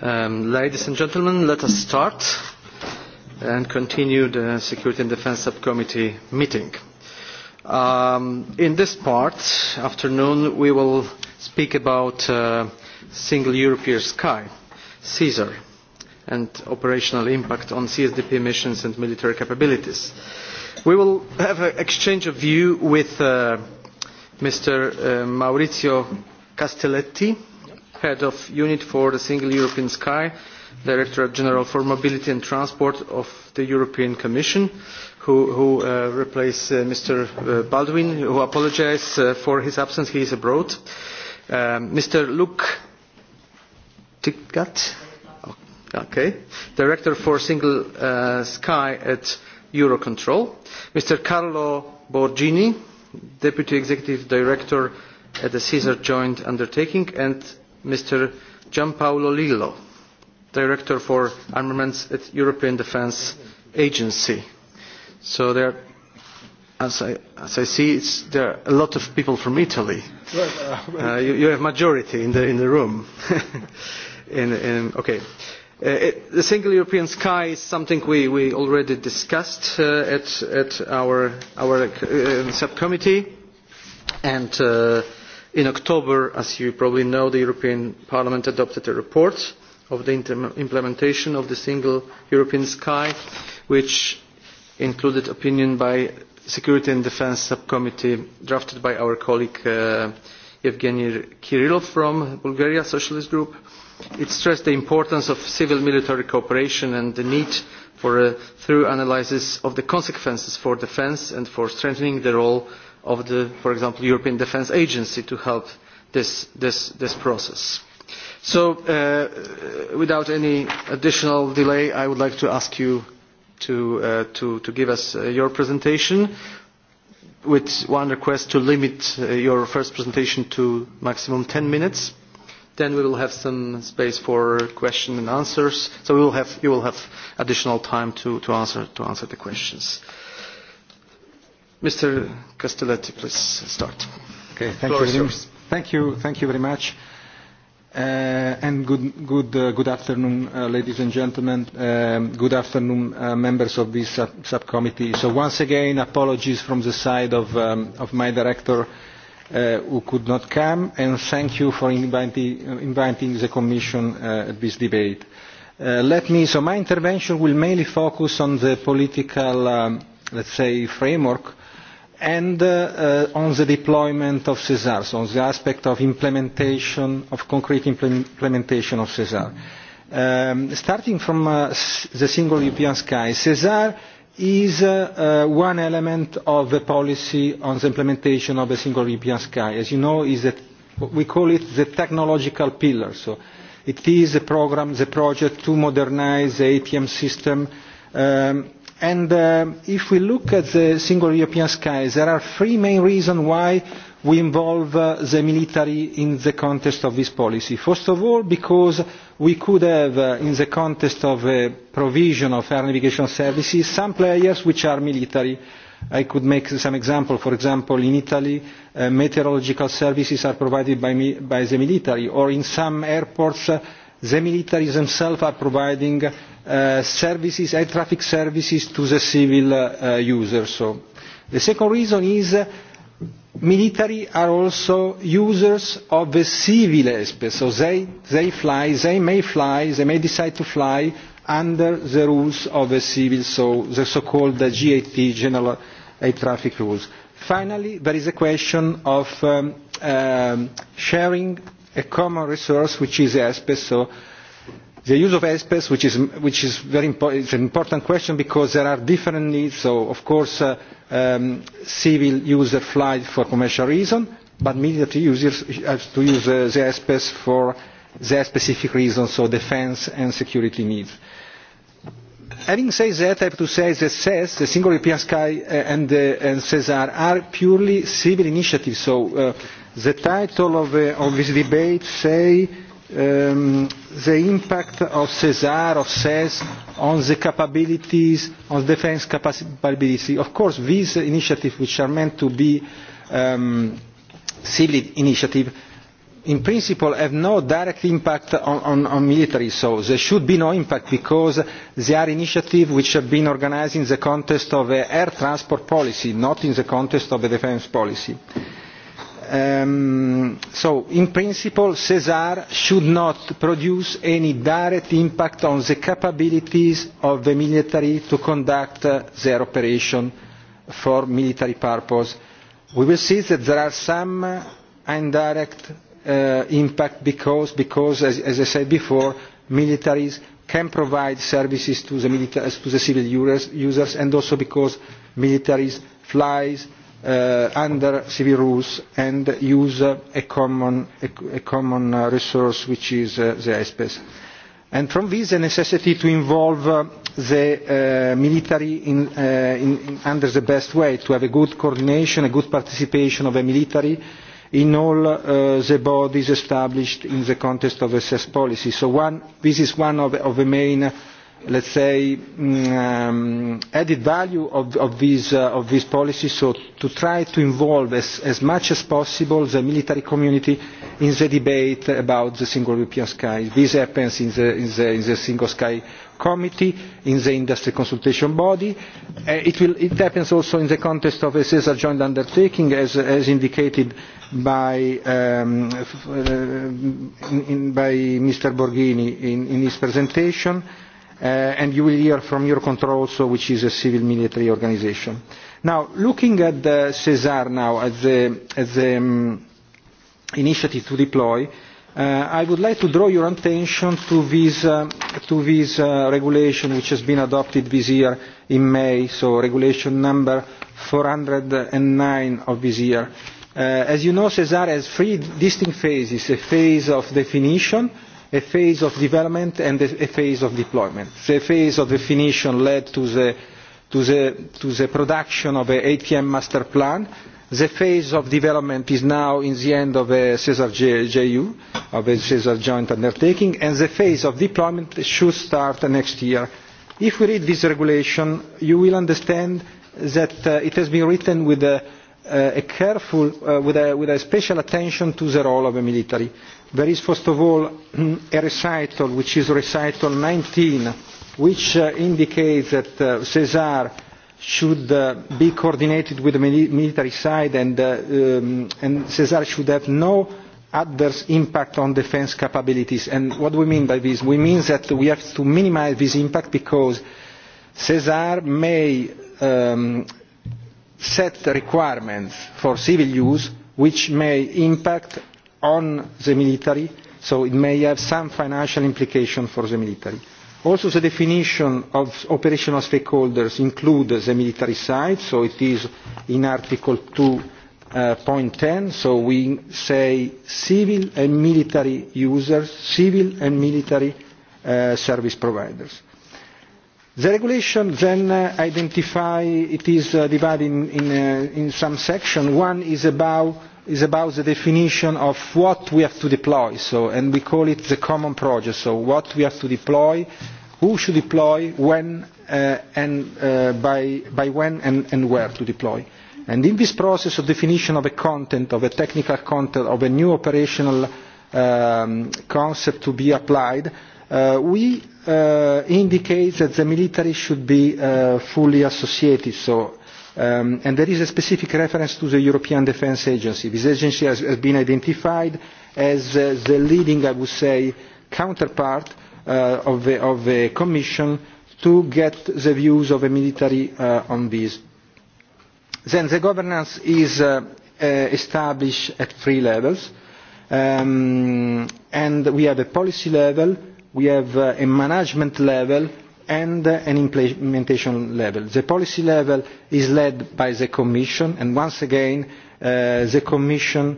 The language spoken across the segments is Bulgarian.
Um, ladies and gentlemen, let us start and continue the Security and Defense Subcommittee meeting. Um, in this part, afternoon, we will speak about uh, Single European Sky, CSER, and operational impact on CSDP missions and military capabilities. We will have an exchange of view with uh, Mr. Uh, Maurizio Castelletti, head of unit for the Single European Sky, Directorate General for Mobility and Transport of the European Commission, who, who uh, replaced uh, Mr. Baldwin, who apologized uh, for his absence. He is abroad. Um, Mr. Luke Tikkat, okay, Director for Single uh, Sky at Eurocontrol. Mr. Carlo Borgini, Deputy Executive Director at the CESAR Joint Undertaking, and Mr. Gianpaolo Lillo, Director for Armaments at European Defence Agency. So there, as I, as I see, it's, there are a lot of people from Italy. you, have a majority in the, in the room. okay. The single European sky is something we, we already discussed at, our, subcommittee, and In October, as you probably know, the European Parliament adopted a report on the implementation of the single European sky, which included opinion by Security and Defence Subcommittee drafted by our colleague yevgeny Kirilov from Bulgaria Socialist Group. It stressed the importance of civil-military cooperation and the need for a thorough analysis of the consequences for defence and for strengthening the role of the, for example, European Defence Agency to help this, this, this process. So, uh, without any additional delay, I would like to ask you to, uh, to, to give us uh, your presentation with one request to limit your first presentation to maximum 10 minutes. Then we will have some space for question and answers. So we will have, you will have additional time to, to, answer, to answer the questions. Mr. Castelletti, please start. Okay, thank, Floor you, thank, you, thank you very much. Uh, and good, good, uh, good afternoon, uh, ladies and gentlemen. Um, good afternoon, uh, members of this sub subcommittee. So once again, apologies from the side of, um, of my director uh, who could not come, and thank you for inviting, uh, inviting the Commission uh, at this debate. Uh, let me, so my intervention will mainly focus on the political um, let's say, framework and on the deployment of CESAR, so on the aspect of implementation, of concrete implementation of CESAR. starting from the single European sky, CESAR is one element of the policy on the implementation of the single European sky. As you know, is that we call it the technological pillar. So it is a program, the project to modernize the ATM system um, And uh, if we look at the single European sky, there are three main reasons why we involve uh, the military in the context of this policy. First of all, because we could have, uh, in the context of uh, provision of air navigation services, some players which are military. I could make some example. For example, in Italy, uh, meteorological services are provided by, by the military, or in some airports, uh, the military themselves are providing services, air traffic services to the civil uh, users. So the second reason is uh, military are also users of the civil aspect. So they, they fly, they may fly, they may decide to fly under the rules of the civil, so the so-called GAT, General Air Traffic Rules. Finally, there is a question of um, um, sharing a common resource, which is airspace. So The use of airspace, which is, which is very important is an important question because there are different needs. So, of course, uh, um, civil users fly for commercial reasons, but military users have to use uh, the airspace for their specific reasons, so defence and security needs. Having said that, I have to say that CES, the Single European Sky and, uh, and CESAR are purely civil initiatives. So uh, the title of, uh, of this debate say the impact of CESAR, of CES, on the capabilities, on defence capability. Of course, these initiatives, which are meant to be um, civil initiatives, in principle have no direct impact on, on, on military, so there should be no impact because they are initiatives which have been organised in the context of an air transport policy, not in the context of a defence policy. Uh, so in principle sesar should not produce any direct impact on the capabilities of the military to conduct their operation for military purpose. we will see that there are some indirect impact because, because as, i said before militaries can provide services to the, civil users and also because militaries flies uh, under civil rules and use uh, a common, a, a common uh, resource which is uh, the ISPES. And from this, the necessity to involve uh, the uh, military in, uh, in, in under the best way, to have a good coordination, a good participation of the military in all uh, the bodies established in the context of the CES policy. So one, this is one of, of the main let's say, um, added value of, of, these, uh, of these policies, so to try to involve as, as much as possible the military community in the debate about the single European sky. This happens in the, in the, in the single sky committee, in the industry consultation body. Uh, it, will, it happens also in the context of a CESA joint undertaking, as, as indicated by, um, uh, in, in, by Mr. Borghini in, in his presentation and you will hear from Eurocontrol also, which is a civil military organisation. Now, looking at the CESAR now, at the, at the um, initiative to deploy, uh, I would like to draw your attention to this, uh, to this uh, regulation which has been adopted this year in May, so regulation number 409 of this year. Uh, as you know, CESAR has three distinct phases, a phase of definition, uh, a phase of development and a phase of deployment. The phase of definition led to the, to the, to the production of an ATM master plan. The phase of development is now in the end of a CESAR JU, of a CESAR joint undertaking, and the phase of deployment should start next year. If we read this regulation, you will understand that uh, it has been written with a, uh, a careful, uh, with, a, with a special attention to the role of the military There is, first of all, a recital, which is recital 19, which uh, indicates that uh, Cesar should uh, be coordinated with the military side and, uh, um, and Cesar should have no adverse impact on defence capabilities. And what do we mean by this? We mean that we have to minimise this impact because CESAR may um, set requirements for civil use which may impact on the military, so it may have some financial implication for the military. Also the definition of operational stakeholders includes the military side, so it is in Article 2 point ten, so we say civil and military users, civil and military service providers. The regulation then uh, identify, it is divided in, in, some sections. One is about is about the definition of what we have to deploy, so, and we call it the common project, so what we have to deploy, who should deploy, when, uh, and uh, by, by when and, and where to deploy. And in this process of definition of a content, of a technical content, of a new operational um, concept to be applied, uh, we uh, indicate that the military should be uh, fully associated, so Um, and there is a specific reference to the European Defence Agency. This agency has, has been identified as uh, the leading, I would say, counterpart uh, of, the, of the Commission to get the views of the military uh, on this. Then the governance is uh, uh, established at three levels. Um, and we have a policy level, we have uh, a management level, and an implementation level. The policy level is led by the Commission, and once again, the Commission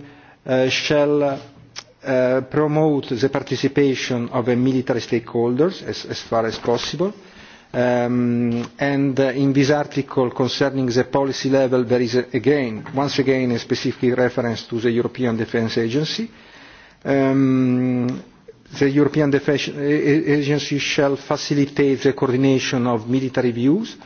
shall promote the participation of military stakeholders as, far as possible. and in this article concerning the policy level, there is again, once again, a specific reference to the European Defence Agency The European Defence Agency shall facilitate the coordination of military views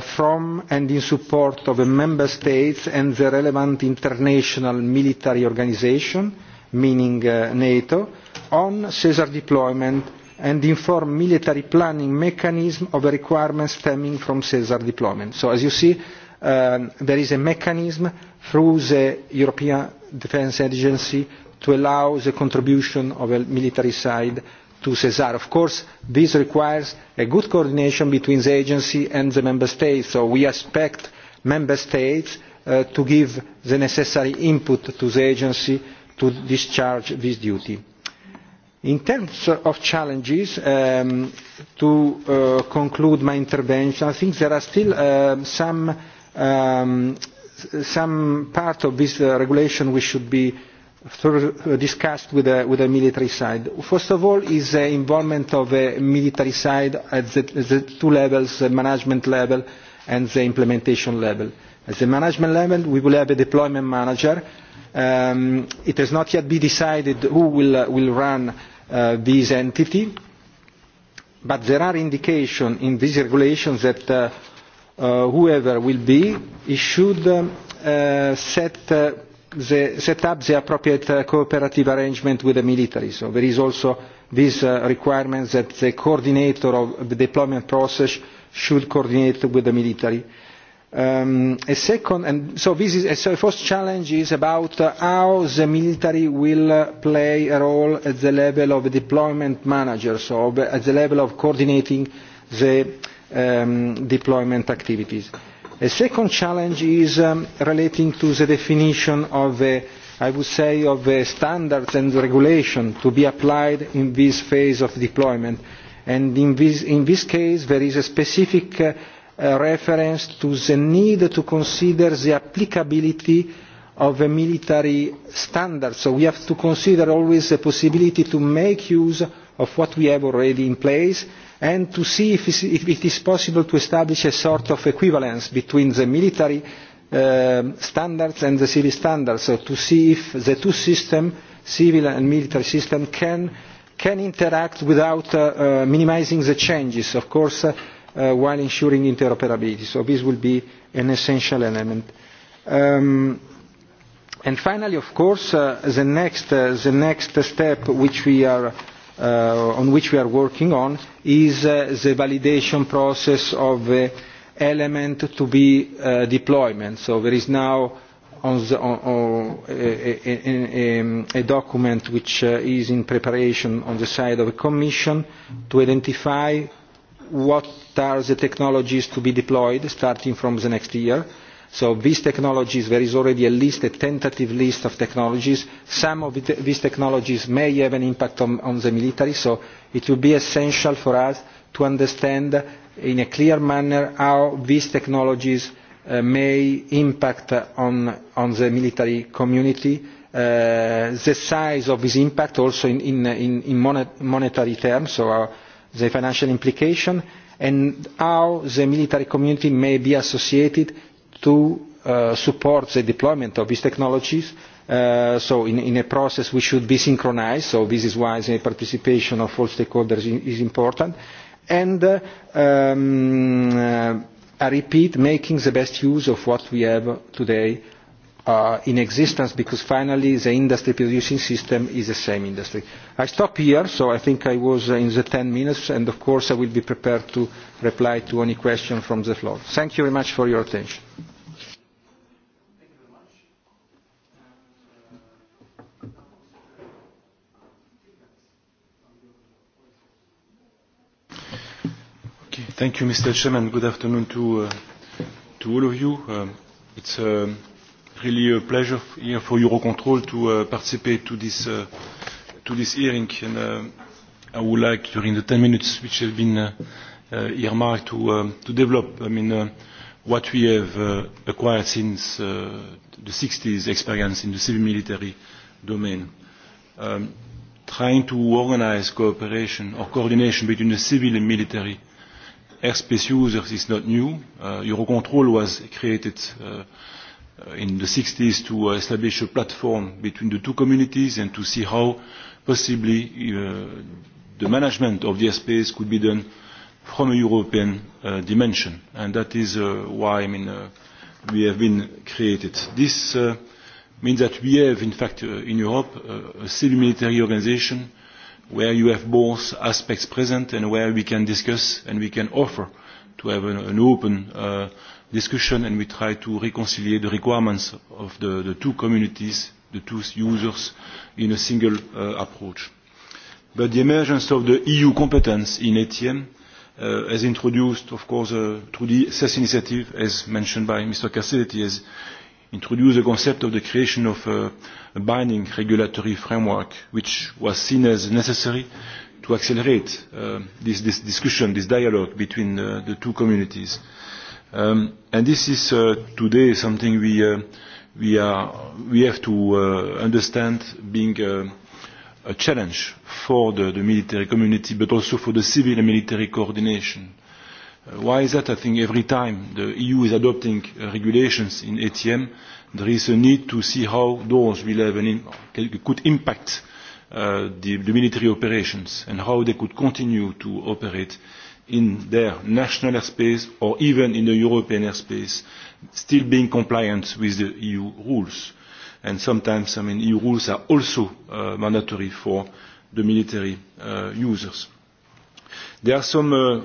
from and in support of the member states and the relevant international military organisation, meaning NATO, on CESAR deployment and inform military planning mechanism of the requirements stemming from CESAR deployment. So as you see, there is a mechanism through the European Defence Agency to allow the contribution of a military side to CESAR. Of course, this requires a good coordination between the agency and the member states, so we expect member states to give the necessary input to the agency to discharge this duty. In terms of challenges, to conclude my intervention, I think there are still some, some part of this regulation which should be through discussed with the, with the military side. First of all is the involvement of the military side at the, the two levels, the management level and the implementation level. At the management level, we will have a deployment manager. Um, it has not yet been decided who will, uh, will run uh, this entity, but there are indications in these regulations that uh, uh, whoever will be, he should um, uh, set uh, the, set up the appropriate uh, cooperative arrangement with the military. So there is also this uh, requirement that the coordinator of the deployment process should coordinate with the military. Um, a second, and so this is, so the first challenge is about uh, how the military will uh, play a role at the level of deployment manager, so at the level of coordinating the um, deployment activities. A second challenge is um, relating to the definition of, the, I would say, of the standards and regulation to be applied in this phase of deployment. And in this, in this case, there is a specific uh, uh, reference to the need to consider the applicability of the military standards, So we have to consider always the possibility to make use of what we have already in place and to see if it is possible to establish a sort of equivalence between the military standards and the civil standards, so to see if the two systems, civil and military system, can, can interact without uh, uh, minimizing the changes, of course, uh, uh, while ensuring interoperability. So this will be an essential element. Um, and finally, of course, uh, the, next, uh, the next step which we are on which we are working on is the validation process of the element to be deployment. So there is now on the, on, on, a, a, a document which uh, is in preparation on the side of the Commission to identify what are the technologies to be deployed starting from the next year So these technologies, there is already a list, a tentative list of technologies. Some of these technologies may have an impact on, on the military, so it will be essential for us to understand in a clear manner how these technologies uh, may impact on, on the military community, uh, the size of this impact also in, in, in, in monet, monetary terms, so the financial implication, and how the military community may be associated to uh, support the deployment of these technologies. Uh, so in, in a process we should be synchronized, so this is why the participation of all stakeholders is important. And uh, um, uh, I repeat, making the best use of what we have today uh, in existence because finally the industry producing system is the same industry. I stop here, so I think I was in the 10 minutes, and of course I will be prepared to reply to any question from the floor. Thank you very much for your attention. Thank you, Mr. Chairman. Good afternoon to, uh, to all of you. Um, it's um, really a pleasure here for Eurocontrol to uh, participate to this, uh, to this hearing. And uh, I would like, during the 10 minutes which have been uh, uh, earmarked, to, uh, to develop I mean, uh, what we have uh, acquired since uh, the 60s experience in the civil military domain. Um, trying to organize cooperation or coordination between the civil and military airspace users is not new. Uh, Eurocontrol was created uh, in the 60s to establish a platform between the two communities and to see how possibly uh, the management of the airspace could be done from a European uh, dimension. And that is uh, why I mean, uh, we have been created. This uh, means that we have, in fact, uh, in Europe, uh, a civil military organization where you have both aspects present and where we can discuss and we can offer to have an, an open uh, discussion and we try to reconcile the requirements of the, the two communities, the two users, in a single uh, approach. But the emergence of the EU competence in ATM uh, has introduced, of course, uh, through the CES initiative, as mentioned by Mr. Cassidy, has introduced the concept of the creation of a, a binding regulatory framework, which was seen as necessary to accelerate uh, this, this discussion, this dialogue between uh, the two communities. Uh, Um, and this is uh, today something we, uh, we, are, we have to uh, understand being uh, a challenge for the, the military community, but also for the civil and military coordination. Uh, why is that? I think every time the EU is adopting uh, regulations in ATM, there is a need to see how those will have an in, could impact uh, the, the military operations and how they could continue to operate uh, in their national airspace or even in the European airspace, still being compliant with the EU rules. And sometimes, I mean, EU rules are also uh, mandatory for the military uh, users. There are some uh,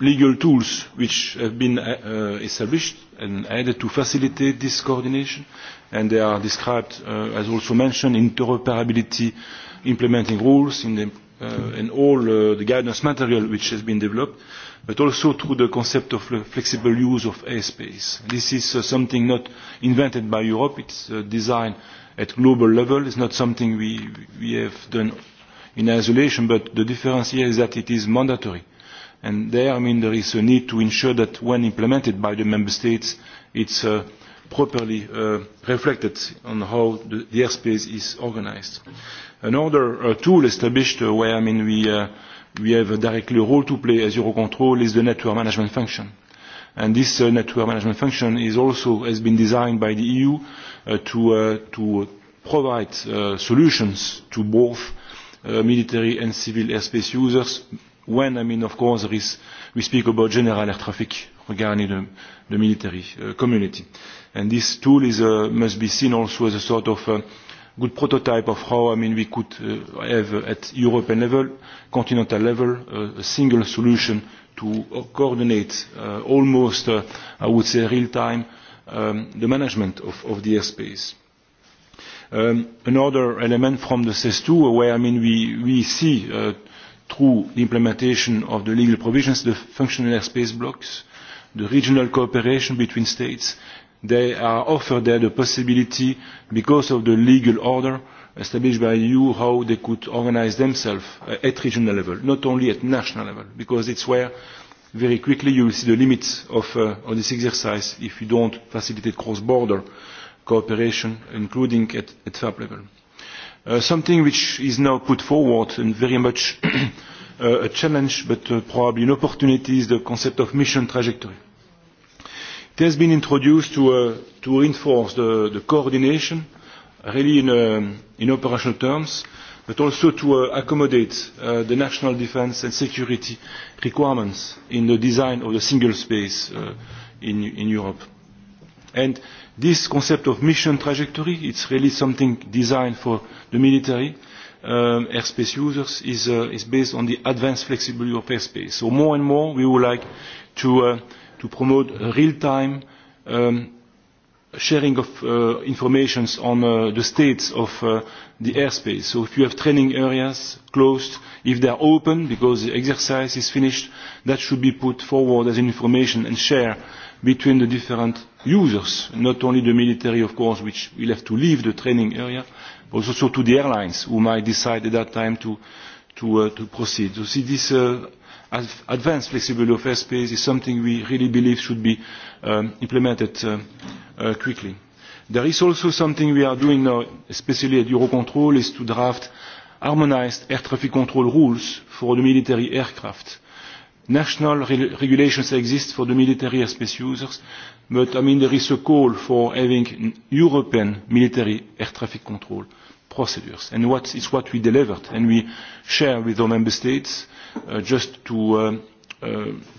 legal tools which have been uh, established and added to facilitate this coordination, and they are described, uh, as also mentioned, interoperability implementing rules, in the and all the guidance material which has been developed, but also through the concept of flexible use of airspace. This is something not invented by Europe, it's uh, designed at global level. It's not something we, we have done in isolation, but the difference here is that it is mandatory. And there, I mean, there is a need to ensure that when implemented by the member states, it's uh, properly uh, reflected on how the, the airspace is organized. Uh, Another tool established where I mean, we, uh, we have a role to play as Eurocontrol is the network management function. And this uh, network management function is also has been designed by the EU uh, to, uh, to provide uh, solutions to both uh, military and civil airspace users when, I mean, of course, there is, we speak about general air traffic regarding the, the military uh, community. And this tool is, uh, must be seen also as a sort of uh, good prototype of how I mean, we could uh, have at European level, continental level, uh, a single solution to coordinate uh, almost, uh, I would say, real-time um, the management of, of the airspace. Um, another element from the CES2, where I mean, we, we see uh, through the implementation of the legal provisions the functional airspace blocks, the regional cooperation between states, They are offered there the possibility, because of the legal order established by you, how they could organize themselves at regional level, not only at national level, because it's where very quickly you will see the limits of, uh, of this exercise if you don't facilitate cross-border cooperation, including at, at FAB level. Uh, something which is now put forward and very much uh, a challenge, but uh, probably an opportunity, is the concept of mission trajectory It has been introduced to, uh, to reinforce the, the coordination, really in, uh, in operational terms, but also to uh, accommodate uh, the national defense and security requirements in the design of the single space uh, in, in Europe. And this concept of mission trajectory, it's really something designed for the military, um, airspace users, is, uh, is based on the advanced flexibility of airspace. So more and more we would like to uh, to promote real-time um, sharing of uh, information on uh, the states of uh, the airspace. So if you have training areas closed, if they are open because the exercise is finished, that should be put forward as information and share between the different users, not only the military, of course, which will have to leave the training area, but also to the airlines who might decide at that time to, to, uh, to proceed. So see, this uh, advanced flexibility of airspace is something we really believe should be um, implemented uh, uh, quickly. There is also something we are doing now, especially at Eurocontrol, is to draft harmonized air traffic control rules for the military aircraft. National re regulations exist for the military airspace users, but I mean there is a call for having European military air traffic control procedures. And what is what we delivered, and we share with our member states, uh, just to, uh, uh,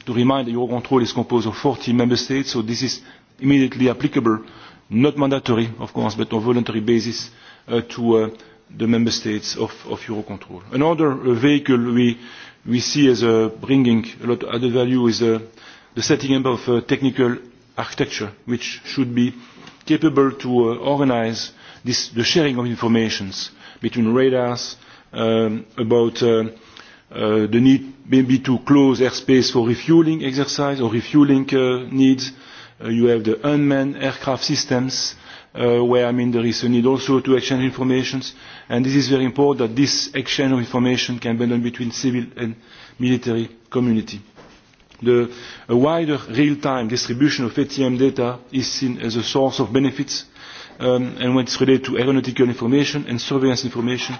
to remind that Eurocontrol is composed of 40 member states, so this is immediately applicable, not mandatory, of course, but on a voluntary basis uh, to uh, the member states of, of Eurocontrol. Another uh, vehicle we, we see as uh, bringing a lot of added value is uh, the setting up of uh, technical architecture, which should be capable to uh, organize this, the sharing of information between radars um, about uh, uh, the need maybe to close airspace for refueling exercise or refueling uh, needs. Uh, you have the unmanned aircraft systems uh, where I mean there is a need also to exchange information and this is very important that this exchange of information can be done between civil and military community. The a wider real-time distribution of ATM data is seen as a source of benefits um, and when it's related to aeronautical information and surveillance information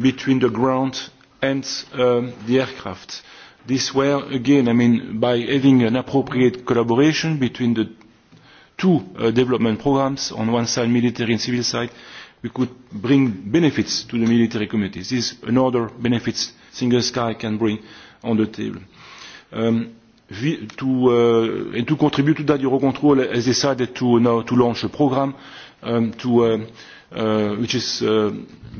between the ground and um, the aircraft. This where, again, I mean, by having an appropriate collaboration between the two uh, development programs, on one side military and civil side, we could bring benefits to the military communities. This is another benefits single sky can bring on the table. Um, to, uh, and to contribute to that, Eurocontrol has decided to, now, to launch a program um, to, uh, uh, which is uh,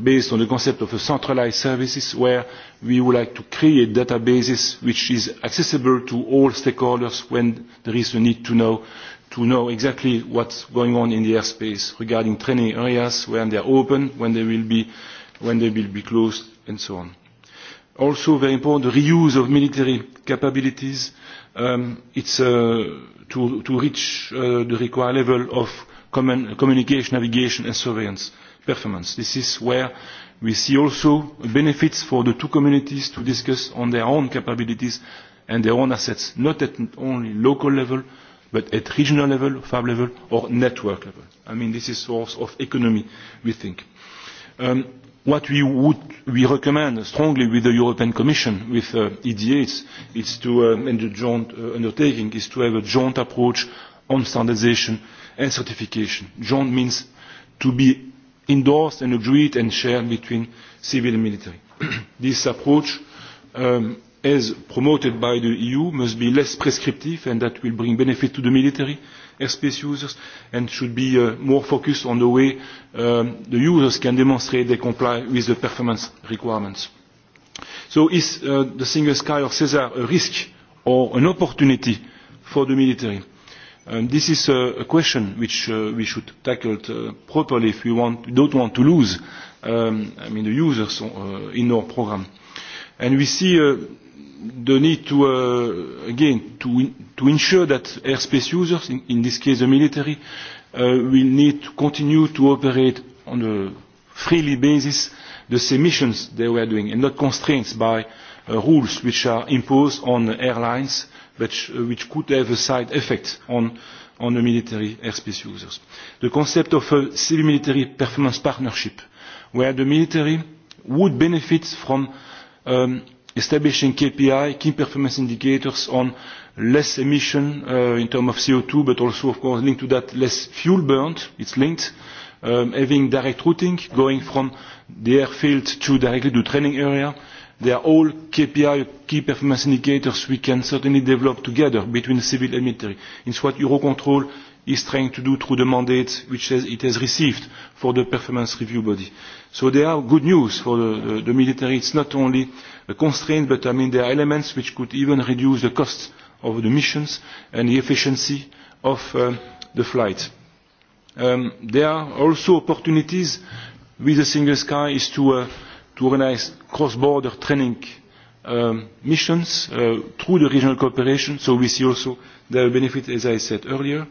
based on the concept of a centralized services where we would like to create databases which is accessible to all stakeholders when there is a need to know to know exactly what's going on in the airspace regarding training areas, when they are open, when they will be, when they will be closed, and so on. Also, very important, the reuse of military capabilities. Um, it's uh, to, to reach uh, the required level of common communication, navigation and surveillance performance. This is where we see also benefits for the two communities to discuss on their own capabilities and their own assets, not at only local level, but at regional level, fab level or network level. I mean, this is source of economy, we think. Um, what we would we recommend strongly with the European Commission, with uh, is to, um, and the joint uh, undertaking, is to have a joint approach on standardization, and certification. Joint means to be endorsed and agreed and shared between civil and military. this approach, um, as promoted by the EU, must be less prescriptive and that will bring benefit to the military airspace users and should be uh, more focused on the way um, the users can demonstrate they comply with the performance requirements. So is uh, the single sky or CESAR a risk or an opportunity for the military? this is a, a question which uh, we should tackle uh, properly if we want, don't want to lose um, I mean, the users uh, in our program. And we see uh, the need to, uh, again, to, to ensure that airspace users, in, in this case the military, uh, will need to continue to operate on a freely basis the same missions they were doing and not constrained by uh, rules which are imposed on airlines which could have a side effect on on the military airspace users. The concept of a civil military performance partnership, where the military would benefit from um, establishing KPI, key performance indicators on less emission uh, in terms of CO2, but also, of course, linked to that, less fuel burnt, it's linked, um, having direct routing, going from the airfield to directly to training area, They are all KPI, key performance indicators we can certainly develop together between civil and military. It's what Eurocontrol is trying to do through the mandate which it has received for the performance review body. So there are good news for the, the, the military. It's not only a constraint, but I mean there are elements which could even reduce the cost of the missions and the efficiency of um, the flight. Um, there are also opportunities with the single sky is to uh, to organize cross-border training um, missions uh, through the regional cooperation. So we see also the benefit, as I said earlier.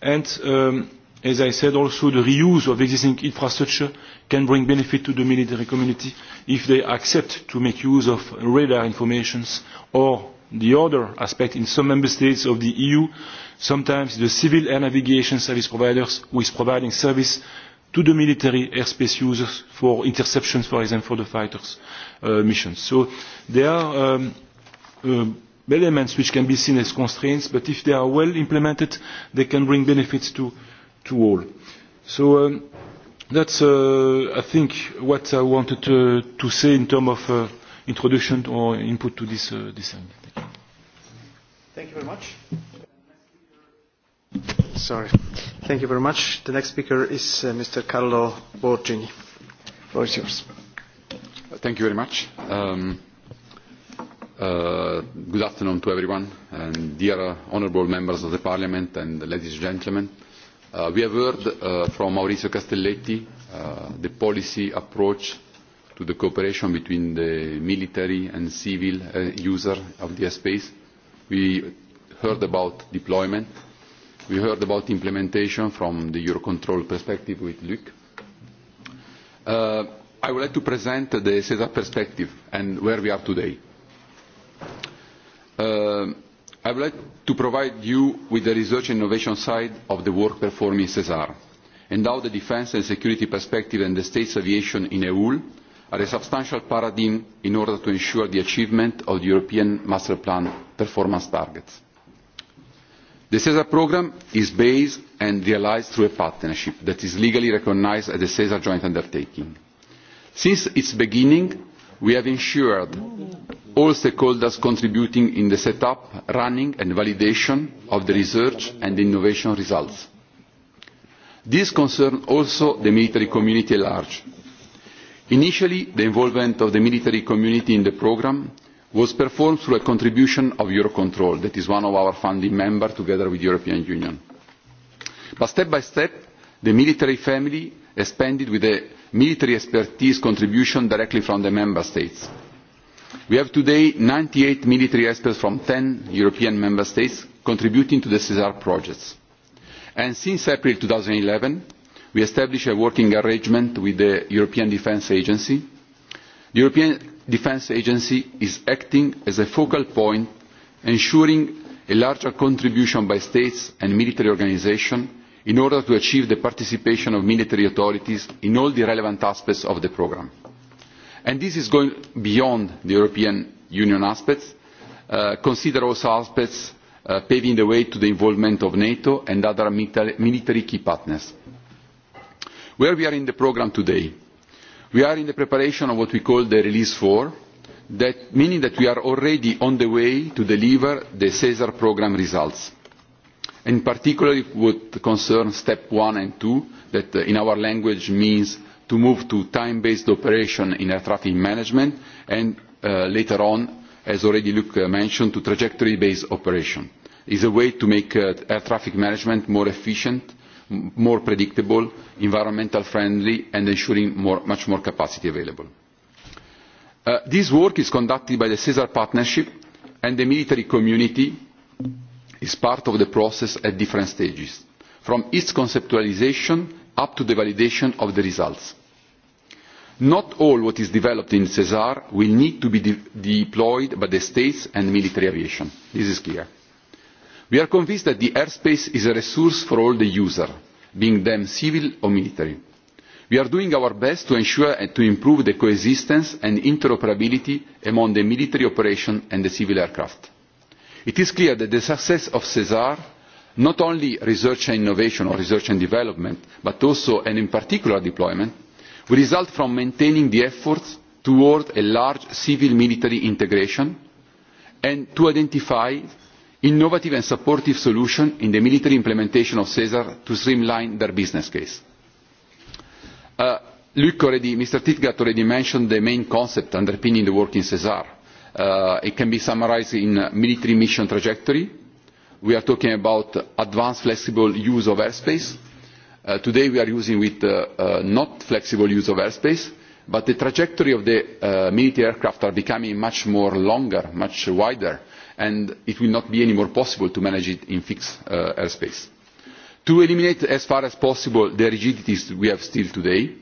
And um, as I said, also the reuse of existing infrastructure can bring benefit to the military community if they accept to make use of radar informations or the other aspect in some member states of the EU, sometimes the civil air navigation service providers who is providing service to the military airspace users for interceptions, for example, for the fighters' uh, missions. So there are um, uh, elements which can be seen as constraints, but if they are well implemented, they can bring benefits to, to all. So um, that's, uh, I think, what I wanted to, to say in terms of uh, introduction or input to this, uh, design. Thank you. Thank you very much. Sorry. Thank you very much. The next speaker is uh, Mr. Carlo Borgini. The floor is yours. Thank you very much. Um, uh, good afternoon to everyone, and dear uh, honourable members of the Parliament and ladies and gentlemen. Uh, we have heard uh, from Maurizio Castelletti uh, the policy approach to the cooperation between the military and civil uh, user of the space. We heard about deployment, We heard about implementation from the Eurocontrol perspective with Luc. I would like to present the CESAR perspective and where we are today. I would like to provide you with the research and innovation side of the work performed in CESAR and how the defence and security perspective and the state's aviation in EUL are a substantial paradigm in order to ensure the achievement of the European Master Plan performance targets the cesar programme is based and realised through a partnership that is legally recognised as the cesar joint undertaking. since its beginning we have ensured all stakeholders contributing in the set up running and validation of the research and innovation results. this concerns also the military community at large. initially the involvement of the military community in the programme was performed through a contribution of Eurocontrol, that is one of our founding members together with the European Union. But step by step, the military family expanded with a military expertise contribution directly from the member states. We have today ninety eight military experts from ten European member states contributing to the CESAR projects. And since April eleven we established a working arrangement with the European Defence Agency. The European defence agency is acting as a focal point ensuring a larger contribution by states and military organisations in order to achieve the participation of military authorities in all the relevant aspects of the programme. And this is going beyond the European Union aspects. Uh, consider also aspects uh, paving the way to the involvement of NATO and other military key partners. Where we are in the programme today, We are in the preparation of what we call the Release four, meaning that we are already on the way to deliver the CESAR programme results. In particular, what concerns step one and two, that in our language means to move to time-based operation in air traffic management, and later on, as already Luc mentioned, to trajectory-based operation. Is a way to make air traffic management more efficient more predictable, environmental friendly and ensuring more, much more capacity available. Uh, this work is conducted by the CESAR partnership and the military community is part of the process at different stages, from its conceptualization up to the validation of the results. Not all what is developed in CESAR will need to be de deployed by the states and military aviation. This is clear we are convinced that the airspace is a resource for all the users being them civil or military. we are doing our best to ensure and to improve the coexistence and interoperability among the military operations and the civil aircraft. it is clear that the success of cesar not only research and innovation or research and development but also and in particular deployment will result from maintaining the efforts towards a large civil military integration and to identify innovative and supportive solution in the military implementation of CESAR to streamline their business case. Uh, Luc already, Mr. Titgat already mentioned the main concept underpinning the work in CESAR. Uh, it can be summarized in military mission trajectory. We are talking about advanced flexible use of airspace. Uh, today we are using with uh, uh, not flexible use of airspace, but the trajectory of the uh, military aircraft are becoming much more longer, much wider and it will not be any more possible to manage it in fixed airspace. To eliminate as far as possible the rigidities we have still today,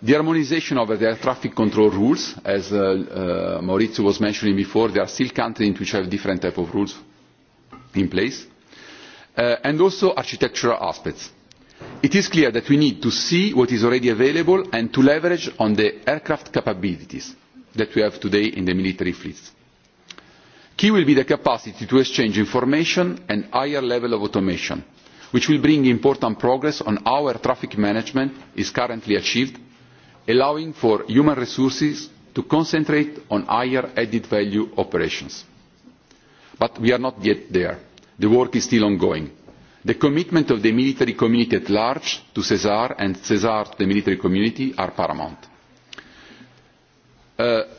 the harmonisation of the air traffic control rules, as Maurizio was mentioning before, there are still countries which have different types of rules in place, and also architectural aspects. It is clear that we need to see what is already available and to leverage on the aircraft capabilities that we have today in the military fleets Key will be the capacity to exchange information and higher level of automation, which will bring important progress on how air traffic management is currently achieved, allowing for human resources to concentrate on higher added value operations. But we are not yet there. The work is still ongoing. The commitment of the military community at large to CESAR and CESAR to the military community are paramount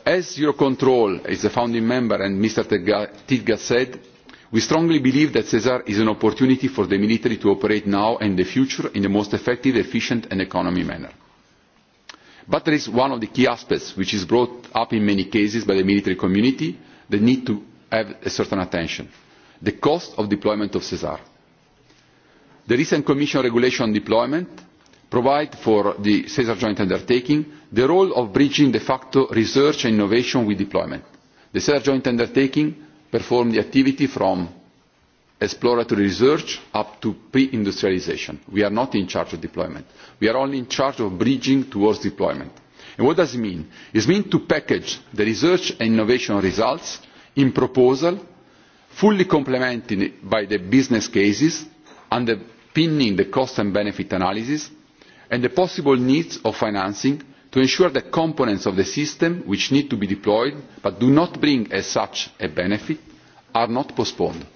as eurocontrol is a founding member and mr tiedgas said we strongly believe that sesar is an opportunity for the military to operate now and in the future in the most effective efficient and economic manner. but there is one of the key aspects which is brought up in many cases by the military community that needs to have a certain attention the cost of deployment of sesar. the recent commission regulation on deployment provides for the sesar joint undertaking the role of bridging de facto research and innovation with deployment. The CER joint undertaking performs the activity from exploratory research up to pre industrialisation. We are not in charge of deployment. We are only in charge of bridging towards deployment. And what does it mean? It means to package the research and innovation results in proposal, fully complemented by the business cases, underpinning the cost and benefit analysis, and the possible needs of financing to ensure that components of the system which need to be deployed but do not bring as such a benefit are not postponed.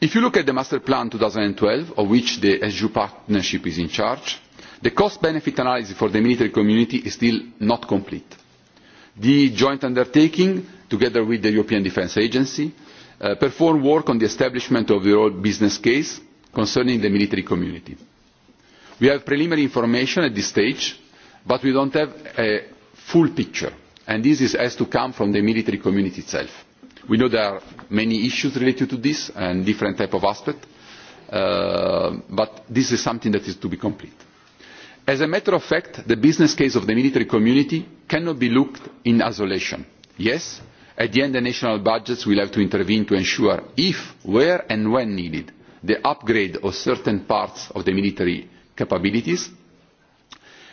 If you look at the Master Plan twelve, of which the SU partnership is in charge, the cost-benefit analysis for the military community is still not complete. The joint undertaking, together with the European Defence Agency, uh, performed work on the establishment of the overall business case concerning the military community. We have preliminary information at this stage but we do not have a full picture and this has to come from the military community itself. we know there are many issues related to this and different types of aspects but this is something that is to be complete. as a matter of fact the business case of the military community cannot be looked at in isolation. yes at the end the national budgets will have to intervene to ensure if where and when needed the upgrade of certain parts of the military capabilities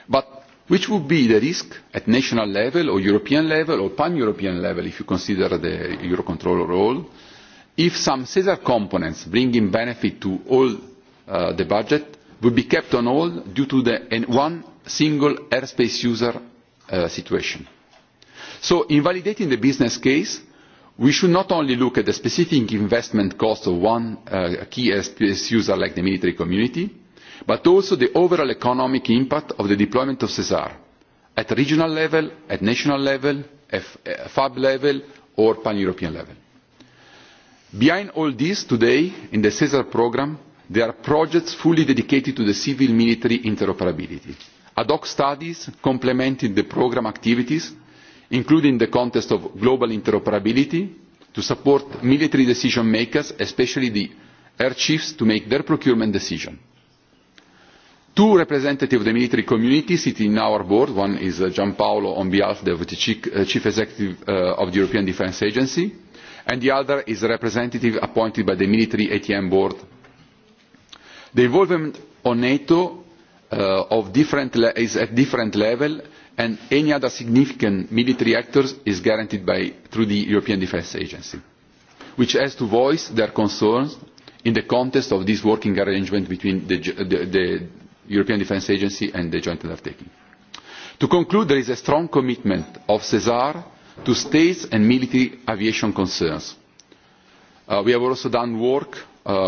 but which would be the risk at national level or European level or pan-European level if you consider the Eurocontrol role, if some sesar components bringing benefit to all uh, the budget would be kept on hold due to the one single airspace user uh, situation. So in validating the business case, we should not only look at the specific investment cost of one uh, key airspace user like the military community, but also the overall economic impact of the deployment of cesar at regional level at national level at fab level or pan european level. behind all this today in the cesar programme there are projects fully dedicated to civil military interoperability ad hoc studies complementing the programme activities including the context of global interoperability to support military decision makers especially the air chiefs to make their procurement decisions two representatives of the military community sitting in our board. One is uh, Gianpaolo on behalf of the chief, uh, chief executive uh, of the European Defence Agency, and the other is a representative appointed by the military ATM board. The involvement on NATO uh, of different le- is at different level, and any other significant military actors is guaranteed by, through the European Defence Agency, which has to voice their concerns in the context of this working arrangement between the, the, the European Defence Agency and the joint undertaking. To conclude, there is a strong commitment of CESAR to states and military aviation concerns. we have also done work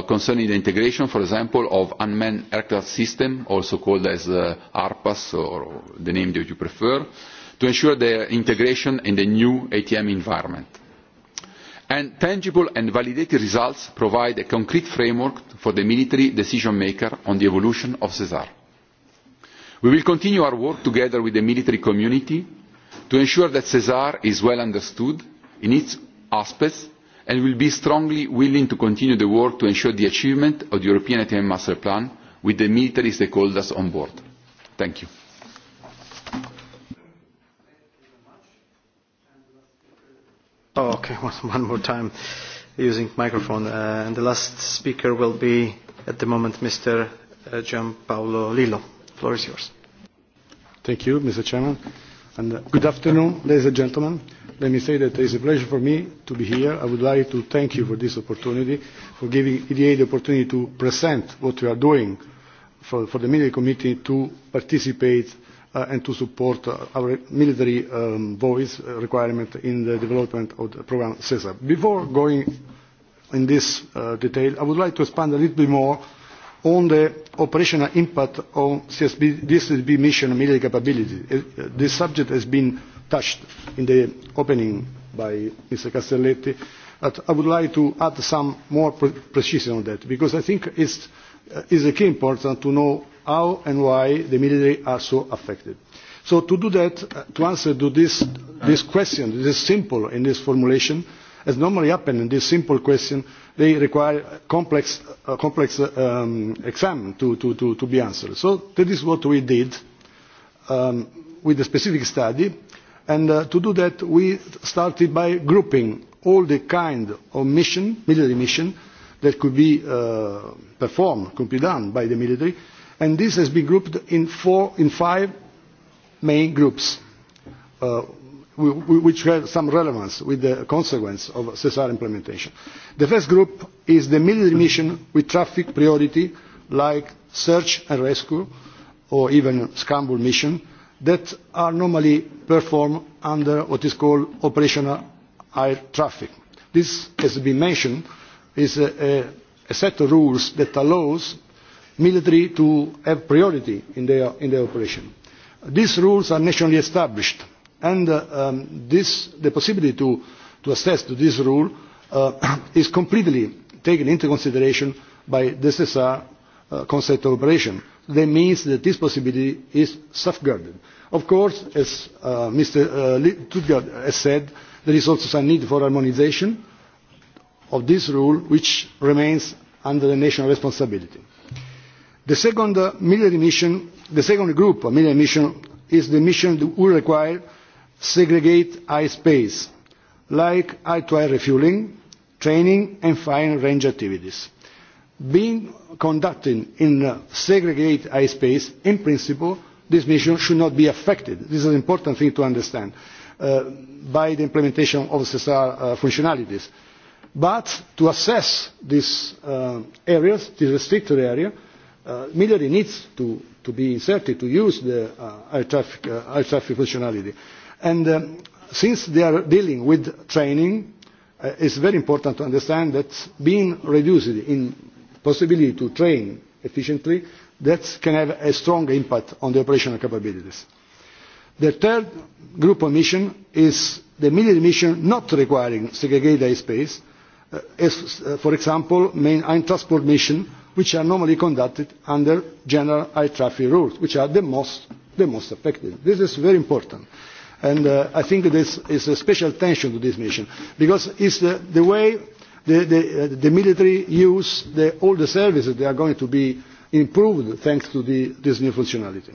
concerning the integration, for example, of unmanned aircraft systems, also called as ARPAS or the name that you prefer, to ensure their integration in the new ATM environment. And tangible and validated results provide a concrete framework for the military decision maker on the evolution of CESAR. We will continue our work together with the military community to ensure that CESAR is well understood in its aspects and will be strongly willing to continue the work to ensure the achievement of the European ATM Master Plan with the military stakeholders on board. Thank you. Oh, okay, one, more time using microphone. Uh, and the last speaker will be at the moment Mr. Gian Paolo Lillo. The floor is yours. Thank you, Mr. Chairman. And uh, good afternoon, ladies and gentlemen. Let me say that it is a pleasure for me to be here. I would like to thank you for this opportunity, for giving EDA the opportunity to present what we are doing for, for the Media Committee to participate uh, and to support uh, our military um, voice requirement in the development of the program CESAR. Before going in this uh, detail, I would like to expand a little bit more on the operational impact on CSB, DSB mission military capability. This subject has been touched in the opening by Mr. Castelletti, but I would like to add some more precision on that because I think it's, uh, it's key important to know how and why the military are so affected. So to do that, to answer to this, this question, this simple in this formulation, as normally happens in this simple question, they require a complex, complex um, exam to, to, to, to be answered. So that is what we did um, with a specific study. And uh, to do that, we started by grouping all the kind of mission, military mission, that could be uh, performed, could be done by the military, and this has been grouped in, four, in five main groups, uh, which have some relevance with the consequence of CSR implementation. The first group is the military mission with traffic priority, like search and rescue, or even scramble mission, that are normally performed under what is called operational air traffic. This, as has been mentioned, is a, a, a set of rules that allows military to have priority in their, in their operation. These rules are nationally established, and this, the possibility to, to assess to this rule is completely taken into consideration by the SSR concept of operation. That means that this possibility is safeguarded. Of course, as Mr. Tutgard has said, there is also some need for harmonisation of this rule, which remains under the national responsibility The second military mission, the second group of military mission is the mission that will require segregate space, like eye-to-eye refueling, training and fine range activities. Being conducted in segregate space, in principle, this mission should not be affected. This is an important thing to understand by the implementation of CSR functionalities. But to assess these areas, the restricted area, uh, Military needs to, be inserted, to use the uh, air, traffic, uh, functionality. And um, since they are dealing with training, uh, it's very important to understand that being reduced in possibility to train efficiently, that can have a strong impact on the operational capabilities. The third group of mission is the military mission not requiring segregated airspace, uh, as, uh, for example, main transport mission which are normally conducted under general air traffic rules, which are the most, the most effective. This is very important. And uh, I think this is a special attention to this mission, because it's the, the way the, the, uh, the military use the, all the services that are going to be improved thanks to the, this new functionality.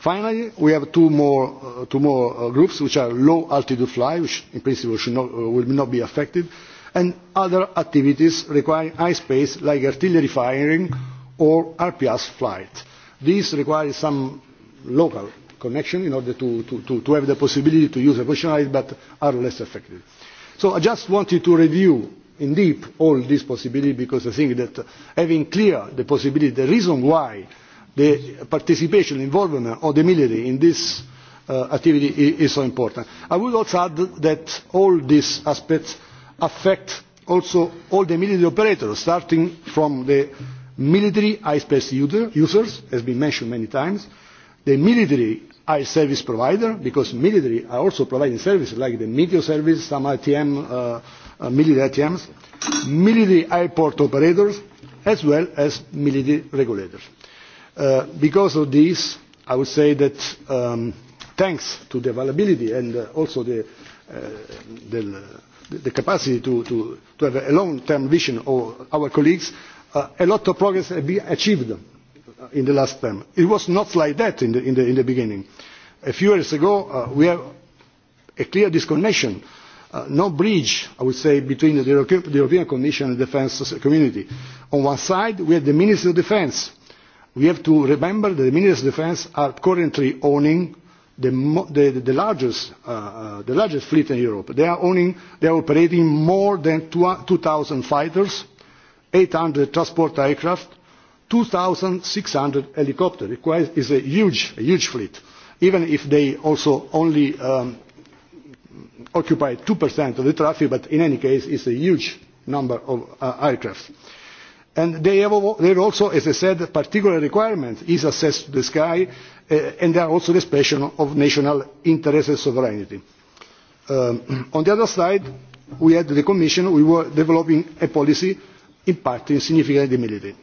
Finally, we have two more, uh, two more uh, groups, which are low altitude fly, which in principle should not, uh, will not be affected and other activities requiring high space like artillery firing or RPS flight. This requires some local connection in order to, to, to, to have the possibility to use a functionality but are less effective. So I just wanted to review in deep all these possibilities because I think that having clear the possibility, the reason why the participation, involvement of the military in this uh, activity is, is so important. I would also add that all these aspects affect also all the military operators, starting from the military iSpace users, as been mentioned many times, the military i service provider because military are also providing services like the meteor service, some ITM, uh, uh, military ITMs, military airport operators, as well as military regulators. Uh, because of this, I would say that um, thanks to the availability and uh, also the, uh, the the capacity to have a long term vision of our colleagues a lot of progress has been achieved in the last term. it was not like that in the beginning. a few years ago we had a clear disconnection no bridge i would say between the european commission and the defence community. on one side we have the Minister of defence. we have to remember that the ministers of defence are currently owning the, the, the, largest, uh, the largest fleet in Europe. They are, owning, they are operating more than 2,000 fighters, 800 transport aircraft, 2,600 helicopters. It is a huge, a huge fleet, even if they also only um, occupy 2% of the traffic, but in any case, it's a huge number of uh, aircraft. And they have, they also, as I said, particular requirement is access to the sky and they are also an expression of national interest and sovereignty. on the other side, we had the Commission, we were developing a policy impacting significantly military.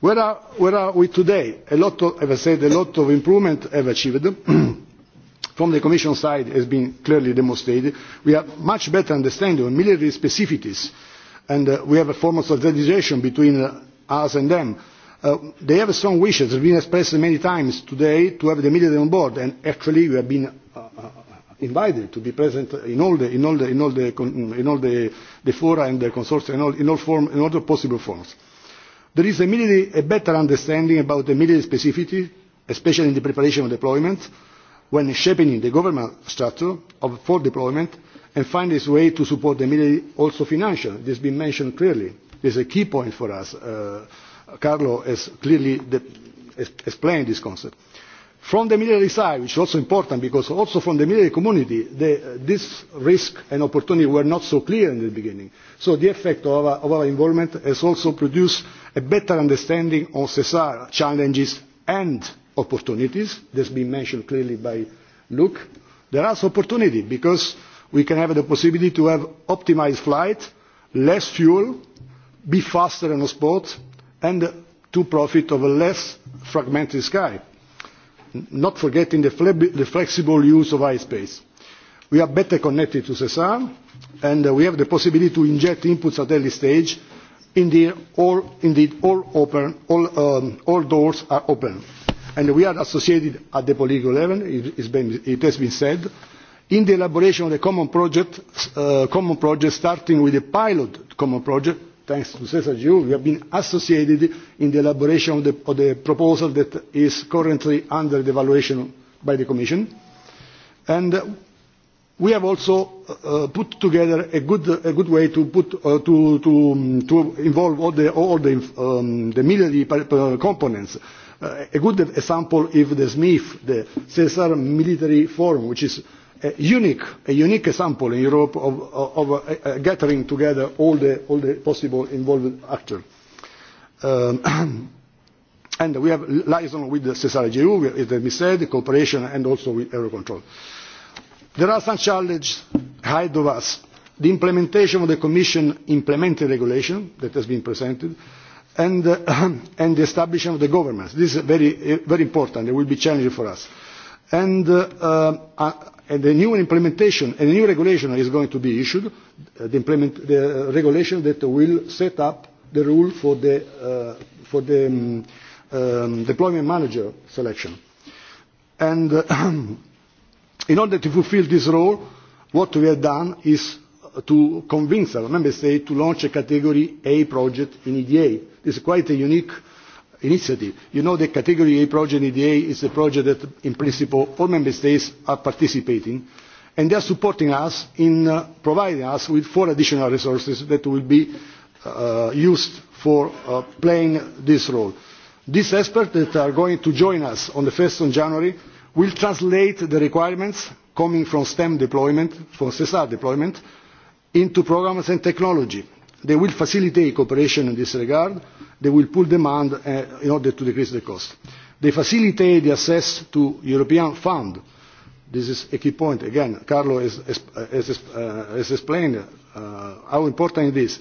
Where are, where are we today? A lot of, as I said, a lot of improvement have achieved. From the Commission side has been clearly demonstrated. We have much better understanding of military specificities and we have a form of standardisation between us and them they have strong wishes that have been expressed many times today to have the media on board and actually we have been invited to be present in all the in all the in all the in all the, the fora and the consortia in all in all form in all the possible forms. There is immediately a better understanding about the military specificity, especially in the preparation of deployment, when shaping the government structure of, for deployment, and find its way to support the military also financially. This has been mentioned clearly. This is a key point for us. Uh, Carlo has clearly explained this concept. From the military side, which is also important because also from the military community, this risk and opportunity were not so clear in the beginning. So the effect of our, of our involvement has also produced a better understanding of CESAR challenges and opportunities. has been mentioned clearly by Luke. There are opportunities because we can have the possibility to have optimised flight, less fuel, be faster on the spot, and to profit of a less fragmented sky, not forgetting the flexible use of space. We are better connected to SESAR, and we have the possibility to inject inputs at early stage. Indeed, all doors are open. And we are associated at the political level, it has been said, in the elaboration of the common project, starting with the pilot common project thanks to CESAR-GU, we have been associated in the elaboration of the, of the proposal that is currently under the evaluation by the Commission. And we have also uh, put together a good, a good way to, put, uh, to, to, to involve all the, all the, um, the military components. Uh, a good example is the SMIF, the CESAR Military Forum, which is unique, a unique example in Europe of, of, gathering together all the, all the possible involved actors. and we have liaison with Cesare Giroux, as we said, cooperation and also with Eurocontrol. There are some challenges ahead of us. The implementation of the Commission implementing regulation that has been presented, and, the establishment of the governments. This is very, very important. It will be challenging for us. And and a new implementation and a new regulation is going to be issued, the, implement, the regulation that will set up the rule for the, uh, for the um, um, deployment manager selection. And uh, in order to fulfill this role, what we have done is to convince our member state to launch a category A project in EDA. This is quite a unique uh, initiative. You know the category A project EDA is a project that in principle all member states are participating and they are supporting us in providing us with four additional resources that will be used for playing this role. These experts that are going to join us on the 1st of January will translate the requirements coming from STEM deployment, from CESAR deployment, into programmes and technology They will facilitate cooperation in this regard. They will pull demand in order to decrease the cost. They facilitate the access to European funds this is a key point. Again, Carlo has, has, explained how important it is.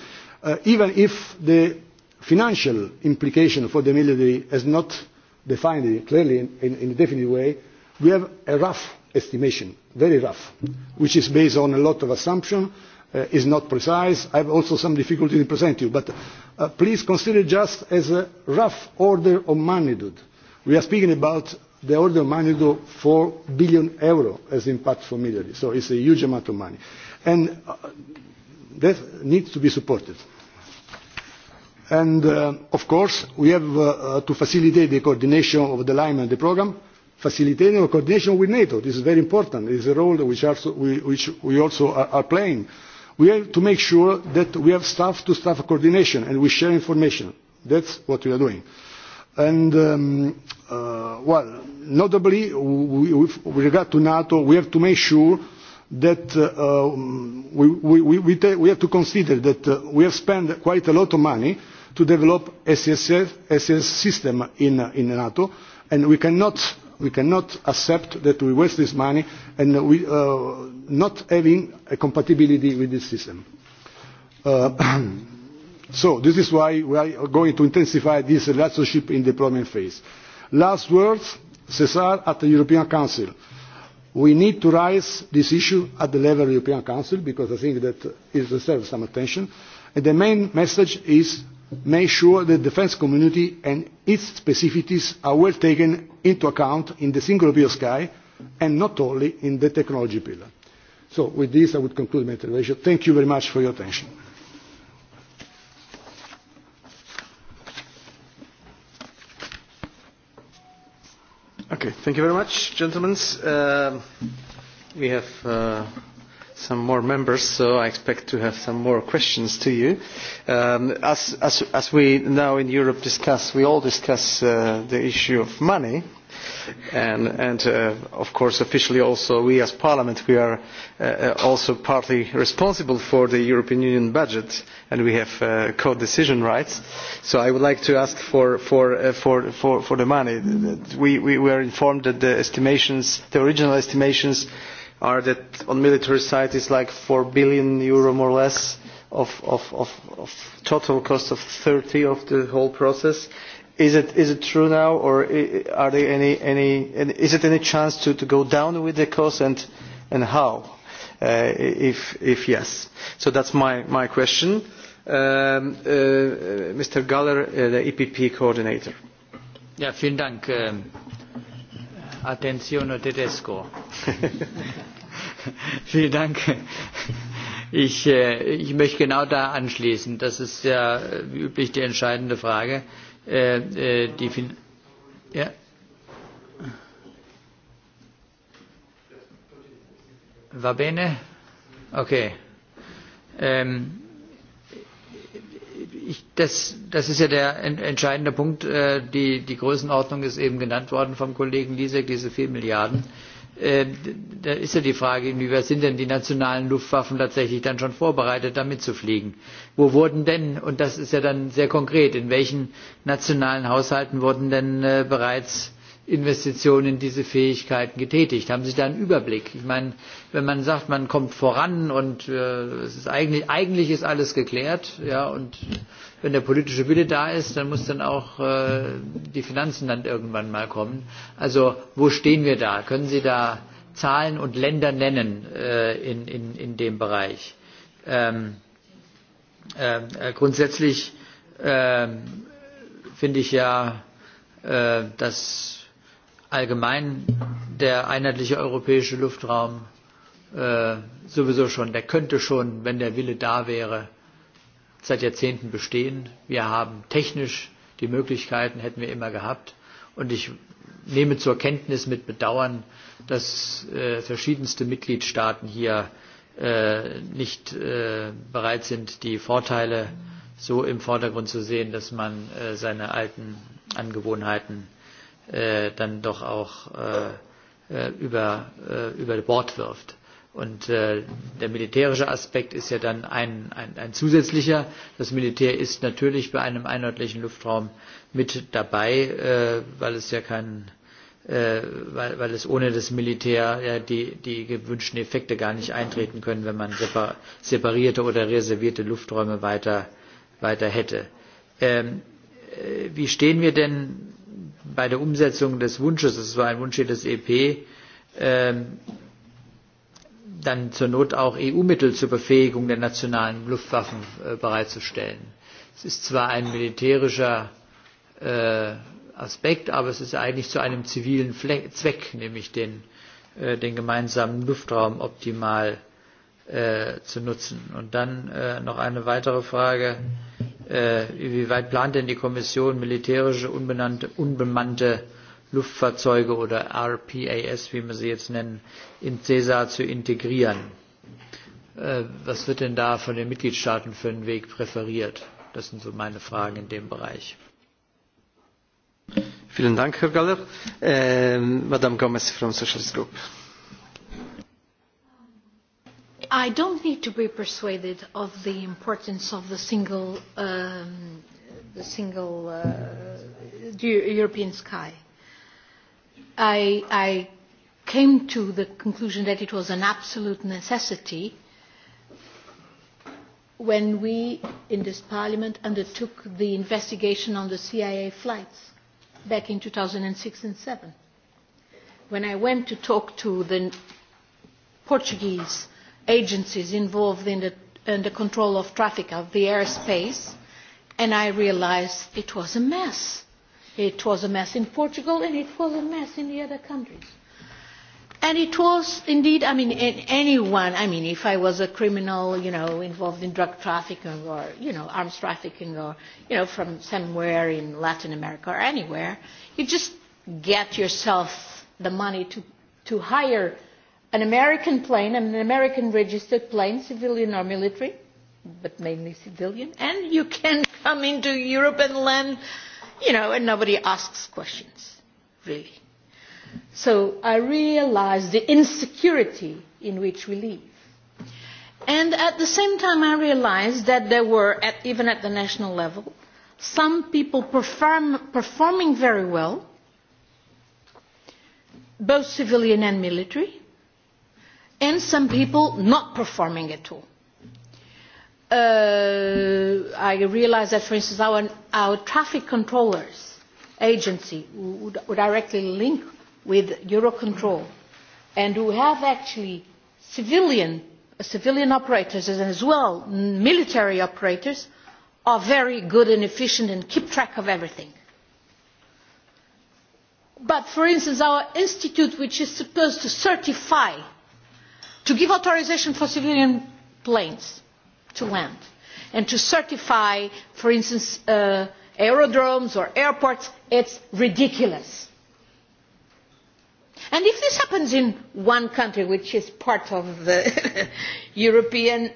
even if the financial implication for the military is not defined clearly in, in a definite way, we have a rough estimation, very rough, which is based on a lot of assumptions is not precise. I have also some difficulty in presenting you, but please consider just as a rough order of magnitude. We are speaking about the order of magnitude of 4 billion euro as impact for Middle East. So it's a huge amount of money. And that needs to be supported. And of course, we have to facilitate the coordination of the Line and the programme, facilitating the coordination with NATO. This is very important. It is a role which, also, we, which we also are, are playing We have to make sure that we have staff-to-staff coordination and we share information. That's what we are doing. And, um, uh, well, notably, we, with regard to NATO, we have to make sure that uh, we, we, we, we, we have to consider that uh, we have spent quite a lot of money to develop SSF, SS system in, in NATO, and we cannot We cannot accept that we waste this money and we, uh, not having a compatibility with this system. Uh, so this is why we are going to intensify this relationship in the deployment phase. Last words, Cesar at the European Council. We need to raise this issue at the level of the European Council because I think that it deserves some attention. And the main message is make sure that the defence community and its specificities are well taken into account in the single European sky and not only in the technology pillar. So with this I would conclude my intervention. Thank you very much for your attention. Okay, thank you very much, gentlemen. Uh, we have uh, some more members, so I expect to have some more questions to you. as, we now in Europe discuss, we all discuss the issue of money, and, of course officially also we as Parliament, we are also partly responsible for the European Union budget, and we have co-decision rights. So I would like to ask for, the money. We, we were informed that the estimations, the original estimations are that on the military side is like four billion euro more or less of, of, of, of total cost of thirty of the whole process. Is it, is it true now or are there any, any, and is it any chance to, to go down with the cost and, and how? Uh, if, if yes. So that's my, my question. Um, uh, Mr. Galler, uh, the EPP coordinator. vielen Dank. Attenzione tedesco. Vielen Dank. Ich, ich möchte genau da anschließen. Das ist ja wie üblich die entscheidende Frage. Die fin ja. War bene? Okay. Ähm, ich, das, das ist ja der entscheidende Punkt. die, die Größenordnung ist eben genannt worden vom Kollegen Liesek, diese vier Milliarden. Äh, da ist ja die Frage, inwieweit sind denn die nationalen Luftwaffen tatsächlich dann schon vorbereitet, da mitzufliegen? Wo wurden denn, und das ist ja dann sehr konkret, in welchen nationalen Haushalten wurden denn bereits Investitionen in diese Fähigkeiten getätigt? Haben Sie da einen Überblick? Ich meine, wenn man sagt, man kommt voran und es ist eigentlich, eigentlich ist alles geklärt, ja, und wenn der politische Wille da ist, dann muss dann auch die Finanzen dann irgendwann mal kommen. Also wo stehen wir da? Können Sie da Zahlen und Länder nennen in, in, in dem Bereich? grundsätzlich finde ich ja, dass allgemein der einheitliche europäische Luftraum sowieso schon, der könnte schon, wenn der Wille da wäre, seit Jahrzehnten bestehen. Wir haben technisch die Möglichkeiten, hätten wir immer gehabt. Und ich nehme zur Kenntnis mit Bedauern, dass äh, verschiedenste Mitgliedstaaten hier äh, nicht äh, bereit sind, die Vorteile so im Vordergrund zu sehen, dass man äh, seine alten Angewohnheiten äh, dann doch auch äh, über, äh, über Bord wirft. Und äh, der militärische Aspekt ist ja dann ein, ein, ein zusätzlicher. Das Militär ist natürlich bei einem einheitlichen Luftraum mit dabei, äh, weil es ja kein äh, weil, weil es ohne das Militär ja, die, die gewünschten Effekte gar nicht eintreten können, wenn man separierte oder reservierte Lufträume weiter, weiter hätte. Ähm, äh, wie stehen wir denn bei der Umsetzung des Wunsches? Das war ein Wunsch des EP. Ähm, dann zur Not auch EU-Mittel zur Befähigung der nationalen Luftwaffen bereitzustellen. Es ist zwar ein militärischer Aspekt, aber es ist eigentlich zu einem zivilen Zweck, nämlich den, den gemeinsamen Luftraum optimal zu nutzen. Und dann noch eine weitere Frage. Wie inwieweit plant denn die Kommission militärische unbemannte Luftfahrzeuge oder RPAS, wie man sie jetzt nennen, in CESAR zu integrieren. Was wird denn da von den Mitgliedstaaten für einen Weg präferiert? Das sind so meine Fragen in dem Bereich. Vielen Dank, Herr Galler. Ähm, Madame Gomez from Socialist Group. I don't need to be persuaded of the importance of the single, um, the single uh, European sky I, I came to the conclusion that it was an absolute necessity when we in this parliament undertook the investigation on the CIA flights back in 2006 and 7. When I went to talk to the Portuguese agencies involved in the, in the control of traffic of the airspace, and I realized it was a mess It was a mess in Portugal and it was a mess in the other countries. And it was indeed, I mean, anyone, I mean, if I was a criminal, you know, involved in drug trafficking or, you know, arms trafficking or, you know, from somewhere in Latin America or anywhere, you just get yourself the money to, to hire an American plane, an American registered plane, civilian or military, but mainly civilian, and you can come into Europe and land you know, and nobody asks questions, really. So I realized the insecurity in which we live. And at the same time, I realized that there were, at, even at the national level, some people perform, performing very well, both civilian and military, and some people not performing at all I realise that, for instance, our, our traffic controllers agency would, directly link with Eurocontrol, and who have actually civilian, civilian operators and as well military operators, are very good and efficient and keep track of everything. But, for instance, our institute, which is supposed to certify, to give authorisation for civilian planes, to land and to certify for instance aerodromes or airports is ridiculous. and if this happens in one country which is part of the european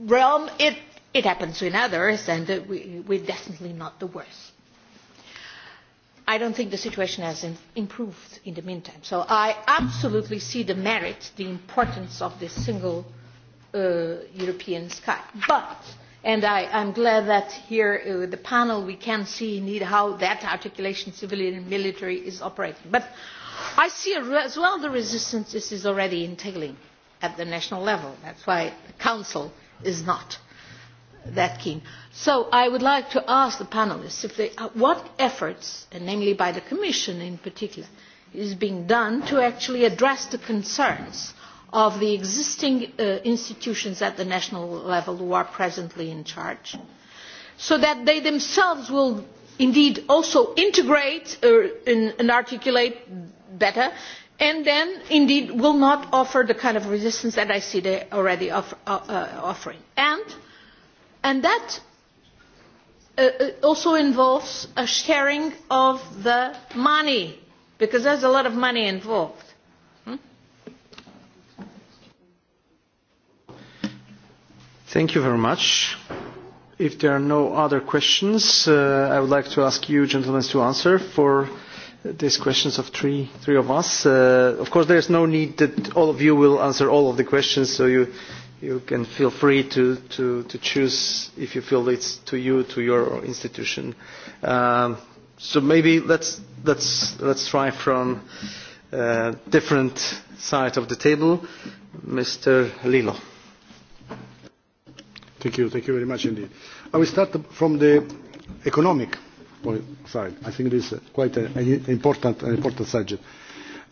realm it, it happens in others and we, we're definitely not the worst. I don't think the situation has improved in the meantime. So I absolutely see the merit, the importance of this single European sky. But, and I, I'm glad that here uh, the panel we can see indeed how that articulation, civilian and military, is operating. But I see as well the resistance this is already entailing at the national level. That's why the Council is not that keen. So I would like to ask the panelists if they, what efforts, and namely by the Commission in particular, is being done to actually address the concerns of the existing uh, institutions at the national level who are presently in charge, so that they themselves will indeed also integrate in, and articulate better, and then indeed will not offer the kind of resistance that I see they are already offer, uh, uh, offering. And, and that uh, also involves a sharing of the money, because there's a lot of money involved Thank you very much. If there are no other questions, uh, I would like to ask you, gentlemen, to answer for these questions of three, three of us. Uh, of course, there is no need that all of you will answer all of the questions, so you, you can feel free to, to, to choose if you feel it's to you, to your institution. Um, so maybe let's, let's, let's try from uh, different side of the table. Mr. Lilo. Thank you. Thank you very much indeed. I will start from the economic point. side. I think this is quite an important, an important subject.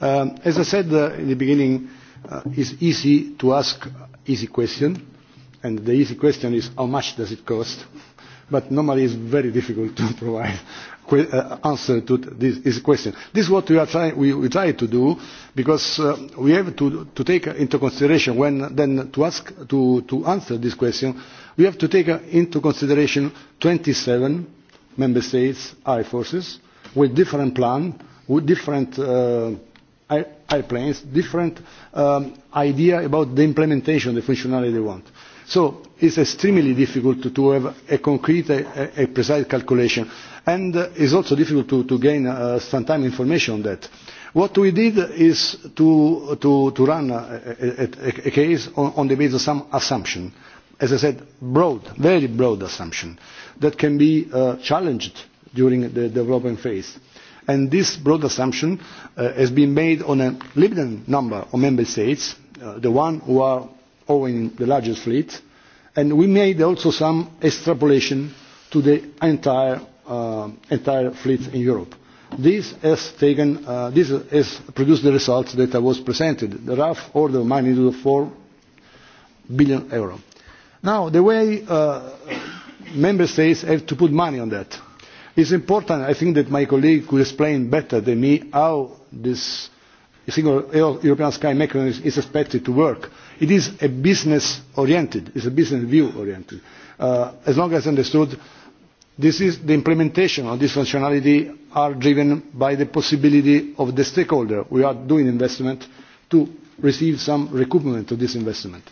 Um, as I said uh, in the beginning, uh, it's easy to ask easy question, and the easy question is how much does it cost? But normally it's very difficult to provide uh, answer to this, easy question. This is what we are trying, we, we try to do, because uh, we have to, to take into consideration when then to ask to, to answer this question we have to take into consideration twenty seven member states' air forces with different plans with different airplanes different ideas about the implementation the functionality they want. so it is extremely difficult to have a concrete a precise calculation and it is also difficult to gain some time information on that. What we did is to, to, to run a, a, a case on, on the basis of some assumption. Uh, as I said, broad, very broad assumption that can be uh, challenged during the development phase. And this broad assumption uh, has been made on a limited number of member states, uh, the one who are owning the largest fleet, and we made also some extrapolation to the entire, uh, entire fleet in Europe. This has, taken, uh, this has produced the results that I was presented, the rough order of magnitude of 4 billion euros Now, the way uh, member states have to put money on that is important. I think that my colleague could explain better than me how this single European sky mechanism is expected to work. It is a business oriented, it's a business view oriented. Uh, as long as understood, this is the implementation of this functionality are driven by the possibility of the stakeholder who are doing investment to receive some recoupment of this investment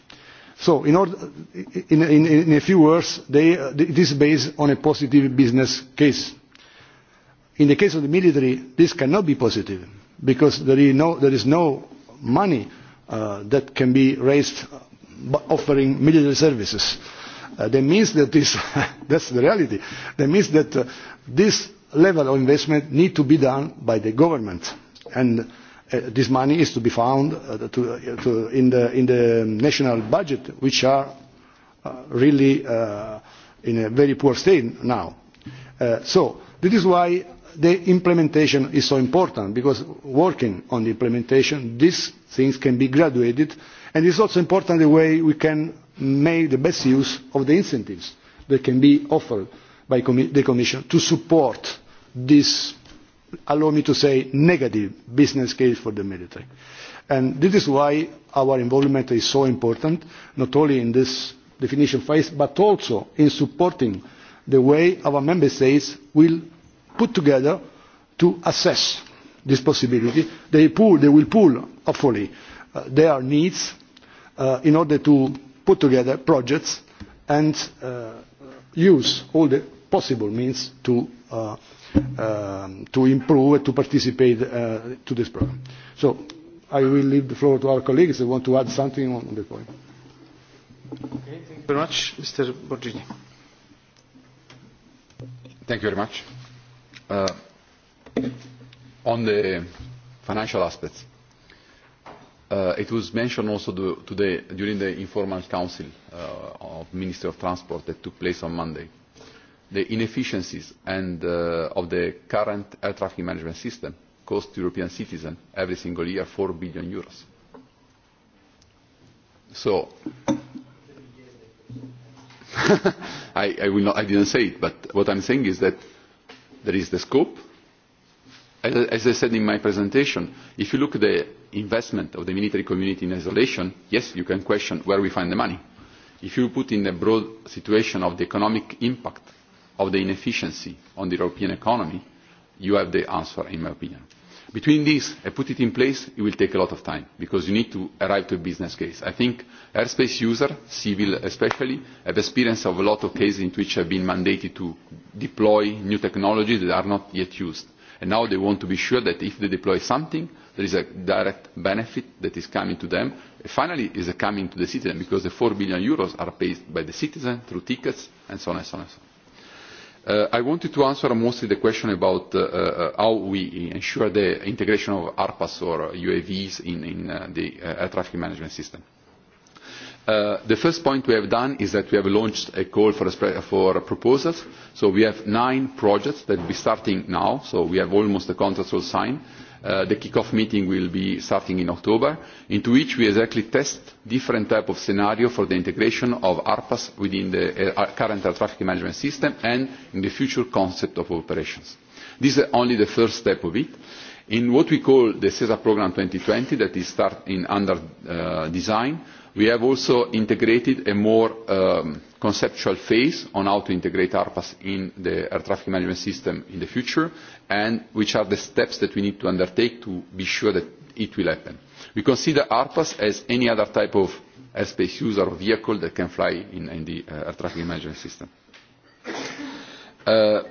So in, order, in, in, in a few words, they, is based on a positive business case. In the case of the military, this cannot be positive because there is no, there is no money uh, that can be raised by offering military services. Uh, that means that this, that's the reality. That means that uh, this level of investment needs to be done by the government. And this money is to be found in the national budget which are really in a very poor state now. so this is why the implementation is so important because working on the implementation these things can be graduated and it is also important the way we can make the best use of the incentives that can be offered by the commission to support this allow me to say, negative business case for the military. And this is why our involvement is so important, not only in this definition phase, but also in supporting the way our member states will put together to assess this possibility. They, pull, they will pool, hopefully, uh, their needs uh, in order to put together projects and uh, use all the possible means to uh, to improve and to participate to this program. So I will leave the floor to our colleagues who want to add something on the point. Okay, thank you very much. Mr. Borgini. Thank you very much. Uh, on the financial aspects, uh, it was mentioned also the, today during the informal council uh, of Minister of Transport that took place on Monday the inefficiencies and, of the current air traffic management system cost European citizens every single year four billion euros. So, I, did not, say it, but what I am saying is that there is the scope. As, as I said in my presentation, if you look at the investment of the military community in isolation, yes, you can question where we find the money. If you put in the broad situation of the economic impact of the inefficiency on the European economy, you have the answer, in my opinion. Between these and put it in place, it will take a lot of time because you need to arrive to a business case. I think airspace users, civil especially, have experience of a lot of cases in which have been mandated to deploy new technologies that are not yet used. And now they want to be sure that if they deploy something, there is a direct benefit that is coming to them. Finally, is coming to the citizen because the four billion euros are paid by the citizen through tickets and so on and so on. And so on I wanted to answer mostly the question about how we ensure the integration of ARPAs or UAVs in the air traffic management system. The first point we have done is that we have launched a call for proposals. So we have nine projects that will be starting now. So we have almost the contracts all signed the kick-off meeting will be starting in October, in which we exactly test different types of scenarios for the integration of ARPAs within the current air traffic management system and in the future concept of operations. This is only the first step of it. In what we call the CESA and twenty that is start in under design, we have also integrated a more conceptual phase on how to integrate ARPAS in the air traffic management system in the future and which are the steps that we need to undertake to be sure that it will happen. We consider ARPAS as any other type of airspace user or vehicle that can fly in, in the uh, air traffic management system. Uh,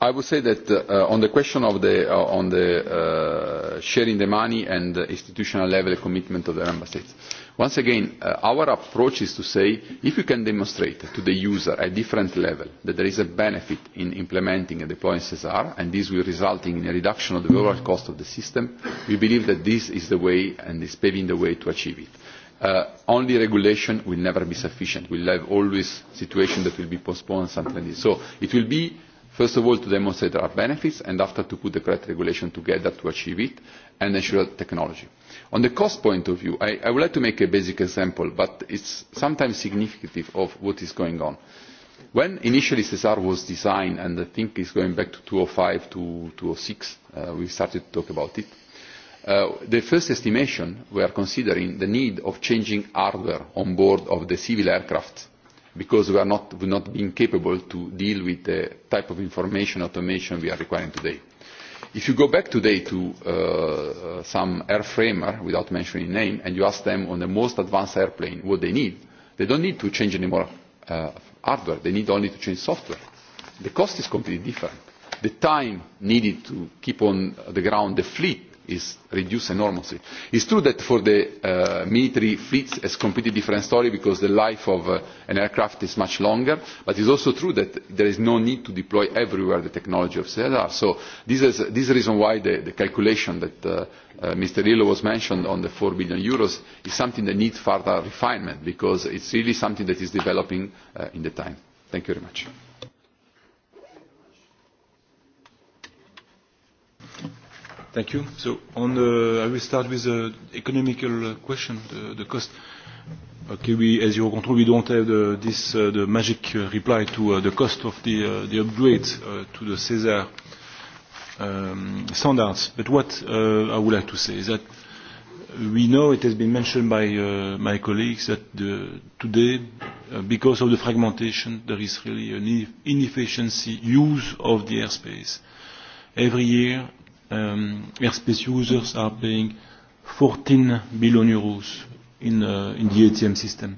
I would say that uh, on the question of the, uh, on the uh, sharing the money and the institutional level commitment of the member states, Once again, uh, our approach is to say if you can demonstrate to the user at different level that there is a benefit in implementing and deploying CESAR, and this will result in a reduction of the overall cost of the system, we believe that this is the way and is paving the way to achieve it. Uh, only regulation will never be sufficient. will have always situations that will be postponed, something like this. So it will be first of all to demonstrate our benefits and after to put the correct regulation together to achieve it and ensure technology on the cost point of view i, would like to make a basic example but it is sometimes significant of what is going on. when initially cesar was designed and i think it is going back to two thousand and five to two thousand and six we started to talk about it the first estimation were considering the need of changing hardware on board of the civil aircraft because we are not, we're not being capable to deal with the type of information automation we are requiring today If you go back today to uh, some airframer, without mentioning name, and you ask them on the most advanced airplane what they need, they don't need to change any more uh, hardware. They need only to change software. The cost is completely different. The time needed to keep on the ground the fleet is reduced enormously. It is true that for the military fleets it's is a completely different story because the life of an aircraft is much longer, but it is also true that there is no need to deploy everywhere the technology of CLR. So this is, this is the reason why the, the calculation that Mr. Lillo was mentioned on the 4 billion euros is something that needs further refinement because it is really something that is developing in the time. Thank you very much. Thank you. So on the, I will start with the economical question, the, the cost. Okay, we, as you control, we don't have the, this, uh, the magic uh, reply to uh, the cost of the, uh, the upgrade uh, to the CESAR um, standards. But what uh, I would like to say is that we know it has been mentioned by uh, my colleagues that the, today, uh, because of the fragmentation, there is really an inefficiency use of the airspace. Every year, um airspace users are paying 14 billion euros in, uh, in the ATM system.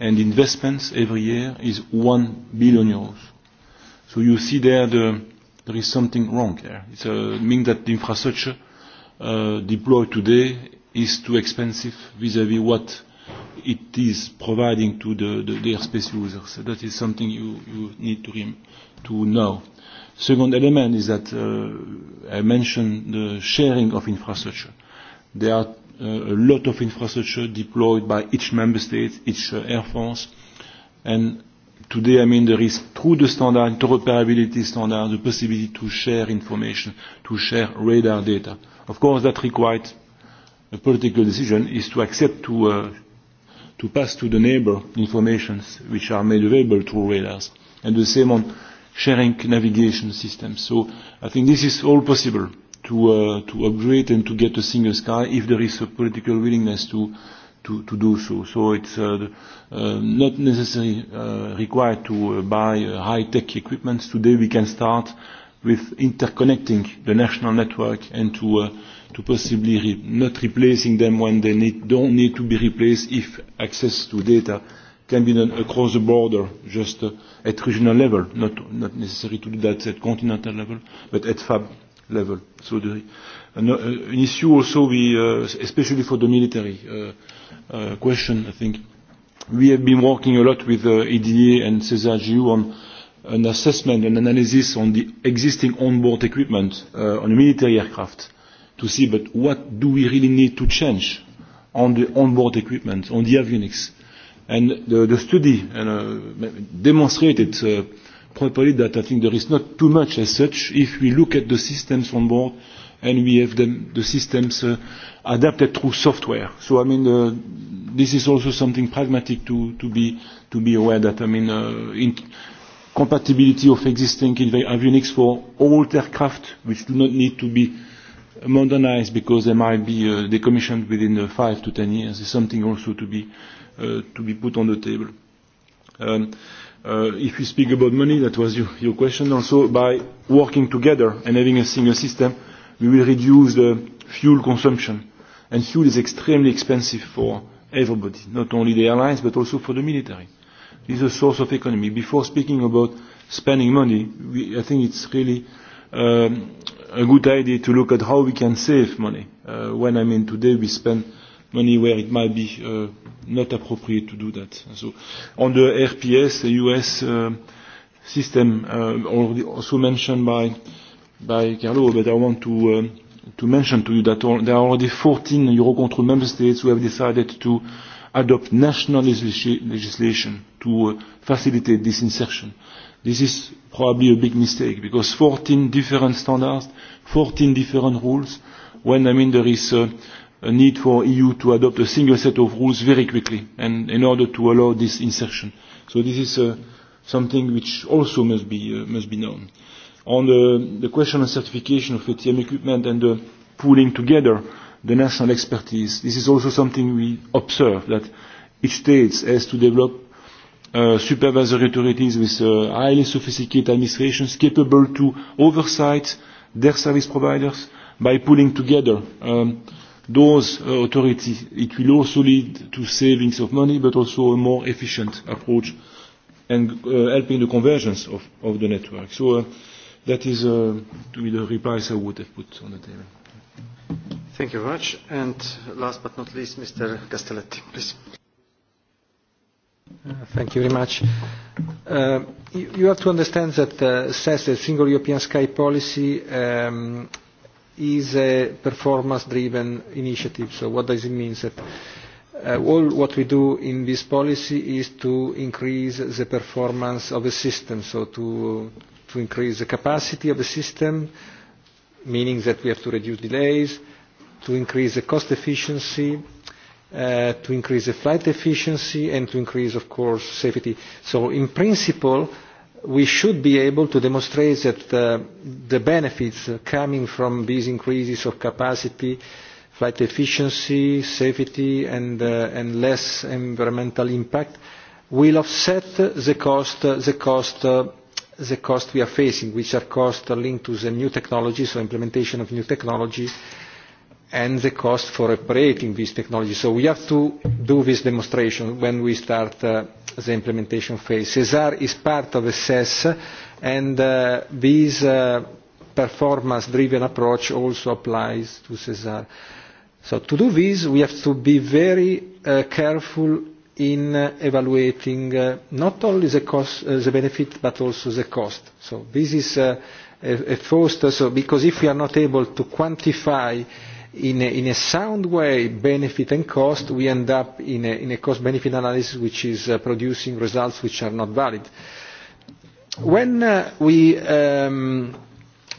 And investments every year is 1 billion euros. So you see there the, there is something wrong there. It uh, means that the infrastructure uh, deployed today is too expensive vis-à-vis -vis what it is providing to the, the, the airspace users. So that is something you, you need to, rem to know. Second element is that uh, I mentioned the sharing of infrastructure. There are uh, a lot of infrastructure deployed by each member state, each uh, air force, and today, I mean, there is through the standard, interoperability standard, the possibility to share information, to share radar data. Of course, that requires a political decision is to accept to, uh, to pass to the neighbor informations which are made available through radars. And the same on sharing navigation system. So I think this is all possible to, uh, to upgrade and to get a single sky if there is a political willingness to, to, to do so. So it's uh, uh, not necessarily uh, required to uh, buy uh, high-tech equipment. Today we can start with interconnecting the national network and to, uh, to possibly re not replacing them when they need, don't need to be replaced if access to data can be done across the border, just uh, at regional level, not, not necessary to do that at continental level, but at FAB level. So the, an, uh, an issue also, we, uh, especially for the military uh, uh, question, I think, we have been working a lot with uh, EDA and CESAR-GU on an assessment, an analysis on the existing onboard equipment uh, on military aircraft to see but what do we really need to change on the onboard equipment, on the avionics and the, the study and uh, demonstrated uh, properly that I think there is not too much as such if we look at the systems on board and we have them, the systems uh, adapted through software. So I mean, uh, this is also something pragmatic to, to, be, to be aware that I mean, uh, in compatibility of existing avionics for old aircraft which do not need to be modernized because they might be uh, decommissioned within uh, five to ten years is something also to be uh, to be put on the table. Um, uh, if we speak about money, that was your, your question also, by working together and having a single system, we will reduce the fuel consumption. And fuel is extremely expensive for everybody, not only the airlines, but also for the military. This is a source of economy. Before speaking about spending money, we, I think it's really um, a good idea to look at how we can save money. Uh, when I mean today we spend money where it might be uh, not appropriate to do that. So on the RPS, the US uh, system, uh, already also mentioned by, by Carlo, but I want to, uh to mention to you that all, there are already 14 Eurocontrol member states who have decided to adopt national legislation to uh, facilitate this insertion. This is probably a big mistake because 14 different standards, 14 different rules, when I mean there is uh, a need for EU to adopt a single set of rules very quickly and in order to allow this insertion. So this is uh, something which also must be, uh, must be known. On the, the question of certification of ATM equipment and the pooling together the national expertise, this is also something we observe that each state has to develop uh, supervisory authorities with uh, highly sophisticated administrations capable to oversight their service providers by pooling together um, those uh, authorities. It will also lead to savings of money, but also a more efficient approach and uh, helping the convergence of, of the network. So uh, that is uh, to be the replies I would have put on the table. Thank you very much. And last but not least, Mr. Castelletti, please. Uh, Thank you very much. Uh, you, you have to understand that uh, says the single European sky policy um, is a performance-driven initiative. So what does it mean? That uh, all what we do in this policy is to increase the performance of the system, so to, to increase the capacity of the system, meaning that we have to reduce delays, to increase the cost efficiency, uh, to increase the flight efficiency, and to increase, of course, safety. So in principle, we should be able to demonstrate that uh, the benefits coming from these increases of capacity, flight efficiency, safety, and, uh, and less environmental impact will offset the cost, the, cost, uh, the cost we are facing, which are costs linked to the new technologies, so implementation of new technologies and the cost for operating this technology. So we have to do this demonstration when we start the implementation phase. CESAR is part of SES, and this performance-driven approach also applies to CESAR. So to do this, we have to be very careful in evaluating not only the cost, the benefit, but also the cost. So this is a first, so because if we are not able to quantify in a, in a sound way, benefit and cost, we end up in a, in a cost-benefit analysis which is uh, producing results which are not valid. When uh, we um,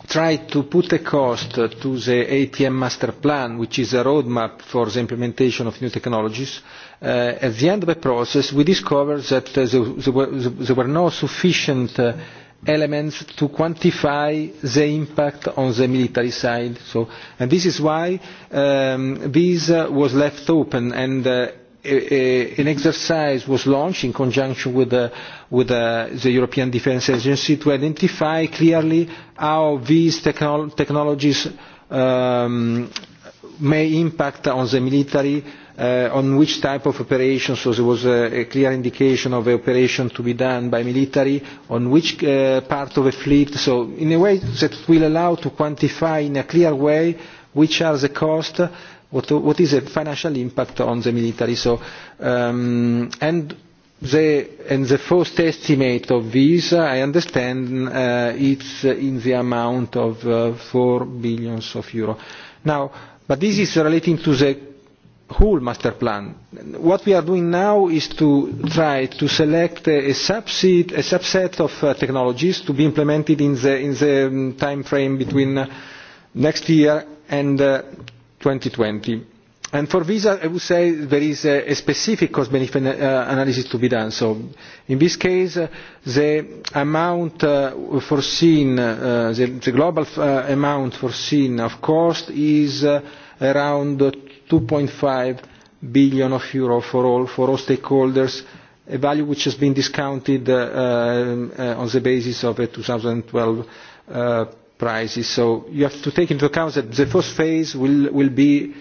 try to put a cost to the ATM master plan, which is a roadmap for the implementation of new technologies, uh, at the end of the process, we discovered that uh, there, there, were, there were no sufficient uh, elements to quantify the impact on the military side. So, and this is why um, this uh, was left open and uh, an exercise was launched in conjunction with, the, with the European Defence Agency to identify clearly how these technologies um, may impact on the military uh, on which type of operation, so there was a, clear indication of the operation to be done by military, on which uh part of the fleet, so in a way that will allow to quantify in a clear way which are the costs, what, what is the financial impact on the military. So, and the, and the first estimate of this, I understand, uh, it's in the amount of uh, 4 billion of euro. Now, but this is relating to the whole master plan. What we are doing now is to try to select a subset, a subset of uh, technologies to be implemented in the, in the um, time frame between uh, next year and uh, 2020. And for visa, I would say there is a, a specific cost-benefit uh, analysis to be done. So in this case, uh, the amount uh, foreseen, uh, the, the global uh, amount foreseen of cost is uh, around 2.5 billion of euro for all, for all stakeholders, a value which has been discounted uh, uh, on the basis of a 2012 uh, prices. So you have to take into account that the first phase will, will be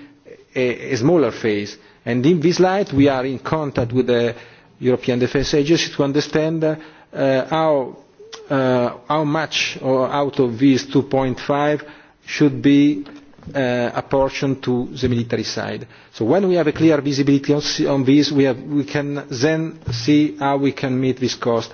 a, a smaller phase. And in this light, we are in contact with the European Defence Agency to understand uh, how, uh, how much or out of these 2.5 should be uh, a to the military side. So when we have a clear visibility on this, we, have, we can then see how we can meet this cost.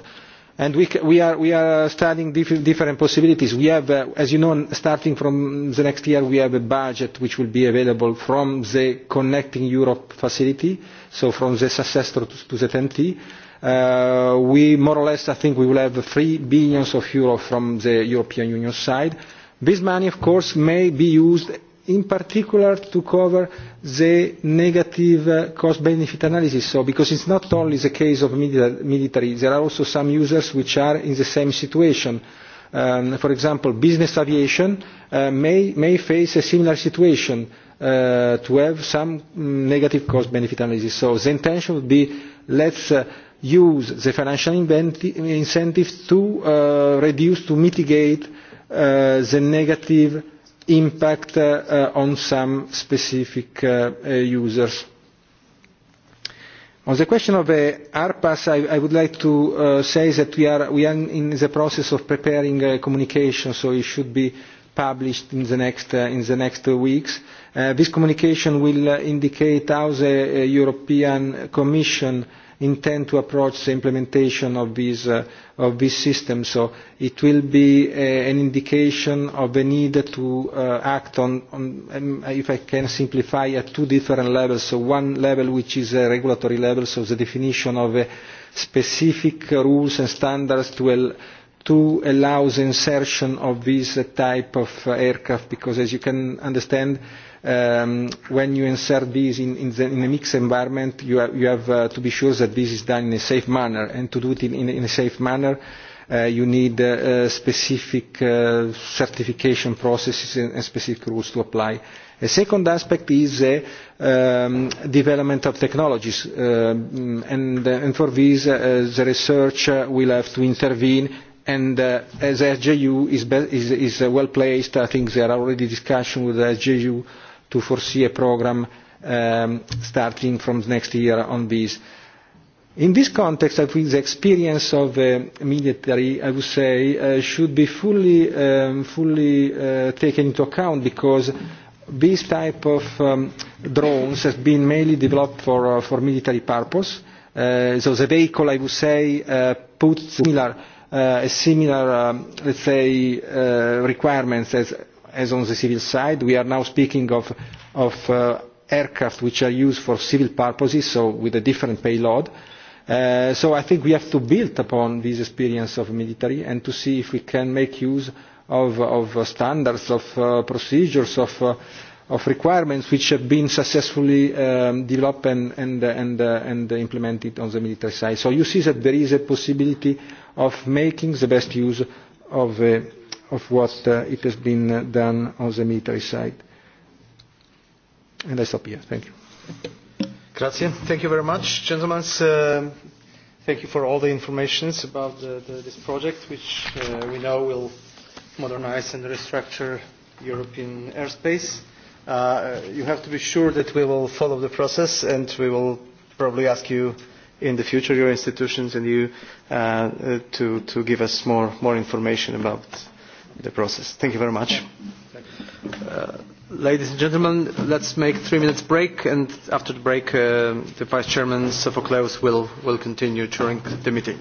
And we, we, are, we are studying diff different possibilities. We have, uh, as you know, starting from the next year, we have a budget which will be available from the Connecting Europe facility, so from the successor to, to the TNT. Uh, we more or less, I think, we will have 3 billion of euros from the European Union side This money, of course, may be used in particular to cover the negative uh, cost-benefit analysis. So, because it's not only the case of military, there are also some users which are in the same situation. Um, for example, business aviation uh, may, may face a similar situation uh, to have some negative cost-benefit analysis. So the intention would be let's uh, use the financial incentives to uh, reduce, to mitigate the negative impact on some specific users. On the question of ARPAs, I would like to say that we are in the process of preparing a communication, so it should be published in the next weeks. This communication will indicate how the European Commission intend to approach the implementation of these uh, of this system. So it will be an indication of the need to uh, act on, on um, if I can simplify, at two different levels. So one level which is a regulatory level, so the definition of specific rules and standards to al to allow the insertion of this type of aircraft because as you can understand um, when you insert these in, in, the, in a mixed environment, you have, you have uh, to be sure that this is done in a safe manner. And to do it in, in, in a safe manner, uh, you need uh, uh, specific uh, certification processes and, and specific rules to apply. A second aspect is the um, development of technologies, uh, and, uh, and for this uh, the research uh, will have to intervene and uh, as SJU is, be is, is uh, well placed, I think there are already discussions with SJU to foresee a program starting from next year on this. In this context, I think the experience of the military, I would say, should be fully, taken into account because this type of drones has been mainly developed for, for military purpose. so the vehicle, I would say, puts similar, uh, similar let's say, requirements as as on the civil side. We are now speaking of, of uh, aircraft which are used for civil purposes, so with a different payload. Uh, so I think we have to build upon this experience of military and to see if we can make use of, of standards, of uh, procedures, of, uh, of requirements which have been successfully um, developed and, and, and, uh, and implemented on the military side. So you see that there is a possibility of making the best use of the of what uh, it has been done on the military side. And I stop here. Thank you. Grazie. Thank you very much, gentlemen. Uh, thank you for all the information about the, the, this project, which uh, we know will modernize and restructure European airspace. Uh, you have to be sure that we will follow the process and we will probably ask you in the future, your institutions and you, uh, uh, to, to give us more, more information about the process. Thank you very much. Uh, ladies and gentlemen, let's make three minutes break, and after the break, uh, the Vice Chairman, Sophocles will, will continue during the meeting.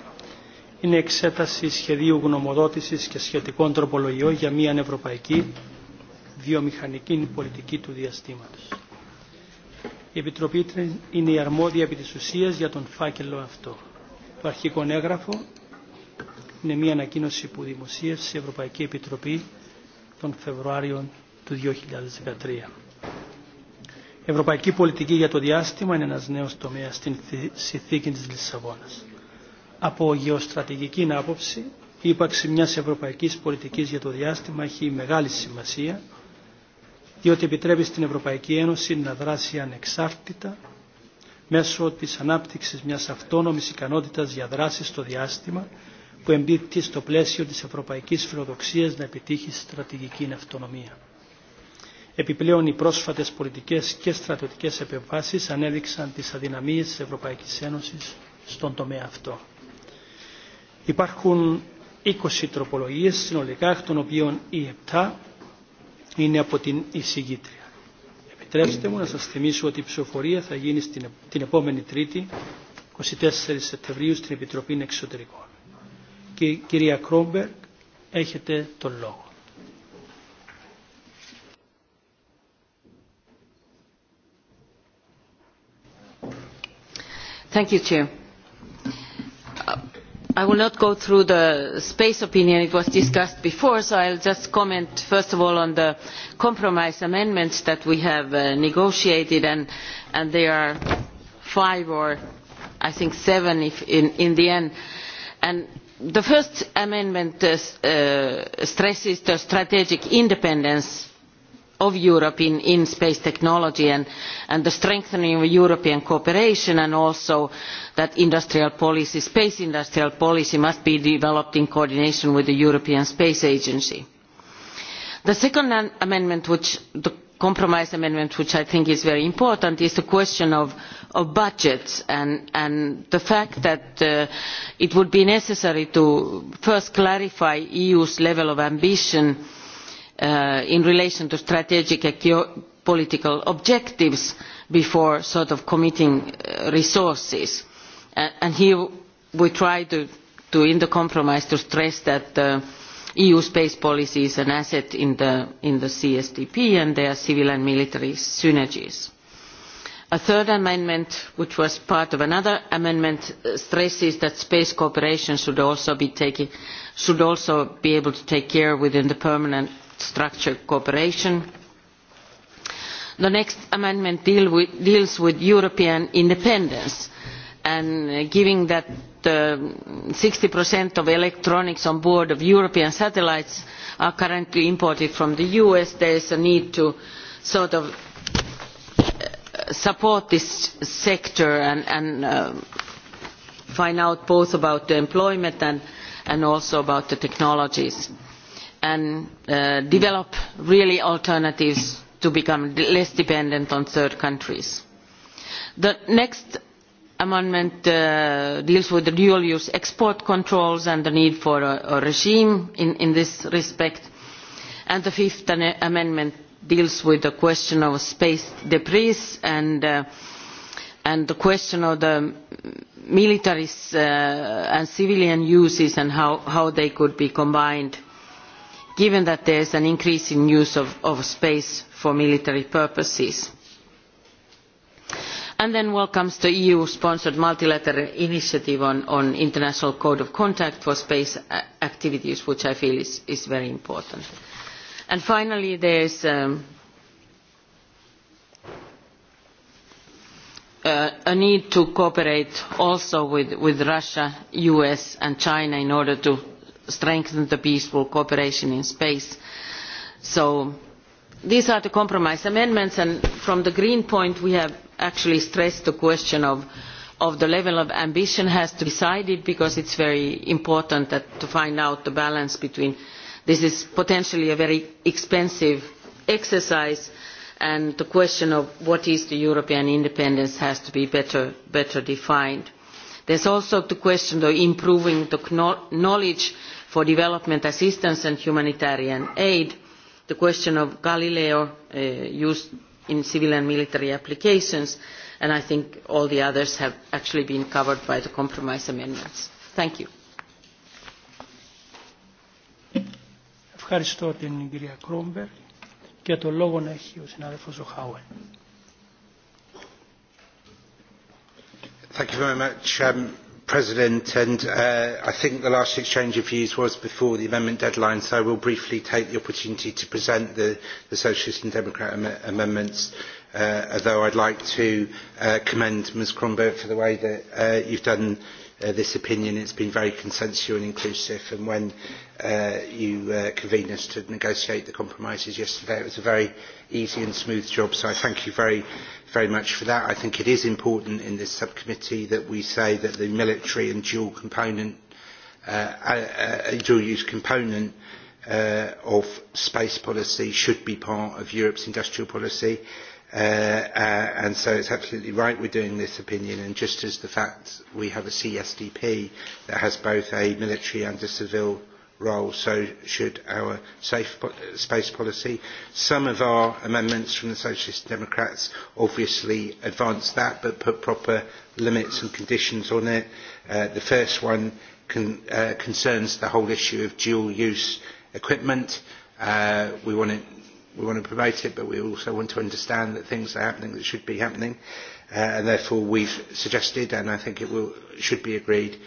είναι εξέταση σχεδίου γνωμοδότησης και σχετικών τροπολογιών για μια ευρωπαϊκή βιομηχανική πολιτική του διαστήματος. Η Επιτροπή είναι η αρμόδια επί της ουσίας για τον φάκελο αυτό. Το αρχικό έγγραφο είναι μια ανακοίνωση που δημοσίευσε η Ευρωπαϊκή Επιτροπή τον Φεβρουάριο του 2013. Η Ευρωπαϊκή πολιτική για το διάστημα είναι ένας νέος τομέας στην συνθήκη της Λισαβόνας. Από γεωστρατηγική άποψη, η ύπαρξη μια Ευρωπαϊκή πολιτική για το διάστημα έχει μεγάλη σημασία, διότι επιτρέπει στην Ευρωπαϊκή Ένωση να δράσει ανεξάρτητα μέσω τη ανάπτυξη μια αυτόνομη ικανότητα για δράση στο διάστημα που εμπίπτει στο πλαίσιο τη Ευρωπαϊκή Φιλοδοξία να επιτύχει στρατηγική αυτονομία. Επιπλέον, οι πρόσφατε πολιτικέ και στρατιωτικέ επεμβάσει ανέδειξαν τι αδυναμίε τη Ευρωπαϊκή Ένωση στον τομέα αυτό. Υπάρχουν 20 τροπολογίες συνολικά, εκ των οποίων οι 7 είναι από την εισηγήτρια. Επιτρέψτε μου να σας θυμίσω ότι η ψηφοφορία θα γίνει στην, την επόμενη Τρίτη, 24 Σεπτεμβρίου, στην Επιτροπή Εξωτερικών. Κυρία Κρόμπερκ, έχετε τον λόγο. Thank you, Chair i will not go through the space opinion it was discussed before so i will just comment first of all on the compromise amendments that we have negotiated and there are five or i think seven in the end. the first amendment stresses the strategic independence of europe in space technology and the strengthening of european cooperation and also that industrial policy space industrial policy must be developed in coordination with the european space agency. the second amendment the compromise amendment which i think is very important is the question of budgets and the fact that it would be necessary to first clarify the eu's level of ambition in relation to strategic and political objectives before sort of committing resources. And here we try to, to, in the compromise, to stress that the EU space policy is an asset in the, in the CSDP and their civil and military synergies. A third amendment, which was part of another amendment, stresses that space cooperation should also be, taking, should also be able to take care within the permanent structured cooperation. The next amendment deals with European independence and given that sixty of electronics on board of European satellites are currently imported from the US, there is a need to sort of support this sector and, find out both about employment and, also about the technologies and develop really alternatives to become less dependent on third countries. The next amendment deals with the dual use export controls and the need for a, regime in, this respect. And the fifth amendment deals with the question of space debris and, the question of the military and civilian uses and how, how they could be combined given that there is an increase in use of space for military purposes. And then welcomes the eu sponsored multilateral initiative on the international code of conduct for space activities which i feel is very important. finally there is a need to cooperate also with russia the us and china in order to strengthen the peaceful cooperation in space. So these are the compromise amendments and from the green point we have actually stressed the question of the level of ambition has to be decided because it is very important to find out the balance between this is potentially a very expensive exercise and the question of what is the European independence has to be better, defined. There is also the question of improving the knowledge for development assistance and humanitarian aid, the question of Galileo used in civil and military applications, and I think all the others have actually been covered by the compromise amendments. Thank you. Ευχαριστώ την κυρία Κρόμπερ και το λόγο να έχει ο συνάδελφος ο Χάουερ. Thank you very much. Um, President, I think the last exchange of views was before the amendment deadline, so I will briefly take the opportunity to present the, the Socialist and Democrat am amendments, uh, although I'd like to uh, commend Ms Kronberg for the way that uh, you've done uh, this opinion. It's been very consensual and inclusive, and when uh, you uh, convened us to negotiate the compromises yesterday, it was a very easy and smooth job, so I thank you very very much for that. I think it is important in this subcommittee that we say that the military and dual component, uh, uh, dual use component uh, of space policy should be part of Europe's industrial policy. Uh, uh, and so it's absolutely right we're doing this opinion. And just as the fact we have a CSDP that has both a military and a civil role, so should our safe space policy. Some of our amendments from the Socialist Democrats obviously advance that but put proper limits and conditions on it. Uh, the first one con uh, concerns the whole issue of dual-use equipment. Uh, we want it we want to promote it, but we also want to understand that things are happening that should be happening. Uh, and therefore we've suggested, and I think it will, should be agreed,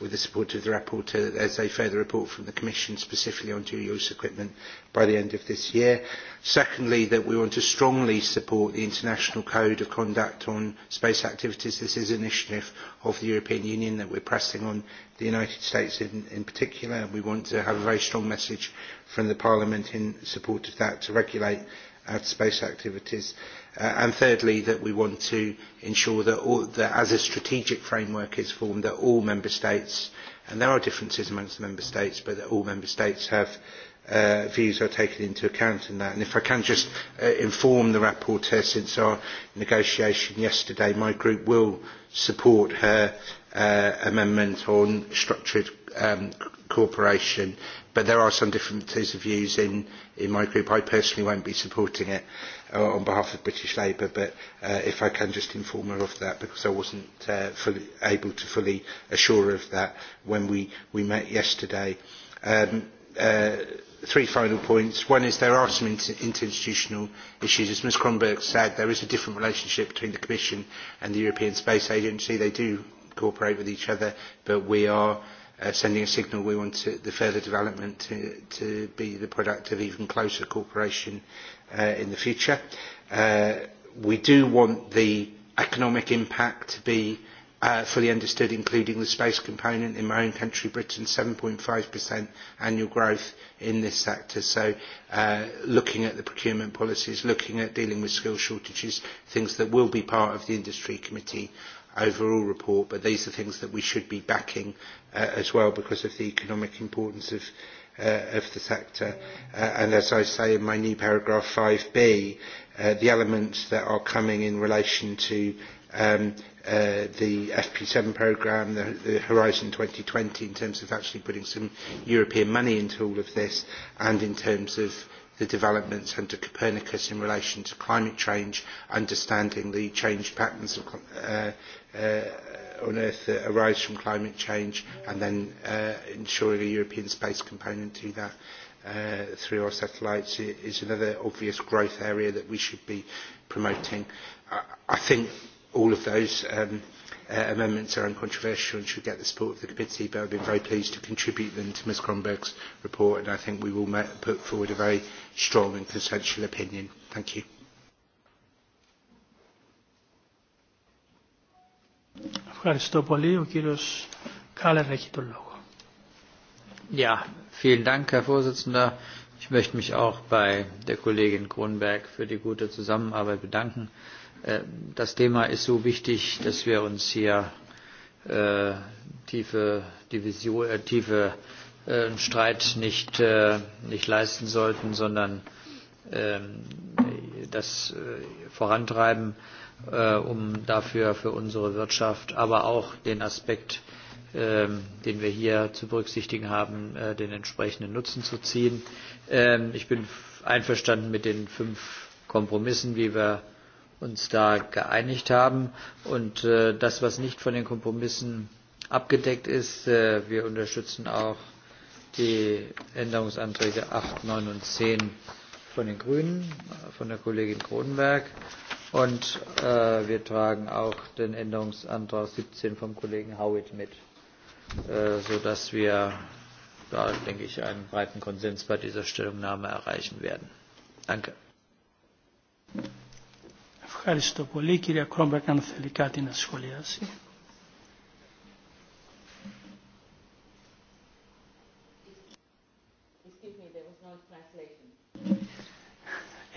with the support of the rapporteur, that is a further report from the Commission specifically on dual-use equipment by the end of this year. Secondly, that we want to strongly support the International Code of Conduct on Space Activities. This is an initiative of the European Union that we're pressing on the United States in, in particular. We want to have a very strong message from the Parliament in support of that to regulate space activities and thirdly, that we want to ensure that, all, that as a strategic framework is formed, that all member states, and there are differences amongst the member states, but that all member states have uh, views are taken into account in that. And if I can just uh, inform the rapporteur, since our negotiation yesterday, my group will support her uh, amendment on structured um, cooperation, but there are some differences of views in, in my group. I personally won't be supporting it uh, on behalf of British Labour, but uh, if I can just inform her of that, because I wasn't uh, fully able to fully assure her of that when we, we met yesterday. Um, uh, three final points. One is there are some interinstitutional issues. As Ms Kronberg said, there is a different relationship between the Commission and the European Space Agency. They do cooperate with each other, but we are sending a signal we want to, the further development to, to be the product of even closer cooperation uh, in the future. Uh, we do want the economic impact to be uh, fully understood, including the space component in my own country, Britain, 7.5% annual growth in this sector. So uh, looking at the procurement policies, looking at dealing with skill shortages, things that will be part of the industry committee overall report, but these are things that we should be backing uh, as well because of the economic importance of, uh, of the sector. Uh, and as I say in my new paragraph 5b, uh, the elements that are coming in relation to um, uh, the FP7 programme, the, the Horizon 2020, in terms of actually putting some European money into all of this, and in terms of the developments under Copernicus in relation to climate change, understanding the changed patterns of uh, unearth that arise from climate change and then uh, ensuring a European space component to that uh, through our satellites is another obvious growth area that we should be promoting. I, I think all of those um, uh, amendments are uncontroversial and should get the support of the committee, but I've been very pleased to contribute them to Ms Cronberg's report, and I think we will put forward a very strong and consensual opinion. Thank you. Ευχαριστώ πολύ. Ο κύριος Κάλερ έχει τον λόγο. Ja, vielen Dank, Herr Vorsitzender. Ich möchte mich auch bei der Kollegin Kronberg für die gute Zusammenarbeit bedanken. Das Thema ist so wichtig, dass wir uns hier tiefe, Division, äh, tiefe äh, Streit nicht, äh, nicht leisten sollten, sondern äh, das äh, vorantreiben um dafür für unsere Wirtschaft, aber auch den Aspekt, den wir hier zu berücksichtigen haben, den entsprechenden Nutzen zu ziehen. Ich bin einverstanden mit den fünf Kompromissen, wie wir uns da geeinigt haben. Und das, was nicht von den Kompromissen abgedeckt ist, wir unterstützen auch die Änderungsanträge acht, neun und zehn von den Grünen, von der Kollegin Kronenberg Und äh, wir tragen auch den Änderungsantrag 17 vom Kollegen Howitt mit, äh, sodass wir da, denke ich, einen breiten Konsens bei dieser Stellungnahme erreichen werden. Danke. Ευχαριστώ πολύ. Κυρία Κρόμπερκ, αν θέλει κάτι να σχολιάσει.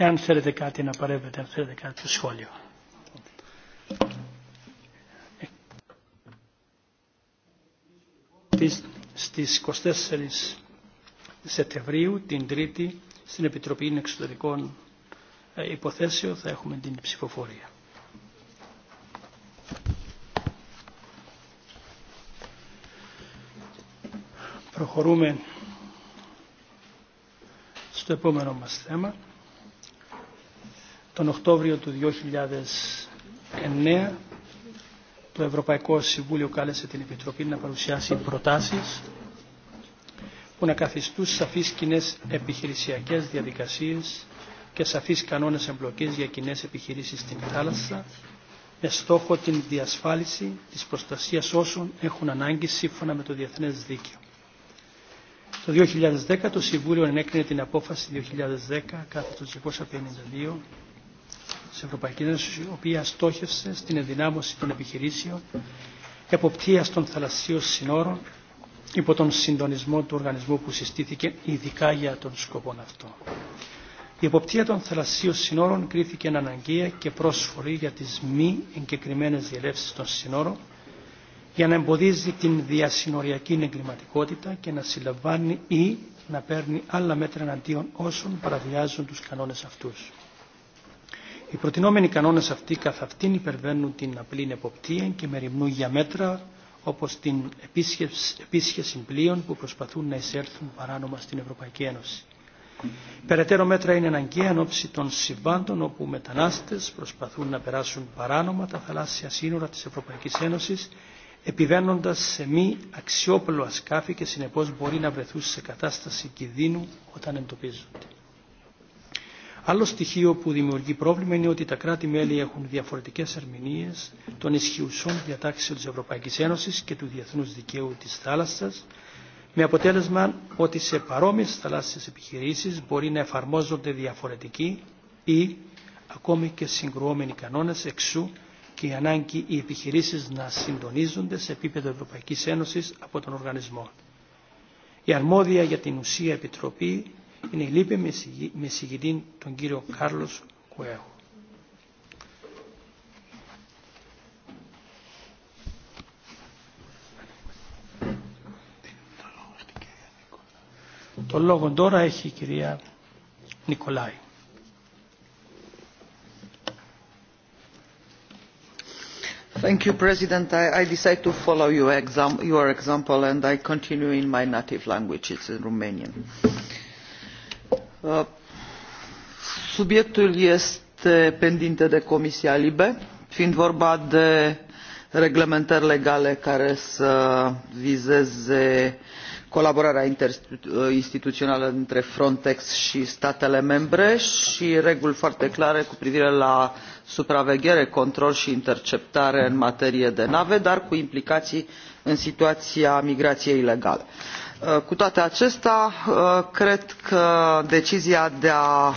εάν θέλετε κάτι να παρέμβετε, αν θέλετε κάτι σχόλιο. Στις 24 Σεπτεμβρίου, την Τρίτη, στην Επιτροπή Εξωτερικών Υποθέσεων θα έχουμε την ψηφοφορία. Προχωρούμε στο επόμενο μας θέμα τον Οκτώβριο του 2009 το Ευρωπαϊκό Συμβούλιο κάλεσε την Επιτροπή να παρουσιάσει προτάσεις που να καθιστούν σαφείς κοινέ επιχειρησιακές διαδικασίες και σαφείς κανόνες εμπλοκής για κοινέ επιχειρήσεις στην θάλασσα με στόχο την διασφάλιση της προστασίας όσων έχουν ανάγκη σύμφωνα με το Διεθνές Δίκαιο. Το 2010 το Συμβούλιο ενέκρινε την απόφαση 2010 κάθετος 252 τη Ευρωπαϊκή Ένωση, η οποία στόχευσε στην ενδυνάμωση των επιχειρήσεων, εποπτείας των θαλασσίων συνόρων, υπό τον συντονισμό του οργανισμού που συστήθηκε ειδικά για τον σκοπό αυτό. Η εποπτεία των θαλασσίων συνόρων κρίθηκε αναγκαία και πρόσφορη για τις μη εγκεκριμένε διελεύσεις των συνόρων, για να εμποδίζει την διασυνοριακή εγκληματικότητα και να συλλαμβάνει ή να παίρνει άλλα μέτρα εναντίον όσων παραβιάζουν τους κανόνες αυτούς. Οι προτινόμενοι κανόνες αυτοί καθ' αυτήν υπερβαίνουν την απλή εποπτεία και μεριμνούν για μέτρα όπως την επίσχεση πλοίων που προσπαθούν να εισέλθουν παράνομα στην Ευρωπαϊκή Ένωση. Περαιτέρω μέτρα είναι αναγκαία εν ώψη των συμβάντων όπου μετανάστες προσπαθούν να περάσουν παράνομα τα θαλάσσια σύνορα της Ευρωπαϊκής Ένωσης επιβαίνοντας σε μη αξιόπλοα σκάφη και συνεπώς μπορεί να βρεθούν σε κατάσταση κινδύνου όταν εντοπίζονται. Άλλο στοιχείο που δημιουργεί πρόβλημα είναι ότι τα κράτη-μέλη έχουν διαφορετικέ ερμηνείε των ισχυουσών διατάξεων τη Ευρωπαϊκή Ένωση και του διεθνού δικαίου τη θάλασσα, με αποτέλεσμα ότι σε παρόμοιε θαλάσσιε επιχειρήσει μπορεί να εφαρμόζονται διαφορετικοί ή ακόμη και συγκρουόμενοι κανόνε, εξού και η ανάγκη οι επιχειρήσει να συντονίζονται σε επίπεδο Ευρωπαϊκή Ένωση από τον οργανισμό. Η αρμόδια για την ουσία Επιτροπή είναι η λύπη με συγγητή τον κύριο Κάρλος Κουέχο. Το λόγο τώρα έχει η κυρία Νικολάη. Thank you, president i I decide to follow your exam, your example and i continue in my native language it's in romanian. Uh, subiectul este pendinte de comisia libe fiind vorba de reglementări legale care să vizeze colaborarea interinstituională dintre frontex și statele membre și reguli foarte clare cu privire la supraveghere control și interceptare în materie de nave dar cu implicații în situația migrației ilegale cu toate acestea cred că decizia de a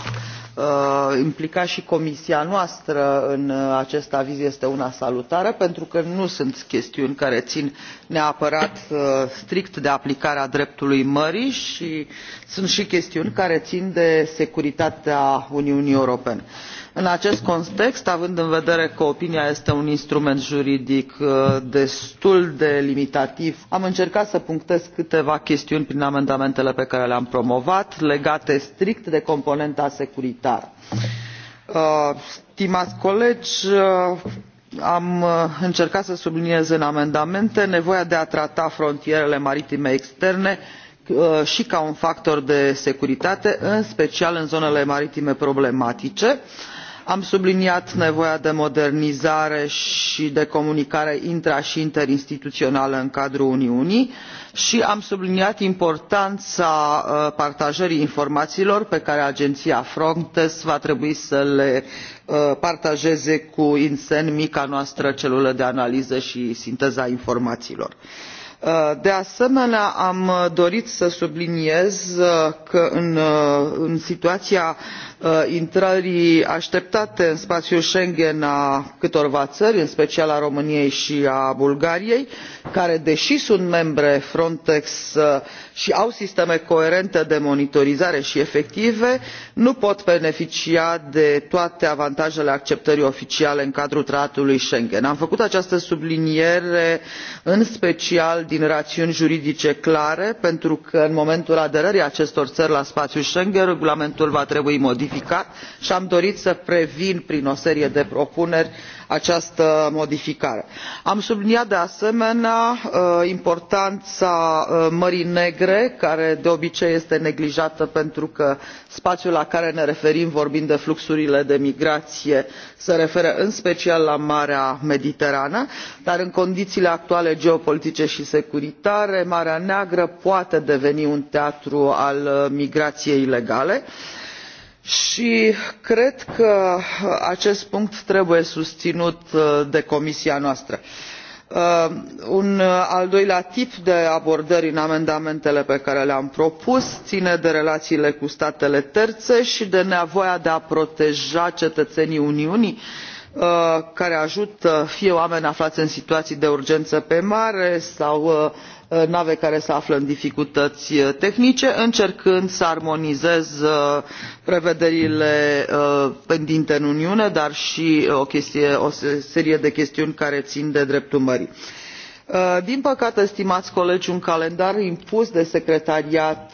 implica și comisia noastră în acest aviz este una salutară pentru că nu sunt chestiuni care țin neapărat strict de aplicarea dreptului mării și sunt și chestiuni care țin de securitatea uniunii europene în acest context având în vedere că opinia este un instrument juridic destul de limitativ am încercat să punctez câteva chestiuni prin amendamentele pe care le am promovat legate strict de componenta securitară. stimați colegi am încercat să subliniez în amendamente nevoia de a trata frontierele maritime externe și ca un factor de securitate în special în zonele maritime problematice și am subliniat nevoia de modernizare și de comunicare intra și interinstituțională în cadrul uniunii și am subliniat importanța partajării informațiilor pe care agenția frontex va trebui să le partajeze cu insen mica noastră celulă de analiză și sinteză a informațiilor de asemenea am dorit să subliniez că în situația intrării așteptate în spațiul schengen a câtorva țări în special a româniei și a bulgariei care deși sunt membre frontex și au sisteme coerente de monitorizare și efective nu pot beneficia de toate avantajele acceptării oficiale în cadrul tratatului schengen. am făcut această subliniere în special din rațiuni juridice clare pentru că în momentul aderării acestor țări la spațiul schengen regulamentul va trebui modificat și am dorit să previn prin o serie de propuneri această modificare. am subliniat de asemenea importanța mării negre care de obicei este neglijată pentru că spațiul la care ne referim vorbind de fluxurile de migrație se referă în special la marea mediterană dar în condițiile actuale geopolitice și securitare marea neagră poate deveni un teatru al migrației ilegale și și cred că acest punct trebuie susținut de comisia noastră. un al doilea tip de abordări în amendamentele pe care le am propus ține de relațiile cu statele terțe și de nevoia de a proteja cetățenii uniunii care ajută fie oameni aflați în situații de urgență pe mare sau nave care se află în dificultăți tehnice încercând să armonizez prevederile pendinte în uniune dar și o serie de chestiuni care țin de dreptul mării din păcate stimați colegi un calendar impus de secretariat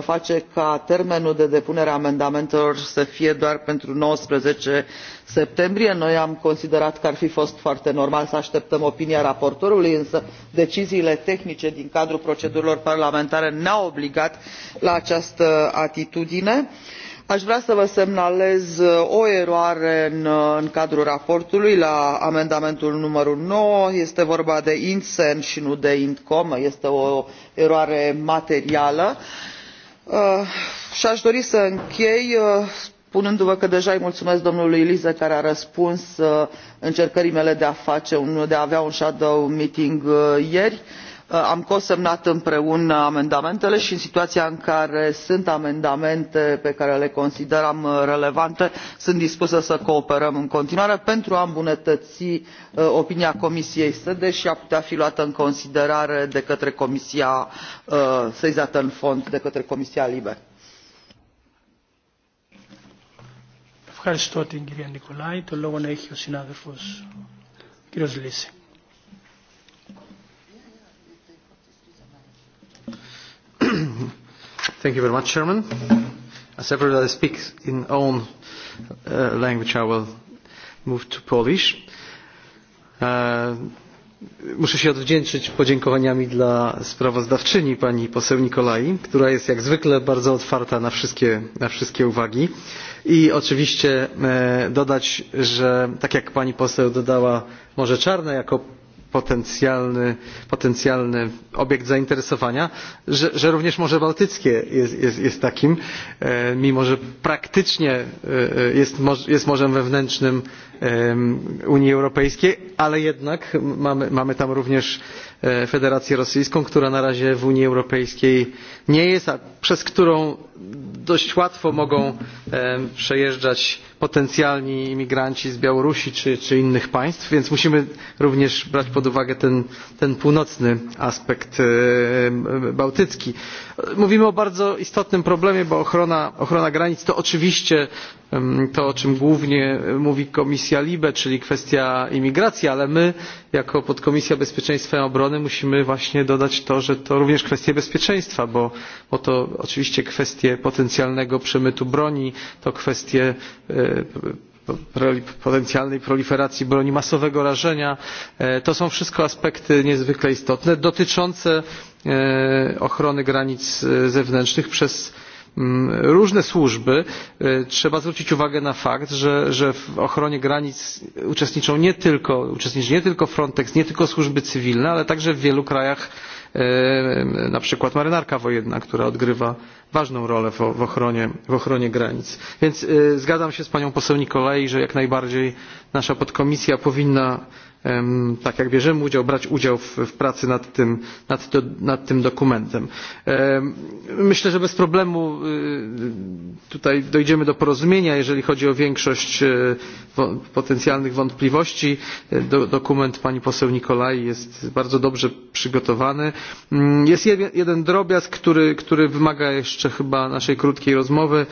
face ca termenul de depunere a amendamentelor să fie doar pentru nouăsprezece septembrie. noi am considerat că ar fi fost foarte normal să așteptăm opinia raportorului însă deciziile tehnice din cadrul procedurilor parlamentare ne au obligat la această atitudine și a vrea să vă semnalez o eroare în cadrul raportului la amendamentul numărul nouă este vorba de intsen i nu de intcom este o eroare materială i a dori să închei spunându vă că deja îi mulumesc domnului liese care a răspuns încercării mele de a avea un shadow meeting ieri i am cosemnat împreună amendamentele și în situația în care sunt amendamente pe care le considerăm relevante sunt dispusă să cooperăm în continuare pentru a îmbunătăți opinia comisiei sede și a putea fi luată în considerare de către comisia sesizată în fond de către comisia libe. Thank you very much, Chairman. As everybody speaks in own uh, language, I will move to Polish. Muszę się odwdzięczyć podziękowaniami dla sprawozdawczyni pani poseł Nikolai, która jest jak zwykle bardzo otwarta na wszystkie, na wszystkie uwagi i oczywiście dodać, że tak jak pani poseł dodała Morze Czarne jako potencjalny, potencjalny obiekt zainteresowania, że, że również Morze Bałtyckie jest, jest, jest takim, mimo że praktycznie jest, jest morzem wewnętrznym Unii Europejskiej, ale jednak mamy, mamy tam również Federację Rosyjską, która na razie w Unii Europejskiej nie jest, a przez którą dość łatwo mogą przejeżdżać potencjalni imigranci z białorusi czy innych państw więc musimy również brać pod uwagę ten północny aspekt bałtycki. mówimy o bardzo istotnym problemie bo ochrona granic to oczywiście to o czym głównie mówi komisja libe czyli kwestia imigracji ale my jako podkomisja bezpieczeństwa i obrony musimy właśnie dodać to że to również kwestie bezpieczeństwa bo to oczywiście kwestie potencjalnych potencjalnego przemytu broni to kwestie potencjalnej proliferacji broni masowego rażenia to są wszystko aspekty niezwykle istotne dotyczące ochrony granic zewnętrznych przez różne służby trzeba zwrócić uwagę na fakt że w ochronie granic uczestniczy nie tylko frontex nie tylko służby cywilne ale także w wielu krajach na przykład marynarka wojenna, która odgrywa ważną rolę w, ochronie, w ochronie granic. Więc zgadzam się z panią poseł Nikolai, że jak najbardziej nasza podkomisja powinna tak jak bierzemy udział, brać udział w, pracy nad tym, dokumentem. Myślę, że bez problemu tutaj dojdziemy do porozumienia, jeżeli chodzi o większość potencjalnych wątpliwości. Dokument pani poseł Nikolaj jest bardzo dobrze przygotowany. Jest jeden drobiazg, który, wymaga jeszcze chyba naszej krótkiej rozmowy,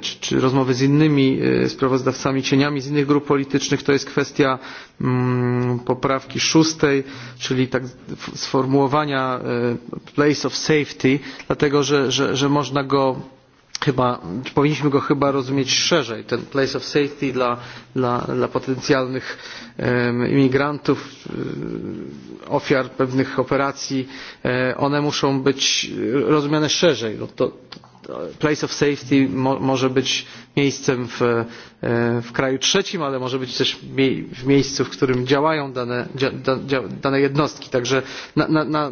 czy, rozmowy z innymi sprawozdawcami cieniami z innych grup politycznych. To jest kwestia poprawki szóstej, czyli tak sformułowania place of safety, dlatego że, że, że można go chyba, powinniśmy go chyba rozumieć szerzej, ten place of safety dla, dla, dla potencjalnych imigrantów, ofiar pewnych operacji, one muszą być rozumiane szerzej. No to, place of safety może być miejscem w, kraju trzecim, ale może być też w miejscu, w którym działają dane, dane jednostki. Także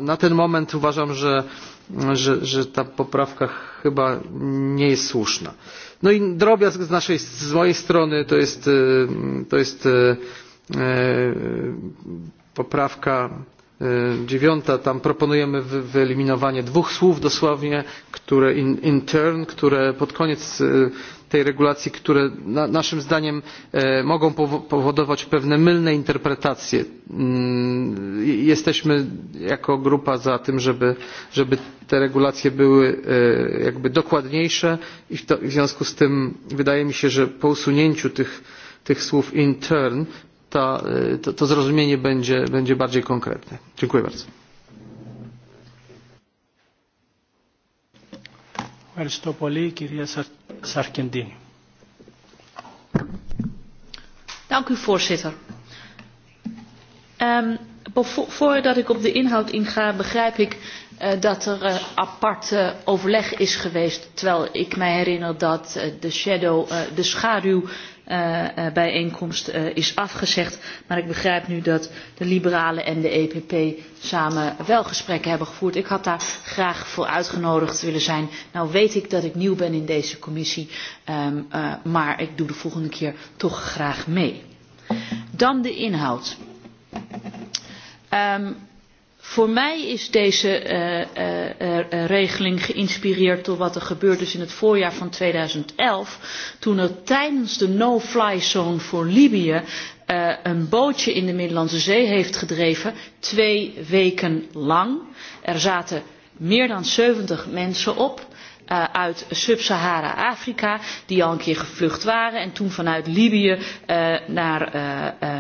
na, ten moment uważam, że, że, ta poprawka chyba nie jest słuszna. No i drobiazg z, naszej, z mojej strony to jest, to jest poprawka dziewiąta tam proponujemy wyeliminowanie dwóch słów dosłownie które in, turn które pod koniec tej regulacji które naszym zdaniem mogą powodować pewne mylne interpretacje. Jesteśmy jako grupa za tym, żeby, te regulacje były jakby dokładniejsze i w, związku z tym wydaje mi się, że po usunięciu tych, słów in turn ta, to, to zrozumienie będzie, będzie bardziej konkretne. Dziękuję bardzo. Dank u, voorzitter. Um, voordat ik op de inhoud inga, begrijp ik uh, dat er uh, apart uh, overleg is geweest. Terwijl ik mij herinner dat uh, de, shadow, uh, de schaduw uh, bijeenkomst is afgezegd. Maar ik begrijp nu dat de Liberalen en de EPP samen wel gesprekken hebben gevoerd. Ik had daar graag voor uitgenodigd willen zijn. Nou weet ik dat ik nieuw ben in deze commissie, maar ik doe de volgende keer toch graag mee. Dan de inhoud. Um, Voor mij is deze regeling geïnspireerd door wat er gebeurd is in het voorjaar van tweeduizendelf toen er tijdens de no-fly zone voor Libië een bootje in de Middellandse Zee heeft gedreven, twee weken lang. Er zaten meer dan zeventig mensen op uit Sub-Sahara Afrika, die al een keer gevlucht waren en toen vanuit Libië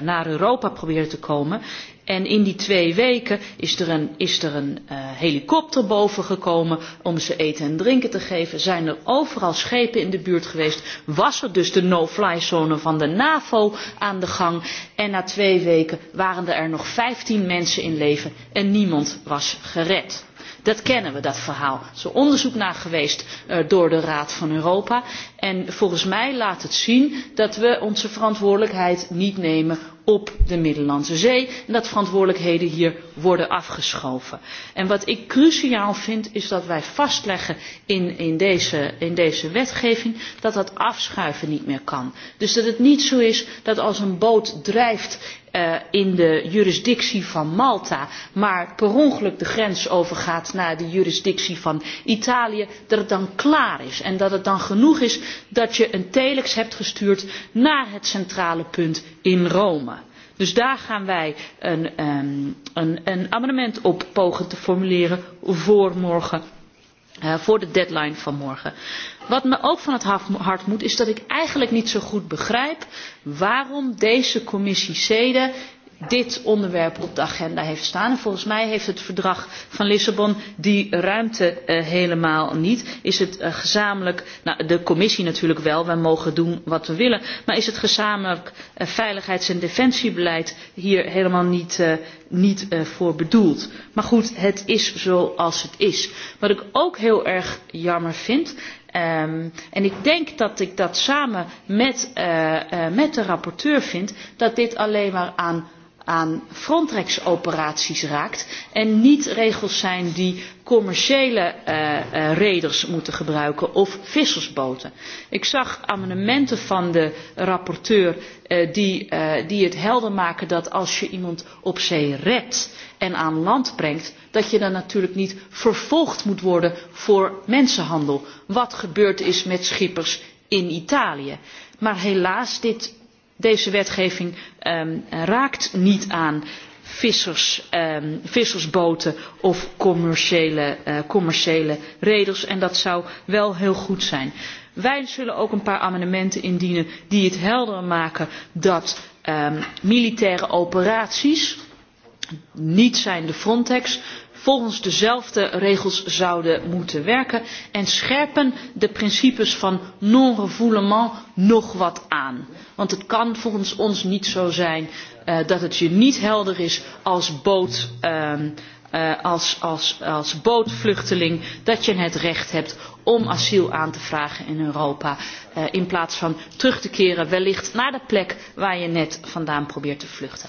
naar, Europa probeerden te komen. En in die twee weken is er een, is er een uh, helikopter boven gekomen om ze eten en drinken te geven. Zijn er overal schepen in de buurt geweest. Was er dus de no-fly zone van de NAVO aan de gang. En na twee weken waren er nog vijftien mensen in leven en niemand was gered. Dat kennen we, dat verhaal. Er is onderzoek naar geweest door de Raad van Europa. En volgens mij laat het zien dat we onze verantwoordelijkheid niet nemen op de Middellandse Zee en dat verantwoordelijkheden hier worden afgeschoven. En wat ik cruciaal vind is dat wij vastleggen in, in, deze, in deze wetgeving dat dat afschuiven niet meer kan. Dus dat het niet zo is dat als een boot drijft in de jurisdictie van Malta, maar per ongeluk de grens overgaat naar de jurisdictie van Italië, dat het dan klaar is. En dat het dan genoeg is dat je een telex hebt gestuurd naar het centrale punt in Rome. Dus daar gaan wij een, amendement op pogen te formuleren voor morgen voor de deadline van morgen. Wat me ook van het hart moet is dat ik eigenlijk niet zo goed begrijp waarom deze commissie CEDE dit onderwerp op de agenda heeft staan. En volgens mij heeft het verdrag van Lissabon die ruimte uh, helemaal niet. Is het uh, gezamenlijk, nou, de commissie natuurlijk wel, wij mogen doen wat we willen, maar is het gezamenlijk uh, veiligheids- en defensiebeleid hier helemaal niet, uh, niet uh, voor bedoeld. Maar goed, het is zoals het is. Wat ik ook heel erg jammer vind, Um, en ik denk dat ik dat samen met, uh, uh, met de rapporteur vind, dat dit alleen maar aan aan Frontex operaties raakt en niet regels zijn die commerciële reders moeten gebruiken of vissersboten. Ik zag amendementen van de rapporteur die, het helder maken dat als je iemand op zee redt en aan land brengt, dat je dan natuurlijk niet vervolgd moet worden voor mensenhandel. Wat gebeurd is met schippers in Italië. Maar helaas, dit Deze wetgeving raakt niet aan vissersboten of commerciële reders en dat zou wel heel goed zijn. Wij zullen ook een paar amendementen indienen die het helder maken dat militaire operaties niet zijn de Frontex volgens dezelfde regels zouden moeten werken en scherpen de principes van non refoulement nog wat aan. Want het kan volgens ons niet zo zijn dat het je niet helder is als boot als, bootvluchteling dat je het recht hebt om asiel aan te vragen in Europa. in plaats van terug te keren wellicht naar de plek waar je net vandaan probeert te vluchten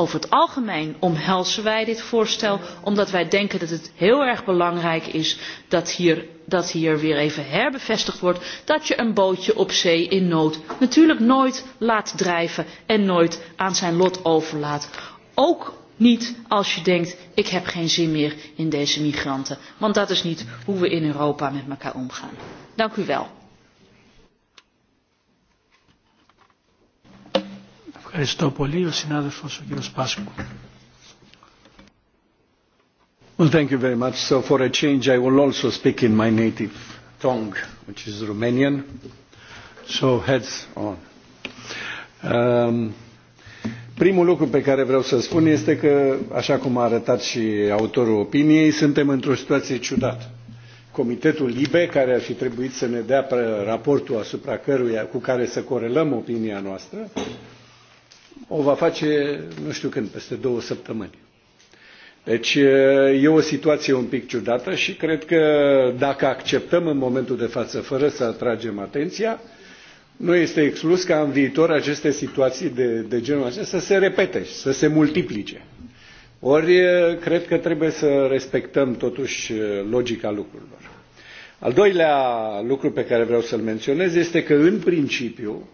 over het algemeen omhelzen wij dit voorstel omdat wij denken dat het heel erg belangrijk is dat hier, weer even herbevestigd wordt dat je een bootje op zee in nood natuurlijk nooit laat drijven en nooit aan zijn lot overlaat. Ook niet als je denkt ik heb geen zin meer in deze migranten want dat is niet hoe we in Europa met elkaar omgaan. Dank u wel. Ευχαριστώ πολύ. Ο συνάδελφος ο κύριος Πάσκου. Well, thank you very much. So for a change, I will also speak in my native tongue, which is Romanian. So heads on. Um, Primul lucru pe care vreau să spun este că, așa cum a arătat și autorul opiniei, suntem într-o situație ciudată. Comitetul LIBE, care ar fi trebuit să ne dea raportul asupra căruia, cu care să corelăm opinia noastră, o va face, nu știu când, peste două săptămâni. Deci e o situație un pic ciudată și cred că dacă acceptăm în momentul de față, fără să atragem atenția, nu este exclus ca în viitor aceste situații de, de genul acesta să se repete și să se multiplice. Ori cred că trebuie să respectăm totuși logica lucrurilor. Al doilea lucru pe care vreau să-l menționez este că în principiu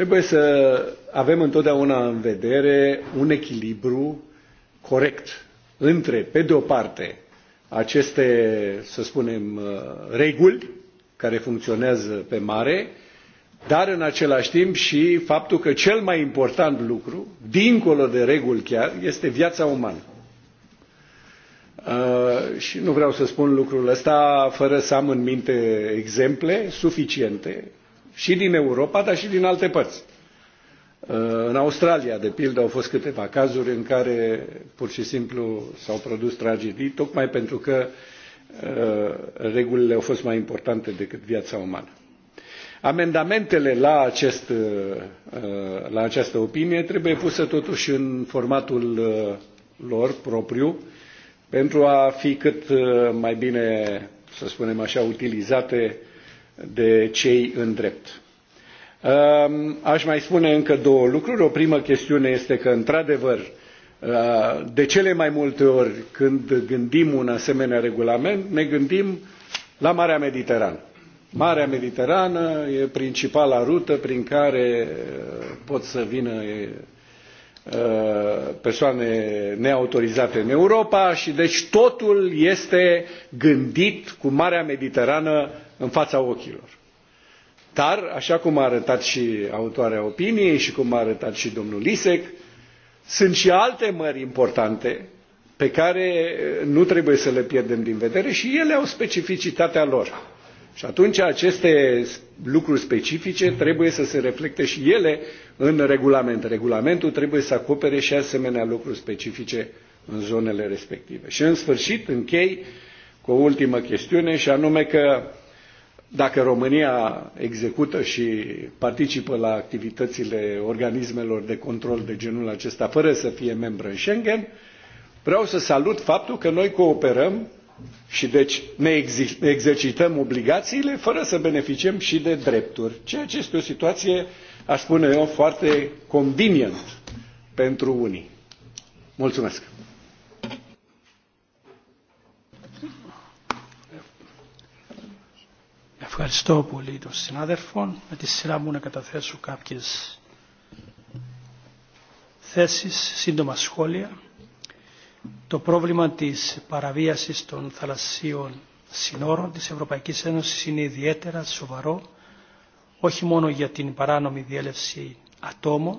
Trebuie să avem întotdeauna în vedere un echilibru corect între, pe de o parte, aceste, să spunem, reguli care funcționează pe mare, dar în același timp și faptul că cel mai important lucru, dincolo de reguli chiar, este viața umană. Și nu vreau să spun lucrul ăsta fără să am în minte exemple suficiente și din Europa, dar și din alte părți. În Australia, de pildă, au fost câteva cazuri în care pur și simplu s-au produs tragedii, tocmai pentru că regulile au fost mai importante decât viața umană. Amendamentele la, acest, la această opinie trebuie puse totuși în formatul lor propriu pentru a fi cât mai bine, să spunem așa, utilizate de cei în drept. Aș mai spune încă două lucruri. O primă chestiune este că, într-adevăr, de cele mai multe ori când gândim un asemenea regulament, ne gândim la Marea Mediterană. Marea Mediterană e principala rută prin care pot să vină persoane neautorizate în Europa și deci totul este gândit cu Marea Mediterană în fața ochilor. Dar, așa cum a arătat și autoarea opiniei și cum a arătat și domnul Lisec, sunt și alte mări importante pe care nu trebuie să le pierdem din vedere și ele au specificitatea lor. Și atunci aceste lucruri specifice trebuie să se reflecte și ele în regulament. Regulamentul trebuie să acopere și asemenea lucruri specifice în zonele respective. Și în sfârșit închei cu o ultimă chestiune și anume că dacă România execută și participă la activitățile organismelor de control de genul acesta fără să fie membră în Schengen, vreau să salut faptul că noi cooperăm și deci ne exercităm obligațiile fără să beneficiem și de drepturi, ceea ce este o situație, aș spune eu, foarte convenient pentru unii. Mulțumesc! Ευχαριστώ πολύ τον συνάδελφο. Με τη σειρά μου να καταθέσω κάποιες θέσεις, σύντομα σχόλια. Το πρόβλημα της παραβίασης των θαλασσίων συνόρων της Ευρωπαϊκής Ένωσης είναι ιδιαίτερα σοβαρό, όχι μόνο για την παράνομη διέλευση ατόμων,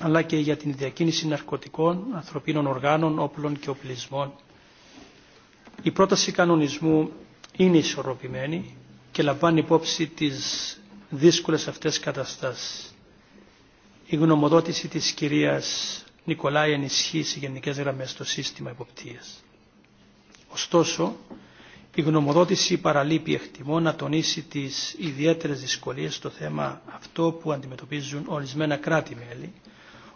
αλλά και για την διακίνηση ναρκωτικών, ανθρωπίνων οργάνων, όπλων και οπλισμών. Η πρόταση κανονισμού είναι ισορροπημένη και λαμβάνει υπόψη τις δύσκολες αυτές καταστάσεις. Η γνωμοδότηση της κυρίας Νικολάη ενισχύει σε γενικές γραμμές το σύστημα υποπτίας. Ωστόσο, η γνωμοδότηση παραλείπει εκτιμώ να τονίσει τις ιδιαίτερες δυσκολίες στο θέμα αυτό που αντιμετωπίζουν ορισμένα κράτη-μέλη,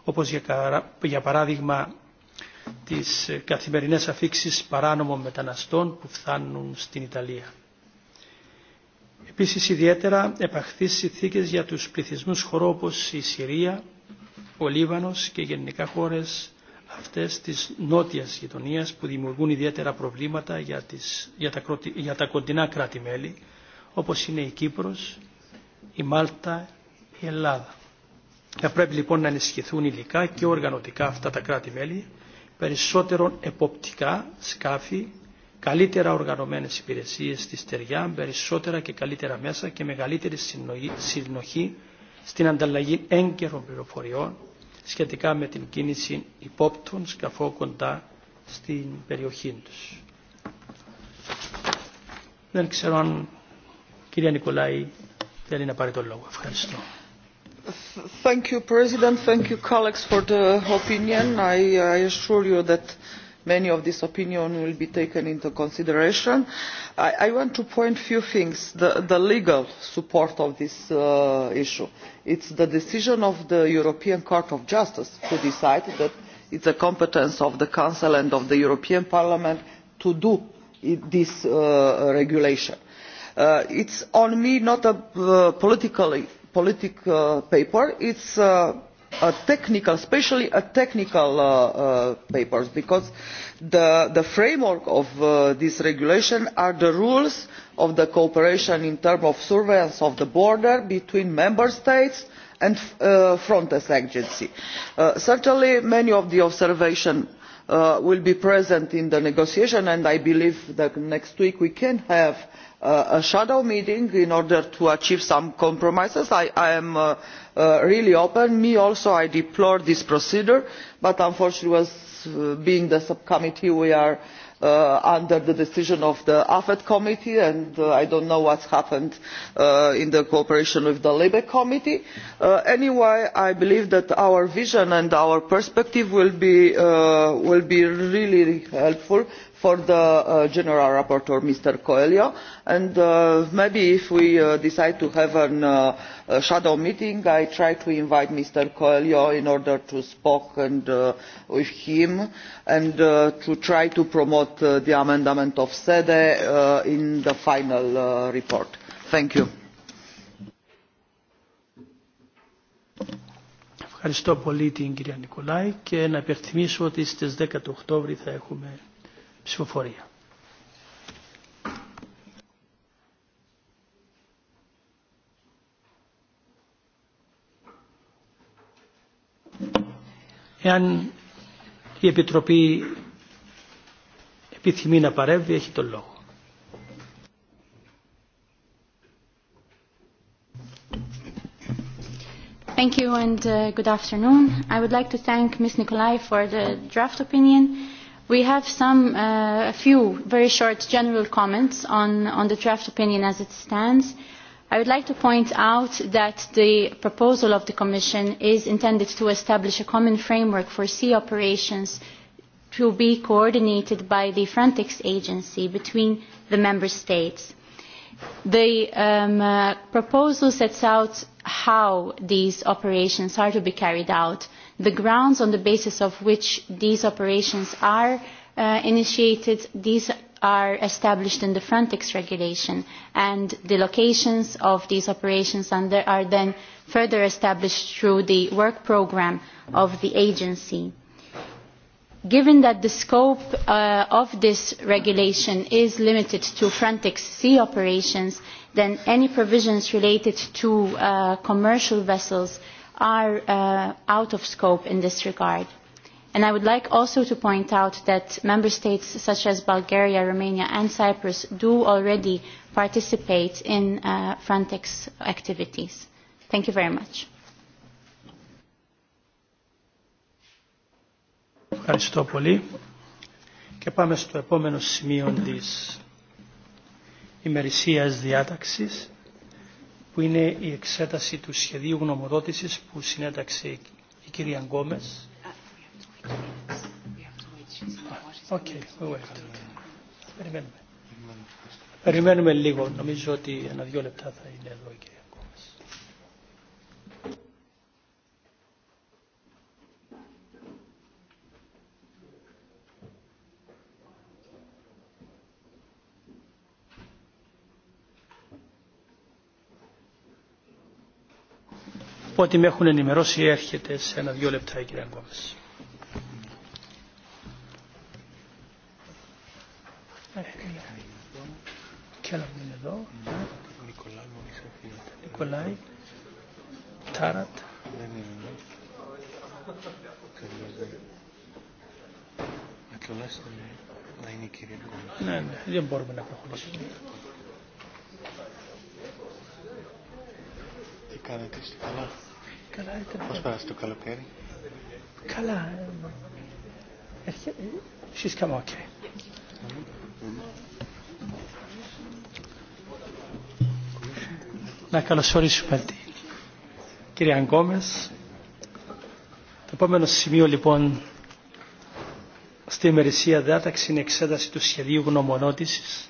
όπως για παράδειγμα τις καθημερινές αφήξεις παράνομων μεταναστών που φθάνουν στην Ιταλία. Επίσης ιδιαίτερα επαχθείς συνθήκε για τους πληθυσμούς χωρών όπως η Συρία, ο Λίβανος και γενικά χώρες αυτές της νότιας γειτονίας που δημιουργούν ιδιαίτερα προβλήματα για, τις, για, τα, για τα κοντινά κράτη-μέλη όπως είναι η Κύπρος, η Μάλτα, η Ελλάδα. Θα πρέπει λοιπόν να ενισχυθούν υλικά και οργανωτικά αυτά τα κράτη-μέλη, περισσότερον εποπτικά σκάφη καλύτερα οργανωμένες υπηρεσίες στη στεριά, περισσότερα και καλύτερα μέσα και μεγαλύτερη συνοχή στην ανταλλαγή έγκαιρων πληροφοριών σχετικά με την κίνηση υπόπτων σκαφό κοντά στην περιοχή τους. Δεν ξέρω αν κυρία Νικολάη θέλει να πάρει τον λόγο. Ευχαριστώ. Thank you, President. Thank you, colleagues, for the opinion. I, I assure you that many of these opinions will be taken into consideration. i want to point out a few things the legal support of this issue it is the decision of the european court of justice to decide that it is the competence of the council and of the european parliament to do this regulation. it is on me not a political paper it is a technical, especially a technical uh, uh, papers, because the, the framework of uh, this regulation are the rules of the cooperation in terms of surveillance of the border between member states and uh, Frontex agency. Uh, certainly, many of the observations will be present in the negotiation and i believe that next week we can have a shadow meeting in order to achieve some compromises. i am really open. me also i deplore this procedure but unfortunately being the subcommittee we under the decision of the afet committee and i do not know what has happened in cooperation with the libe committee. anyway i believe that our vision and our perspective will be really helpful for the general rapporteur mr coelho and maybe if we decide to have a shadow meeting i will try to invite mr coelho in order to speak with him and to try to promote the amendment of sede in the final report. thank you ψηφοφορία. Εάν η Επιτροπή επιθυμεί να παρεύει, έχει τον λόγο. Thank you and uh, good afternoon. I would like to thank Ms. Nikolai for the draft opinion We have some, uh, a few very short general comments on, on the draft opinion as it stands. I would like to point out that the proposal of the Commission is intended to establish a common framework for sea operations to be coordinated by the Frontex agency between the Member States. The um, uh, proposal sets out how these operations are to be carried out the grounds on the basis of which these operations are uh, initiated, these are established in the Frontex regulation, and the locations of these operations under are then further established through the work program of the agency. Given that the scope uh, of this regulation is limited to Frontex sea operations, then any provisions related to uh, commercial vessels are uh, out of scope in this regard. And I would like also to point out that member states such as Bulgaria, Romania and Cyprus do already participate in uh, Frontex activities. Thank you very much. Ευχαριστώ πολύ. Και πάμε στο επόμενο σημείο της ημερησίας διάταξης που είναι η εξέταση του σχεδίου γνωμοδότησης που συνέταξε η κυρία Γκόμες. Οκ, Περιμένουμε. Περιμένουμε λίγο. Νομίζω ότι ένα-δύο λεπτά θα είναι εδώ. Και... πω ότι με έχουν ενημερώσει έρχεται σε ένα-δύο λεπτά η κυρία Γκόμες. Κι άλλα είναι εδώ. Νικολάη. Τάρατ. να είναι η κυρία Γκόμες. Ναι, ναι, δεν μπορούμε να προχωρήσουμε. Τι κάνετε, καλά. Πώς πέρασε το καλοκαίρι. Καλά. She's come okay. Να καλωσορίσουμε την κυρία Αγκόμες. Το επόμενο σημείο λοιπόν στη ημερησία διάταξη είναι εξέταση του σχεδίου γνωμονότησης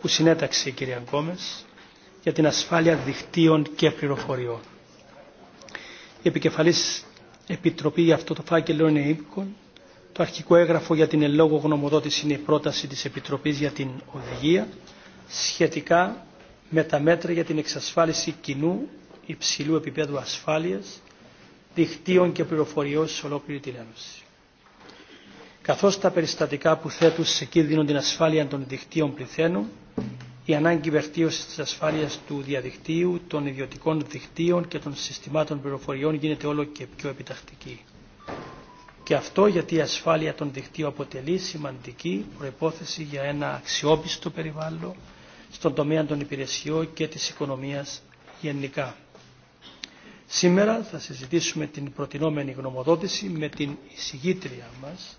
που συνέταξε η κυρία Γκόμες για την ασφάλεια δικτύων και πληροφοριών. Η επικεφαλής επιτροπή για αυτό το φάκελο είναι ύπηκον. Το αρχικό έγγραφο για την ελόγω γνωμοδότηση είναι η πρόταση της Επιτροπής για την Οδηγία σχετικά με τα μέτρα για την εξασφάλιση κοινού υψηλού επίπεδου ασφάλειας, δικτύων και πληροφοριών σε ολόκληρη την Ένωση. Καθώς τα περιστατικά που θέτουν σε κίνδυνο την ασφάλεια των δικτύων πληθαίνουν, η ανάγκη βελτίωση τη ασφάλεια του διαδικτύου, των ιδιωτικών δικτύων και των συστημάτων πληροφοριών γίνεται όλο και πιο επιτακτική. Και αυτό γιατί η ασφάλεια των δικτύων αποτελεί σημαντική προπόθεση για ένα αξιόπιστο περιβάλλον στον τομέα των υπηρεσιών και της οικονομίας γενικά. Σήμερα θα συζητήσουμε την προτινόμενη γνωμοδότηση με την εισηγήτρια μας,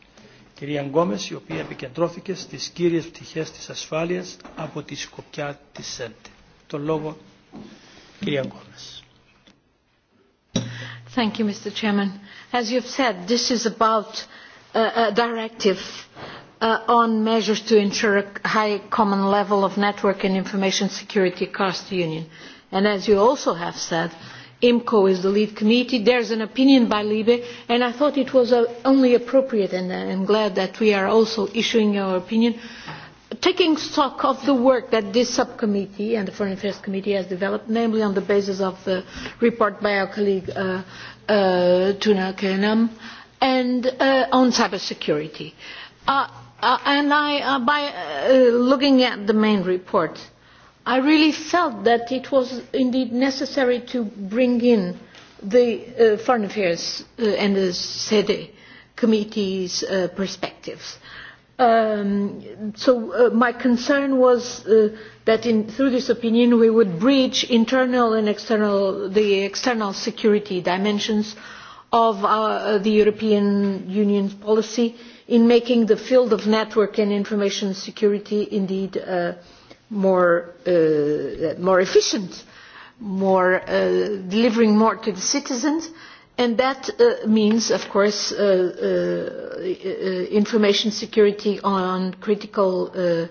κυρία Γκόμες, η οποία επικεντρώθηκε στις κύριες πτυχές της ασφάλειας από τη σκοπιά της ΣΕΝΤΕ. Το λόγο, κυρία Γκόμες. Thank you, Mr. Chairman. As you have said, this is about uh, a directive uh, on measures to ensure a high common level of network and information security across the Union. And as you also have said, IMCO is the lead committee. There is an opinion by LIBE, and I thought it was only appropriate, and I am glad that we are also issuing our opinion, taking stock of the work that this subcommittee and the Foreign Affairs Committee has developed, namely on the basis of the report by our colleague uh, uh, Tuna Kenam, and uh, on cybersecurity. Uh, uh, and I, uh, by uh, looking at the main report, uh, I really felt that it was indeed necessary to bring in the uh, Foreign Affairs uh, and the SEDE committee's uh, perspectives. Um, so uh, my concern was uh, that in, through this opinion we would breach internal and external, the external security dimensions of our, the European Union's policy in making the field of network and information security indeed uh, more, uh, more efficient, more uh, delivering more to the citizens, and that uh, means, of course, uh, uh, information security on critical uh,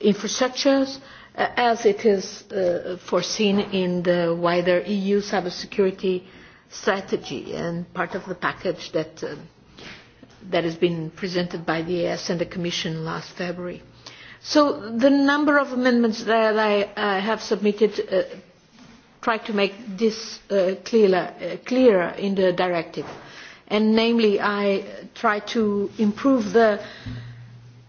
infrastructures, uh, as it is uh, foreseen in the wider EU cybersecurity strategy and part of the package that, uh, that has been presented by the ES and the Commission last February. So the number of amendments that I, I have submitted uh, try to make this uh, clearer, uh, clearer in the directive. And namely, I try to improve the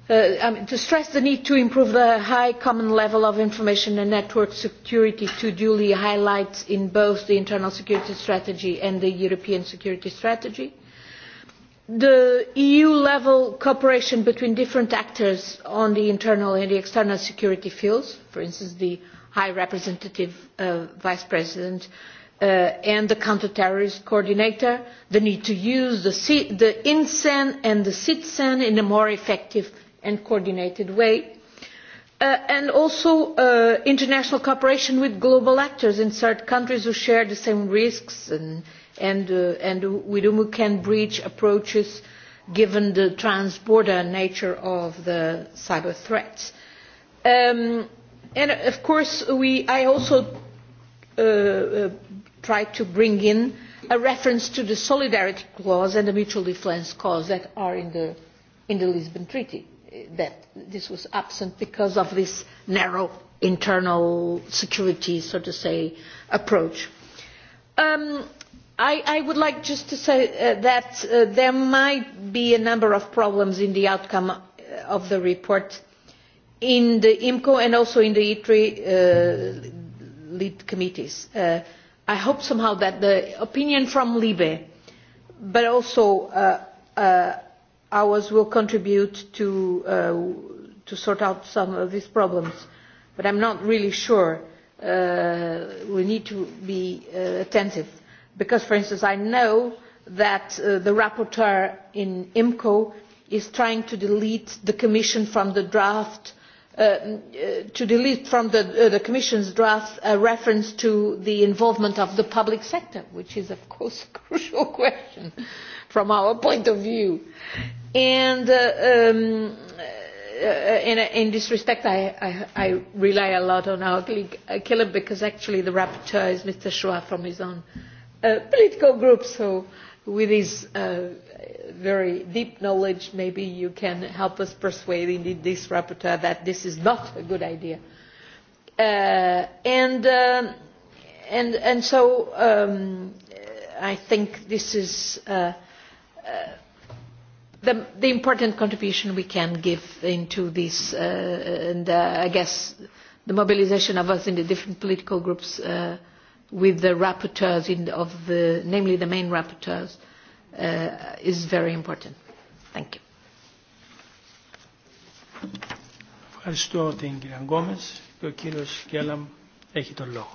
uh, I mean, to stress the need to improve the high common level of information and network security to duly highlight in both the internal security strategy and the European security strategy the eu level cooperation between different actors on the internal and the external security fields for instance the high representative vice president and the counter terrorist coordinator the need to use the INCEN and the citsen in a more effective and coordinated way and also international cooperation with global actors in third countries who share the same risks and and, with whom we can breach approaches given the transborder nature of the cyber threats. and of course, we, I also tried to bring in a reference to the solidarity clause and the mutual defence clause that are in the, in the Lisbon Treaty. That this was absent because of this narrow internal security, so to say, approach. Um, I, would like just to say that there might be a number of problems in the outcome of the report in the IMCO and also in the ITRI lead committees. I hope somehow that the opinion from Libe, but also ours will contribute to, to sort out some of these problems. But I am not really sure. we need to be attentive because for instance i know that the rapporteur in imco is trying to delete the Commission from from the the draft to delete commission's draft a reference to the involvement of the public sector which is of course a crucial question from our point of view. in this respect i rely a lot on our colleague kelam because actually the rapporteur is mr schwab from his own uh, political groups. So, with this uh, very deep knowledge, maybe you can help us persuade indeed this rapporteur that this is not a good idea. Uh, and, uh, and, and so um, I think this is uh, uh, the, the important contribution we can give into this, uh, and uh, I guess the mobilization of us in the different political groups uh, with the rapporteurs, in, of the, namely the main rapporteurs, uh, is very important. Thank you. Ευχαριστώ την κυρία Γκόμες και ο κύριος Κέλαμ έχει τον λόγο.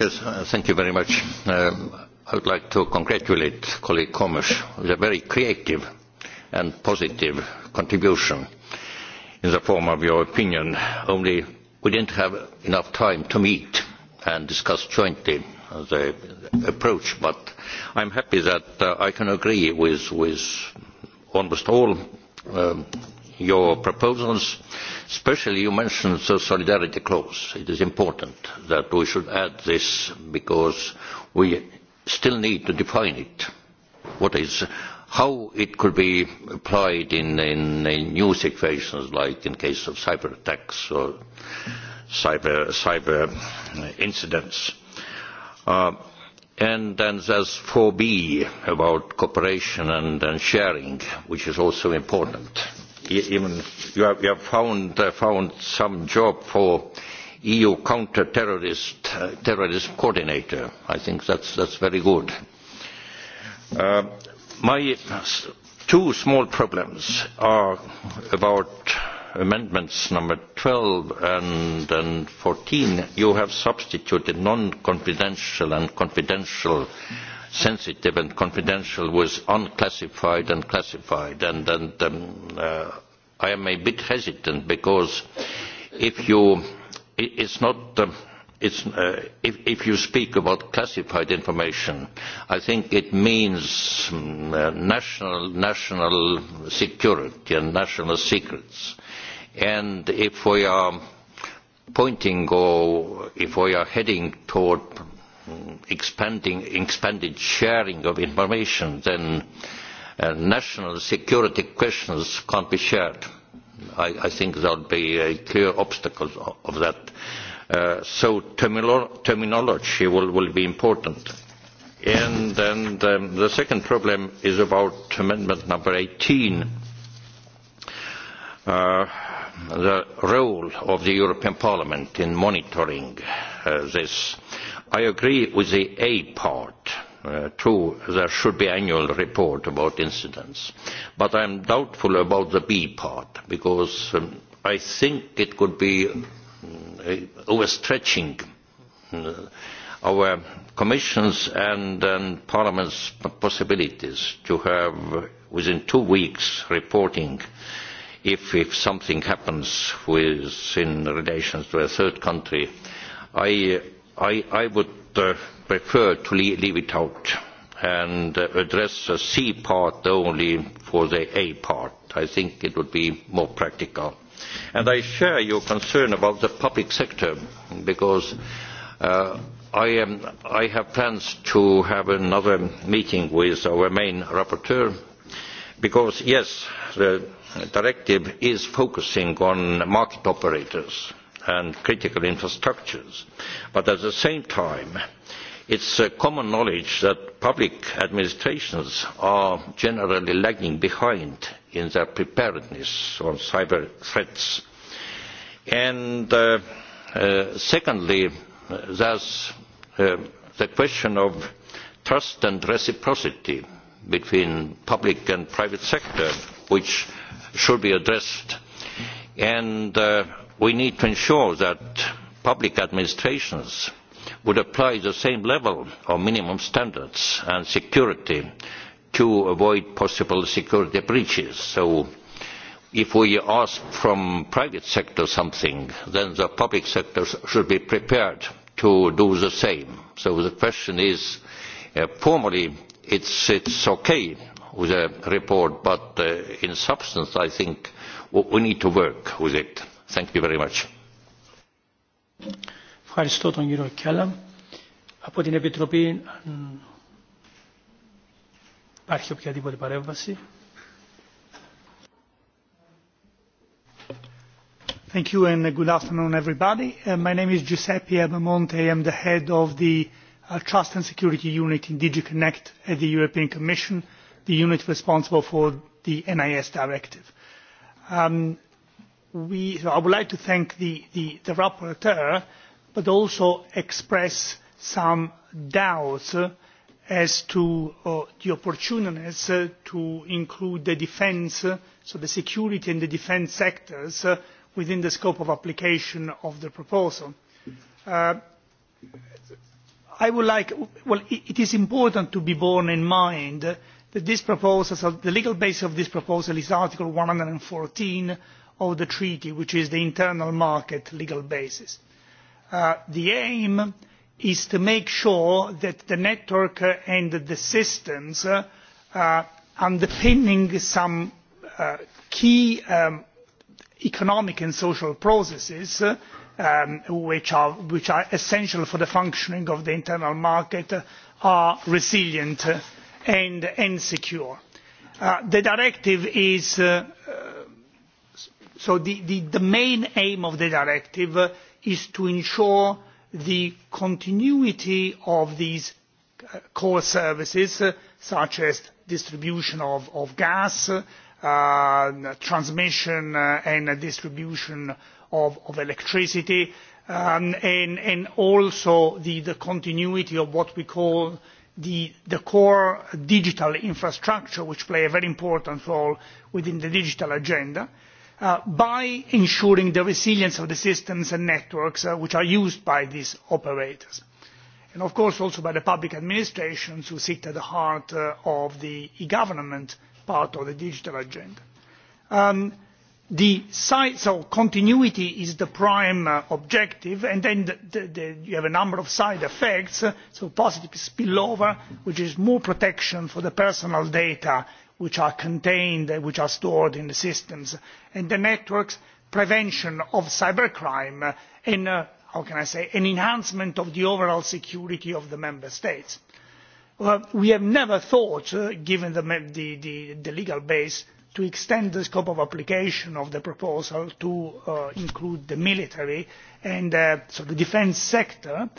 Yes, uh, thank you very much. Uh, I would like to congratulate colleague Gomes with a very creative and positive contribution in the form of your opinion. Only we didn't have enough time to meet and discuss jointly the approach, but I am happy that I can agree with, almost all your proposals. Especially you mentioned the solidarity clause. It is important that we should add this because we still need to define it. What is how it could be applied in, in, in new situations like in case of cyber attacks or cyber, cyber incidents. Uh, and then there's 4B about cooperation and, and sharing, which is also important. Even you have, you have found, uh, found some job for EU counter-terrorist uh, coordinator. I think that's, that's very good. Uh, my two small problems are about amendments number twelve and, and you have substituted non-confidential and confidential, sensitive and confidential with unclassified and classified. And, and um, uh, I am a bit hesitant because if you, it, it's not, uh, it's, uh, if, if you speak about classified information, I think it means um, uh, national, national security and national secrets And if we are pointing or if we are heading toward expanding expanded sharing of information, then uh, national security questions can't be shared. I, I think there would be a clear obstacle of that. Uh, so termino terminology will, will be important. And then um, the second problem is about amendment number 18. Uh, the role of the European Parliament in monitoring this. I agree with the A part. true, there should be an annual report about incidents. But I am doubtful about the B part because I think it could be overstretching our Commission's and Parliament's possibilities to have within two weeks reporting if, if something happens in relation to a third country, I, would prefer to leave, it out and address the C part only for the A part. I think it would be more practical. And I share your concern about the public sector because uh, I, am, I have plans to have another meeting with our main rapporteur because yes the directive is focusing on market operators and critical infrastructures but at the same time it is common knowledge that public administrations are generally lagging behind in their preparedness on cyber threats. And secondly, there is the question of trust and reciprocity between public and private sector which should be addressed and we need to ensure that public administrations would apply the same level of minimum standards and security to avoid possible security breaches. So if we ask from private sector something, then the public sector should be prepared to do the same. So the question is, formally it's is okay with a report, but in substance, I think we need to work with it. Thank you very much. Ευχαριστώ τον κύριο Από την Επιτροπή υπάρχει οποιαδήποτε παρέμβαση. Thank you and good afternoon everybody. Uh, my name is Giuseppe Abamonte. I am the head of the Trust and Security Unit in DG Connect at the European Commission, the unit responsible for the NIS directive. I would like to thank the, rapporteur, but also express some doubts as to the opportuneness to include the defence, so the security and the defence sectors, within the scope of application of the proposal I would like, well, it is important to be borne in mind that this proposal, the legal basis of this proposal is Article one hundred and fourteen of the treaty, which is the internal market legal basis. the aim is to make sure that the network and the systems underpinning some key economic and social processes which are essential for the functioning of the internal market are resilient and secure. the main aim of the directive is to ensure the continuity of these core services such as distribution of gas transmission and distribution of, electricity, and, also the, continuity of what we call the, core digital infrastructure, which play a very important role within the digital agenda, by ensuring the resilience of the systems and networks which are used by these operators. And of course also by the public administrations who sit at the heart of the e-government part of the digital agenda the sites or continuity is the prime objective and then you have a number of side effects so positive spillover which is more protection for the personal data which are contained and which are stored in the systems and the networks prevention of cybercrime and how can i say an enhancement of the overall security of the member states. we have never thought given the legal base to extend the scope of application of the proposal to include the military and so the defence sector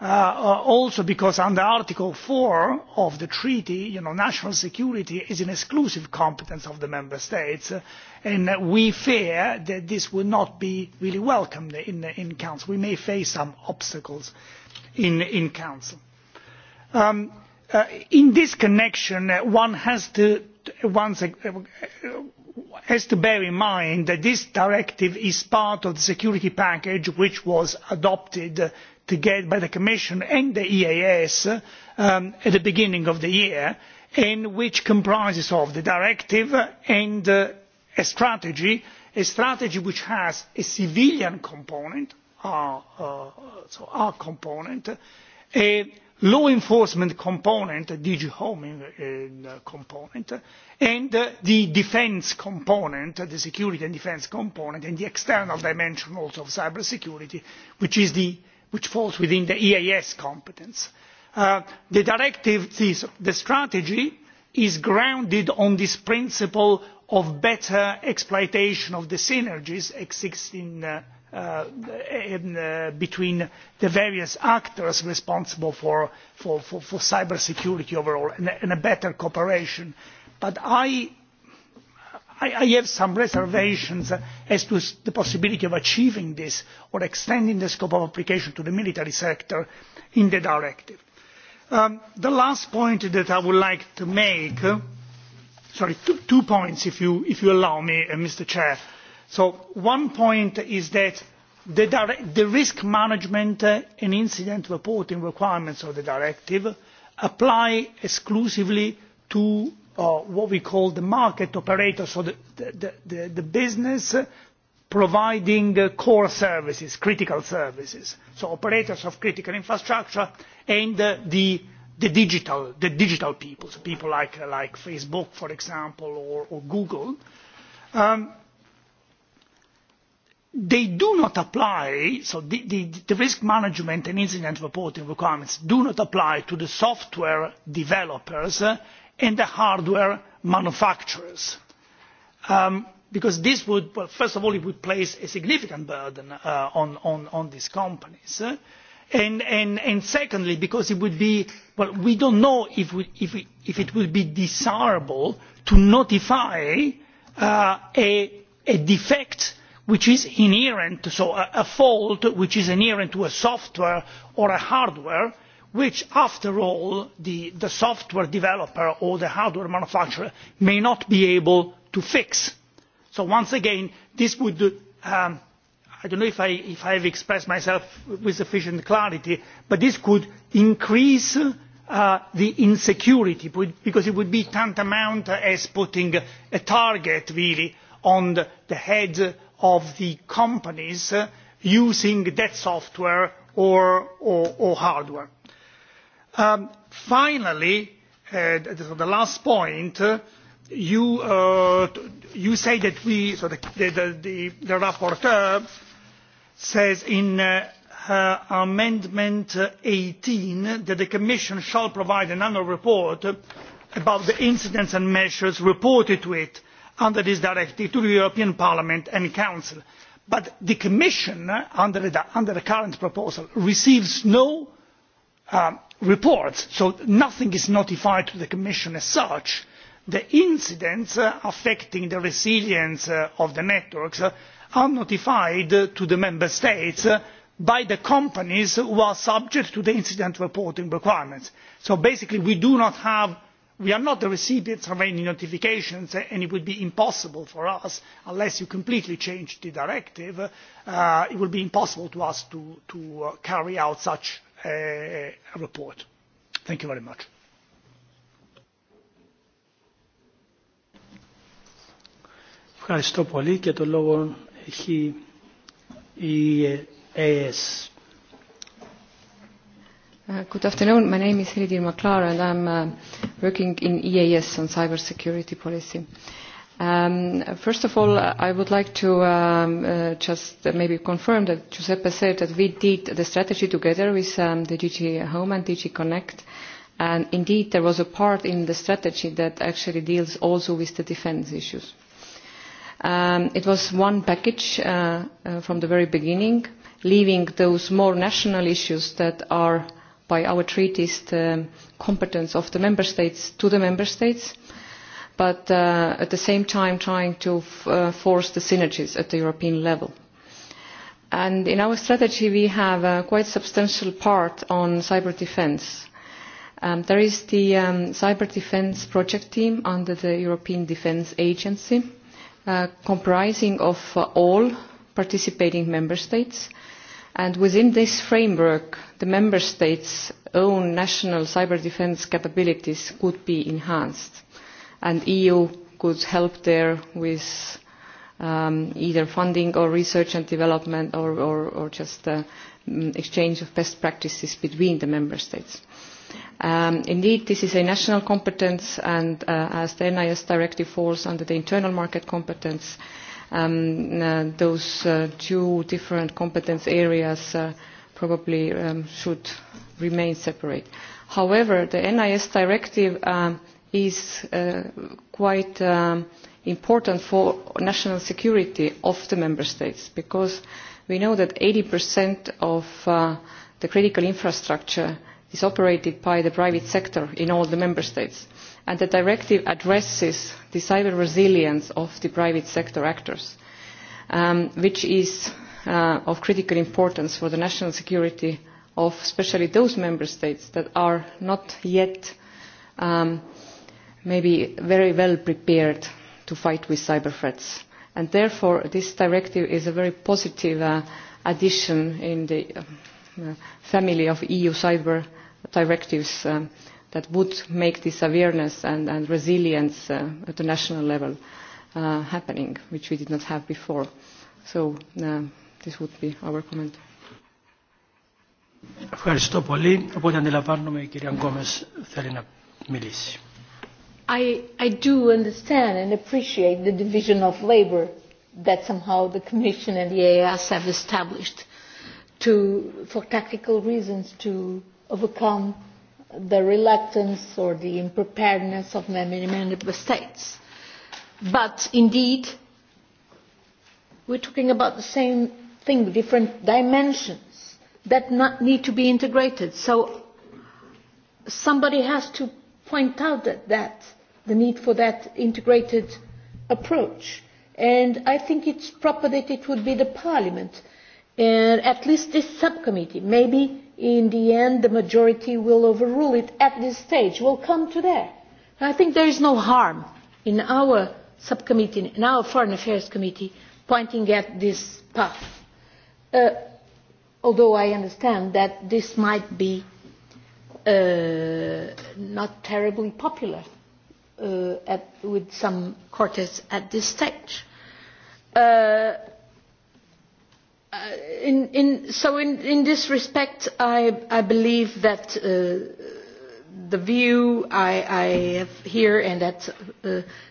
also because under article four of the treaty national security is an exclusive competence of the member states and we fear that this will not be really welcomed in council. we may face some obstacles in council. in this connection one has to once has to bear in mind that this directive is part of the security package which was adopted by the commission and the eeas at the beginning of the year and which comprises of the directive and a strategy a strategy which has a civilian component our component a law enforcement component, DG Home component, and the defence component, the security and defence component, and the external dimension also of cybersecurity, which is the which falls within the EAS competence. the directive, the strategy, is grounded on this principle of better exploitation of the synergies existing between the various actors responsible for, for, for, for cybersecurity overall and, and a better cooperation. But I, I, I have some reservations as to the possibility of achieving this or extending the scope of application to the military sector in the directive. Um, the last point that I would like to make, sorry, two, two points if you, if you allow me, uh, Mr. Chair so one point is that the risk management and incident reporting requirements of the directive apply exclusively to what we call the market operators so the business providing core services critical services so operators of critical infrastructure and the digital people people like facebook for example or google they do not apply, so the, the, the risk management and incident reporting requirements do not apply to the software developers and the hardware manufacturers. because this would, well, first of all, it would place a significant burden on, on, on these companies. and, and, and secondly, because it would be, well, we don't know if, we, if, we, if it would be desirable to notify a, a defect which is inherent so a fault which is inherent to a software or a hardware which after all the software developer or the hardware manufacturer may not be able to fix. so once again this would i do not know if i have expressed myself with sufficient clarity but this could increase the insecurity because it would be tantamount to putting a target really on the heads of the companies using that software or hardware. finally the last point you say that we so the, the, the, the rapporteur says in her amendment eighteen that the commission shall provide an annual report about the incidents and measures reported to it under this directive to the european parliament and council but the commission under the current proposal receives no reports so nothing is notified to the commission as such. the incidents affecting the resilience of the networks are notified to the member states by the companies who are subject to the incident reporting requirements. so basically we do not have we are not the recipients of any notifications and it would be impossible for us unless you completely change the directive it would be impossible for us to carry out such a report. thank you very much. Good afternoon. My name is Hridir Maklar and I'm uh, working in EAS on cybersecurity policy. Um, first of all, I would like to um, uh, just maybe confirm that Giuseppe said that we did the strategy together with um, the DG Home and DG Connect. And indeed, there was a part in the strategy that actually deals also with the defense issues. Um, it was one package uh, uh, from the very beginning, leaving those more national issues that are by our treaties the competence of the member states to the member states but uh, at the same time trying to uh, force the synergies at the European level. And in our strategy we have a quite substantial part on cyber defense. Um, there is the um, cyber defense project team under the European Defense Agency uh, comprising of uh, all participating member states uh, And within this framework, the member states' own national cyber defence capabilities could be enhanced, and the EU could help there with either funding or research and development, or, just uh, exchange of best practices between the member states. indeed, this is a national competence, and as the NIS directive falls under the internal market competence, um, uh, those uh, two different competence areas uh, probably um, should remain separate. However, the NIS directive is uh, quite um, important for national security of the member states because we know that 80% of uh, the critical infrastructure is operated by the private sector in all the member states and the directive addresses the cyber resilience of the private sector actors, which is of critical importance for the national security of especially those member states that are not yet maybe very well prepared to fight with cyber threats. therefore, this directive is a very positive addition in the family of EU cyber directives that would make this awareness and, and resilience uh, at the national level uh, happening, which we did not have before. So uh, this would be our comment. Ευχαριστώ πολύ. Οπότε αντιλαμβάνομαι η κυρία Γκόμες θέλει να μιλήσει. I, I do understand and appreciate the division of labor that somehow the Commission and the AAS have established to, for tactical reasons to overcome the reluctance or the unpreparedness of many member states. But indeed, we're talking about the same thing, different dimensions that not need to be integrated. So somebody has to point out that, that the need for that integrated approach. And I think it's proper that it would be the Parliament, and at least this subcommittee, maybe in the end the majority will overrule it at this stage. We'll come to that. I think there is no harm in our subcommittee, in our Foreign Affairs Committee, pointing at this path. Uh, although I understand that this might be uh, not terribly popular uh, at, with some quarters at this stage. Uh, so in this respect i believe that the view i have here and that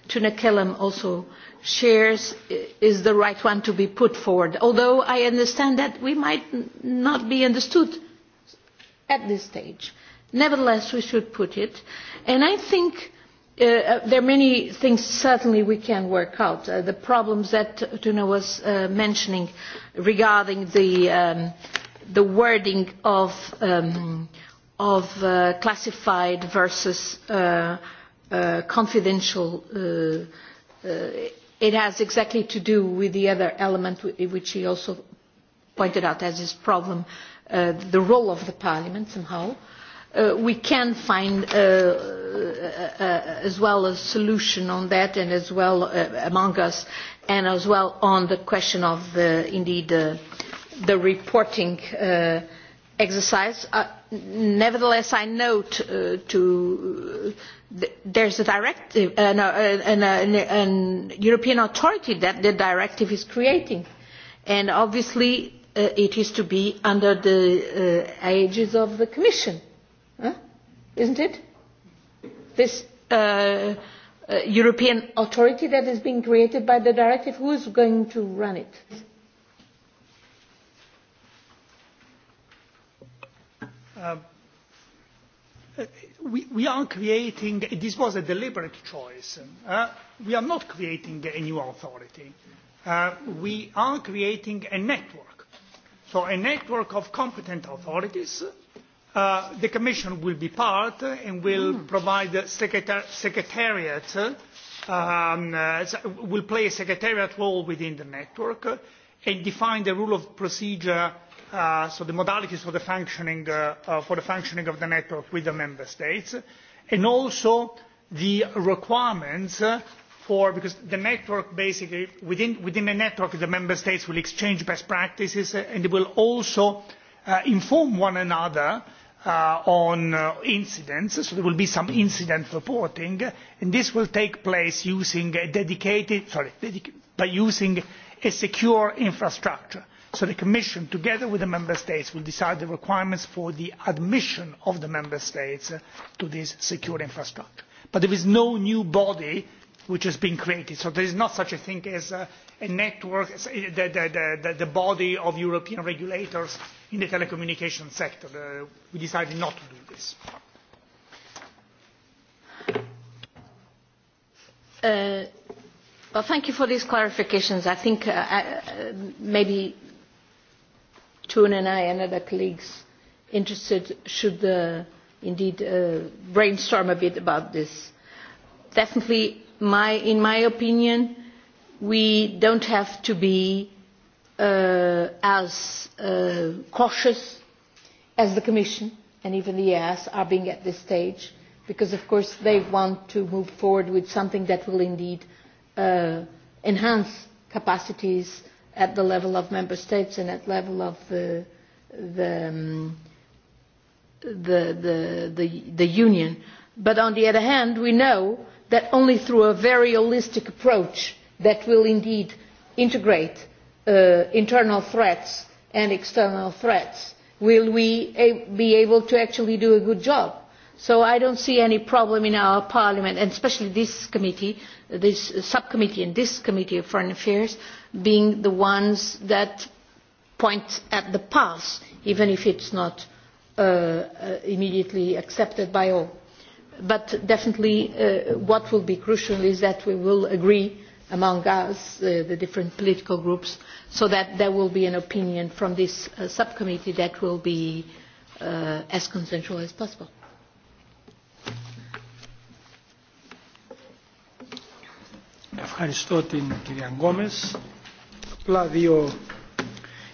tunne kelam also shares is the right one to be put forward although i understand that we might not be understood at this stage. nevertheless we should put it and i think there are many things certainly we can work out. the problems that Tuna was mentioning regarding the, wording of, classified versus confidential, it has exactly to do with the other element which he also pointed out as his problem, the role of parliament somehow we can find as well a solution on that and as well among us and as well on the question of the indeed the reporting exercise. Nevertheless, I note to there's a directive, uh, no, an, an, an European authority that the directive is creating, and obviously uh, it is to be under the uh, aegis of the Commission Huh? Isn't it? This uh, uh, European authority that is being created by the directive, who is going to run it? Um, we, we are creating, this was a deliberate choice. Uh, we are not creating a new authority. Uh, we are creating a network. So a network of competent authorities the Commission will be part and will provide a secretariat, will play a secretariat role within the network and define the rule of procedure, so the modalities for the functioning, for the functioning of the network with the Member States, and also the requirements for because the network basically within within the network the member states will exchange best practices and they will also inform one another on incidents so there will be some incident reporting and this will take place using a dedicated sorry by using a secure infrastructure so the commission together with the member states will decide the requirements for the admission of the member states to this secure infrastructure but there is no new body which has been created so there is not such a thing as a network the body of european regulators in the telecommunications sector. we decided not to do this. well, thank you for these clarifications. I think uh, uh, maybe Toon and I and other colleagues interested should uh, indeed uh, brainstorm a bit about this. Definitely, my, in my opinion, we don't have to be as cautious as the Commission and even the EAS are being at this stage, because of course they want to move forward with something that will indeed enhance capacities at the level of member states and at the level of the, the, the, the, the union. But on the other hand, we know that only through a very holistic approach that will indeed integrate internal threats and external threats will we be able to actually do a good job? so i do not see any problem in our parliament and especially this committee this subcommittee and this committee of foreign affairs being the ones that point at the past even if it is not immediately accepted by all. but definitely what will be crucial is that we will agree among us the different political groups so that there will be an opinion from this uh, subcommittee that will be uh, as consensual as possible. Ευχαριστώ την κυρία Γκόμες. Απλά δύο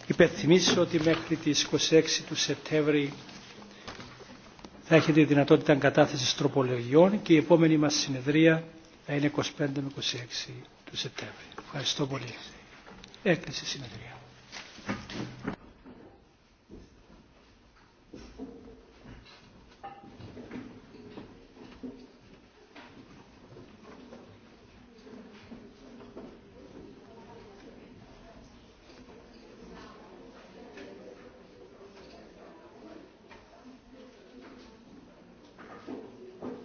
υπενθυμίσεις ότι μέχρι τις 26 του Σεπτέμβρη θα έχετε δυνατότητα κατάθεσης τροπολογιών και η επόμενη μας συνεδρία θα είναι 25 με 26 του Σεπτέμβρη. Ευχαριστώ πολύ. Έκλεισε συνεδρία.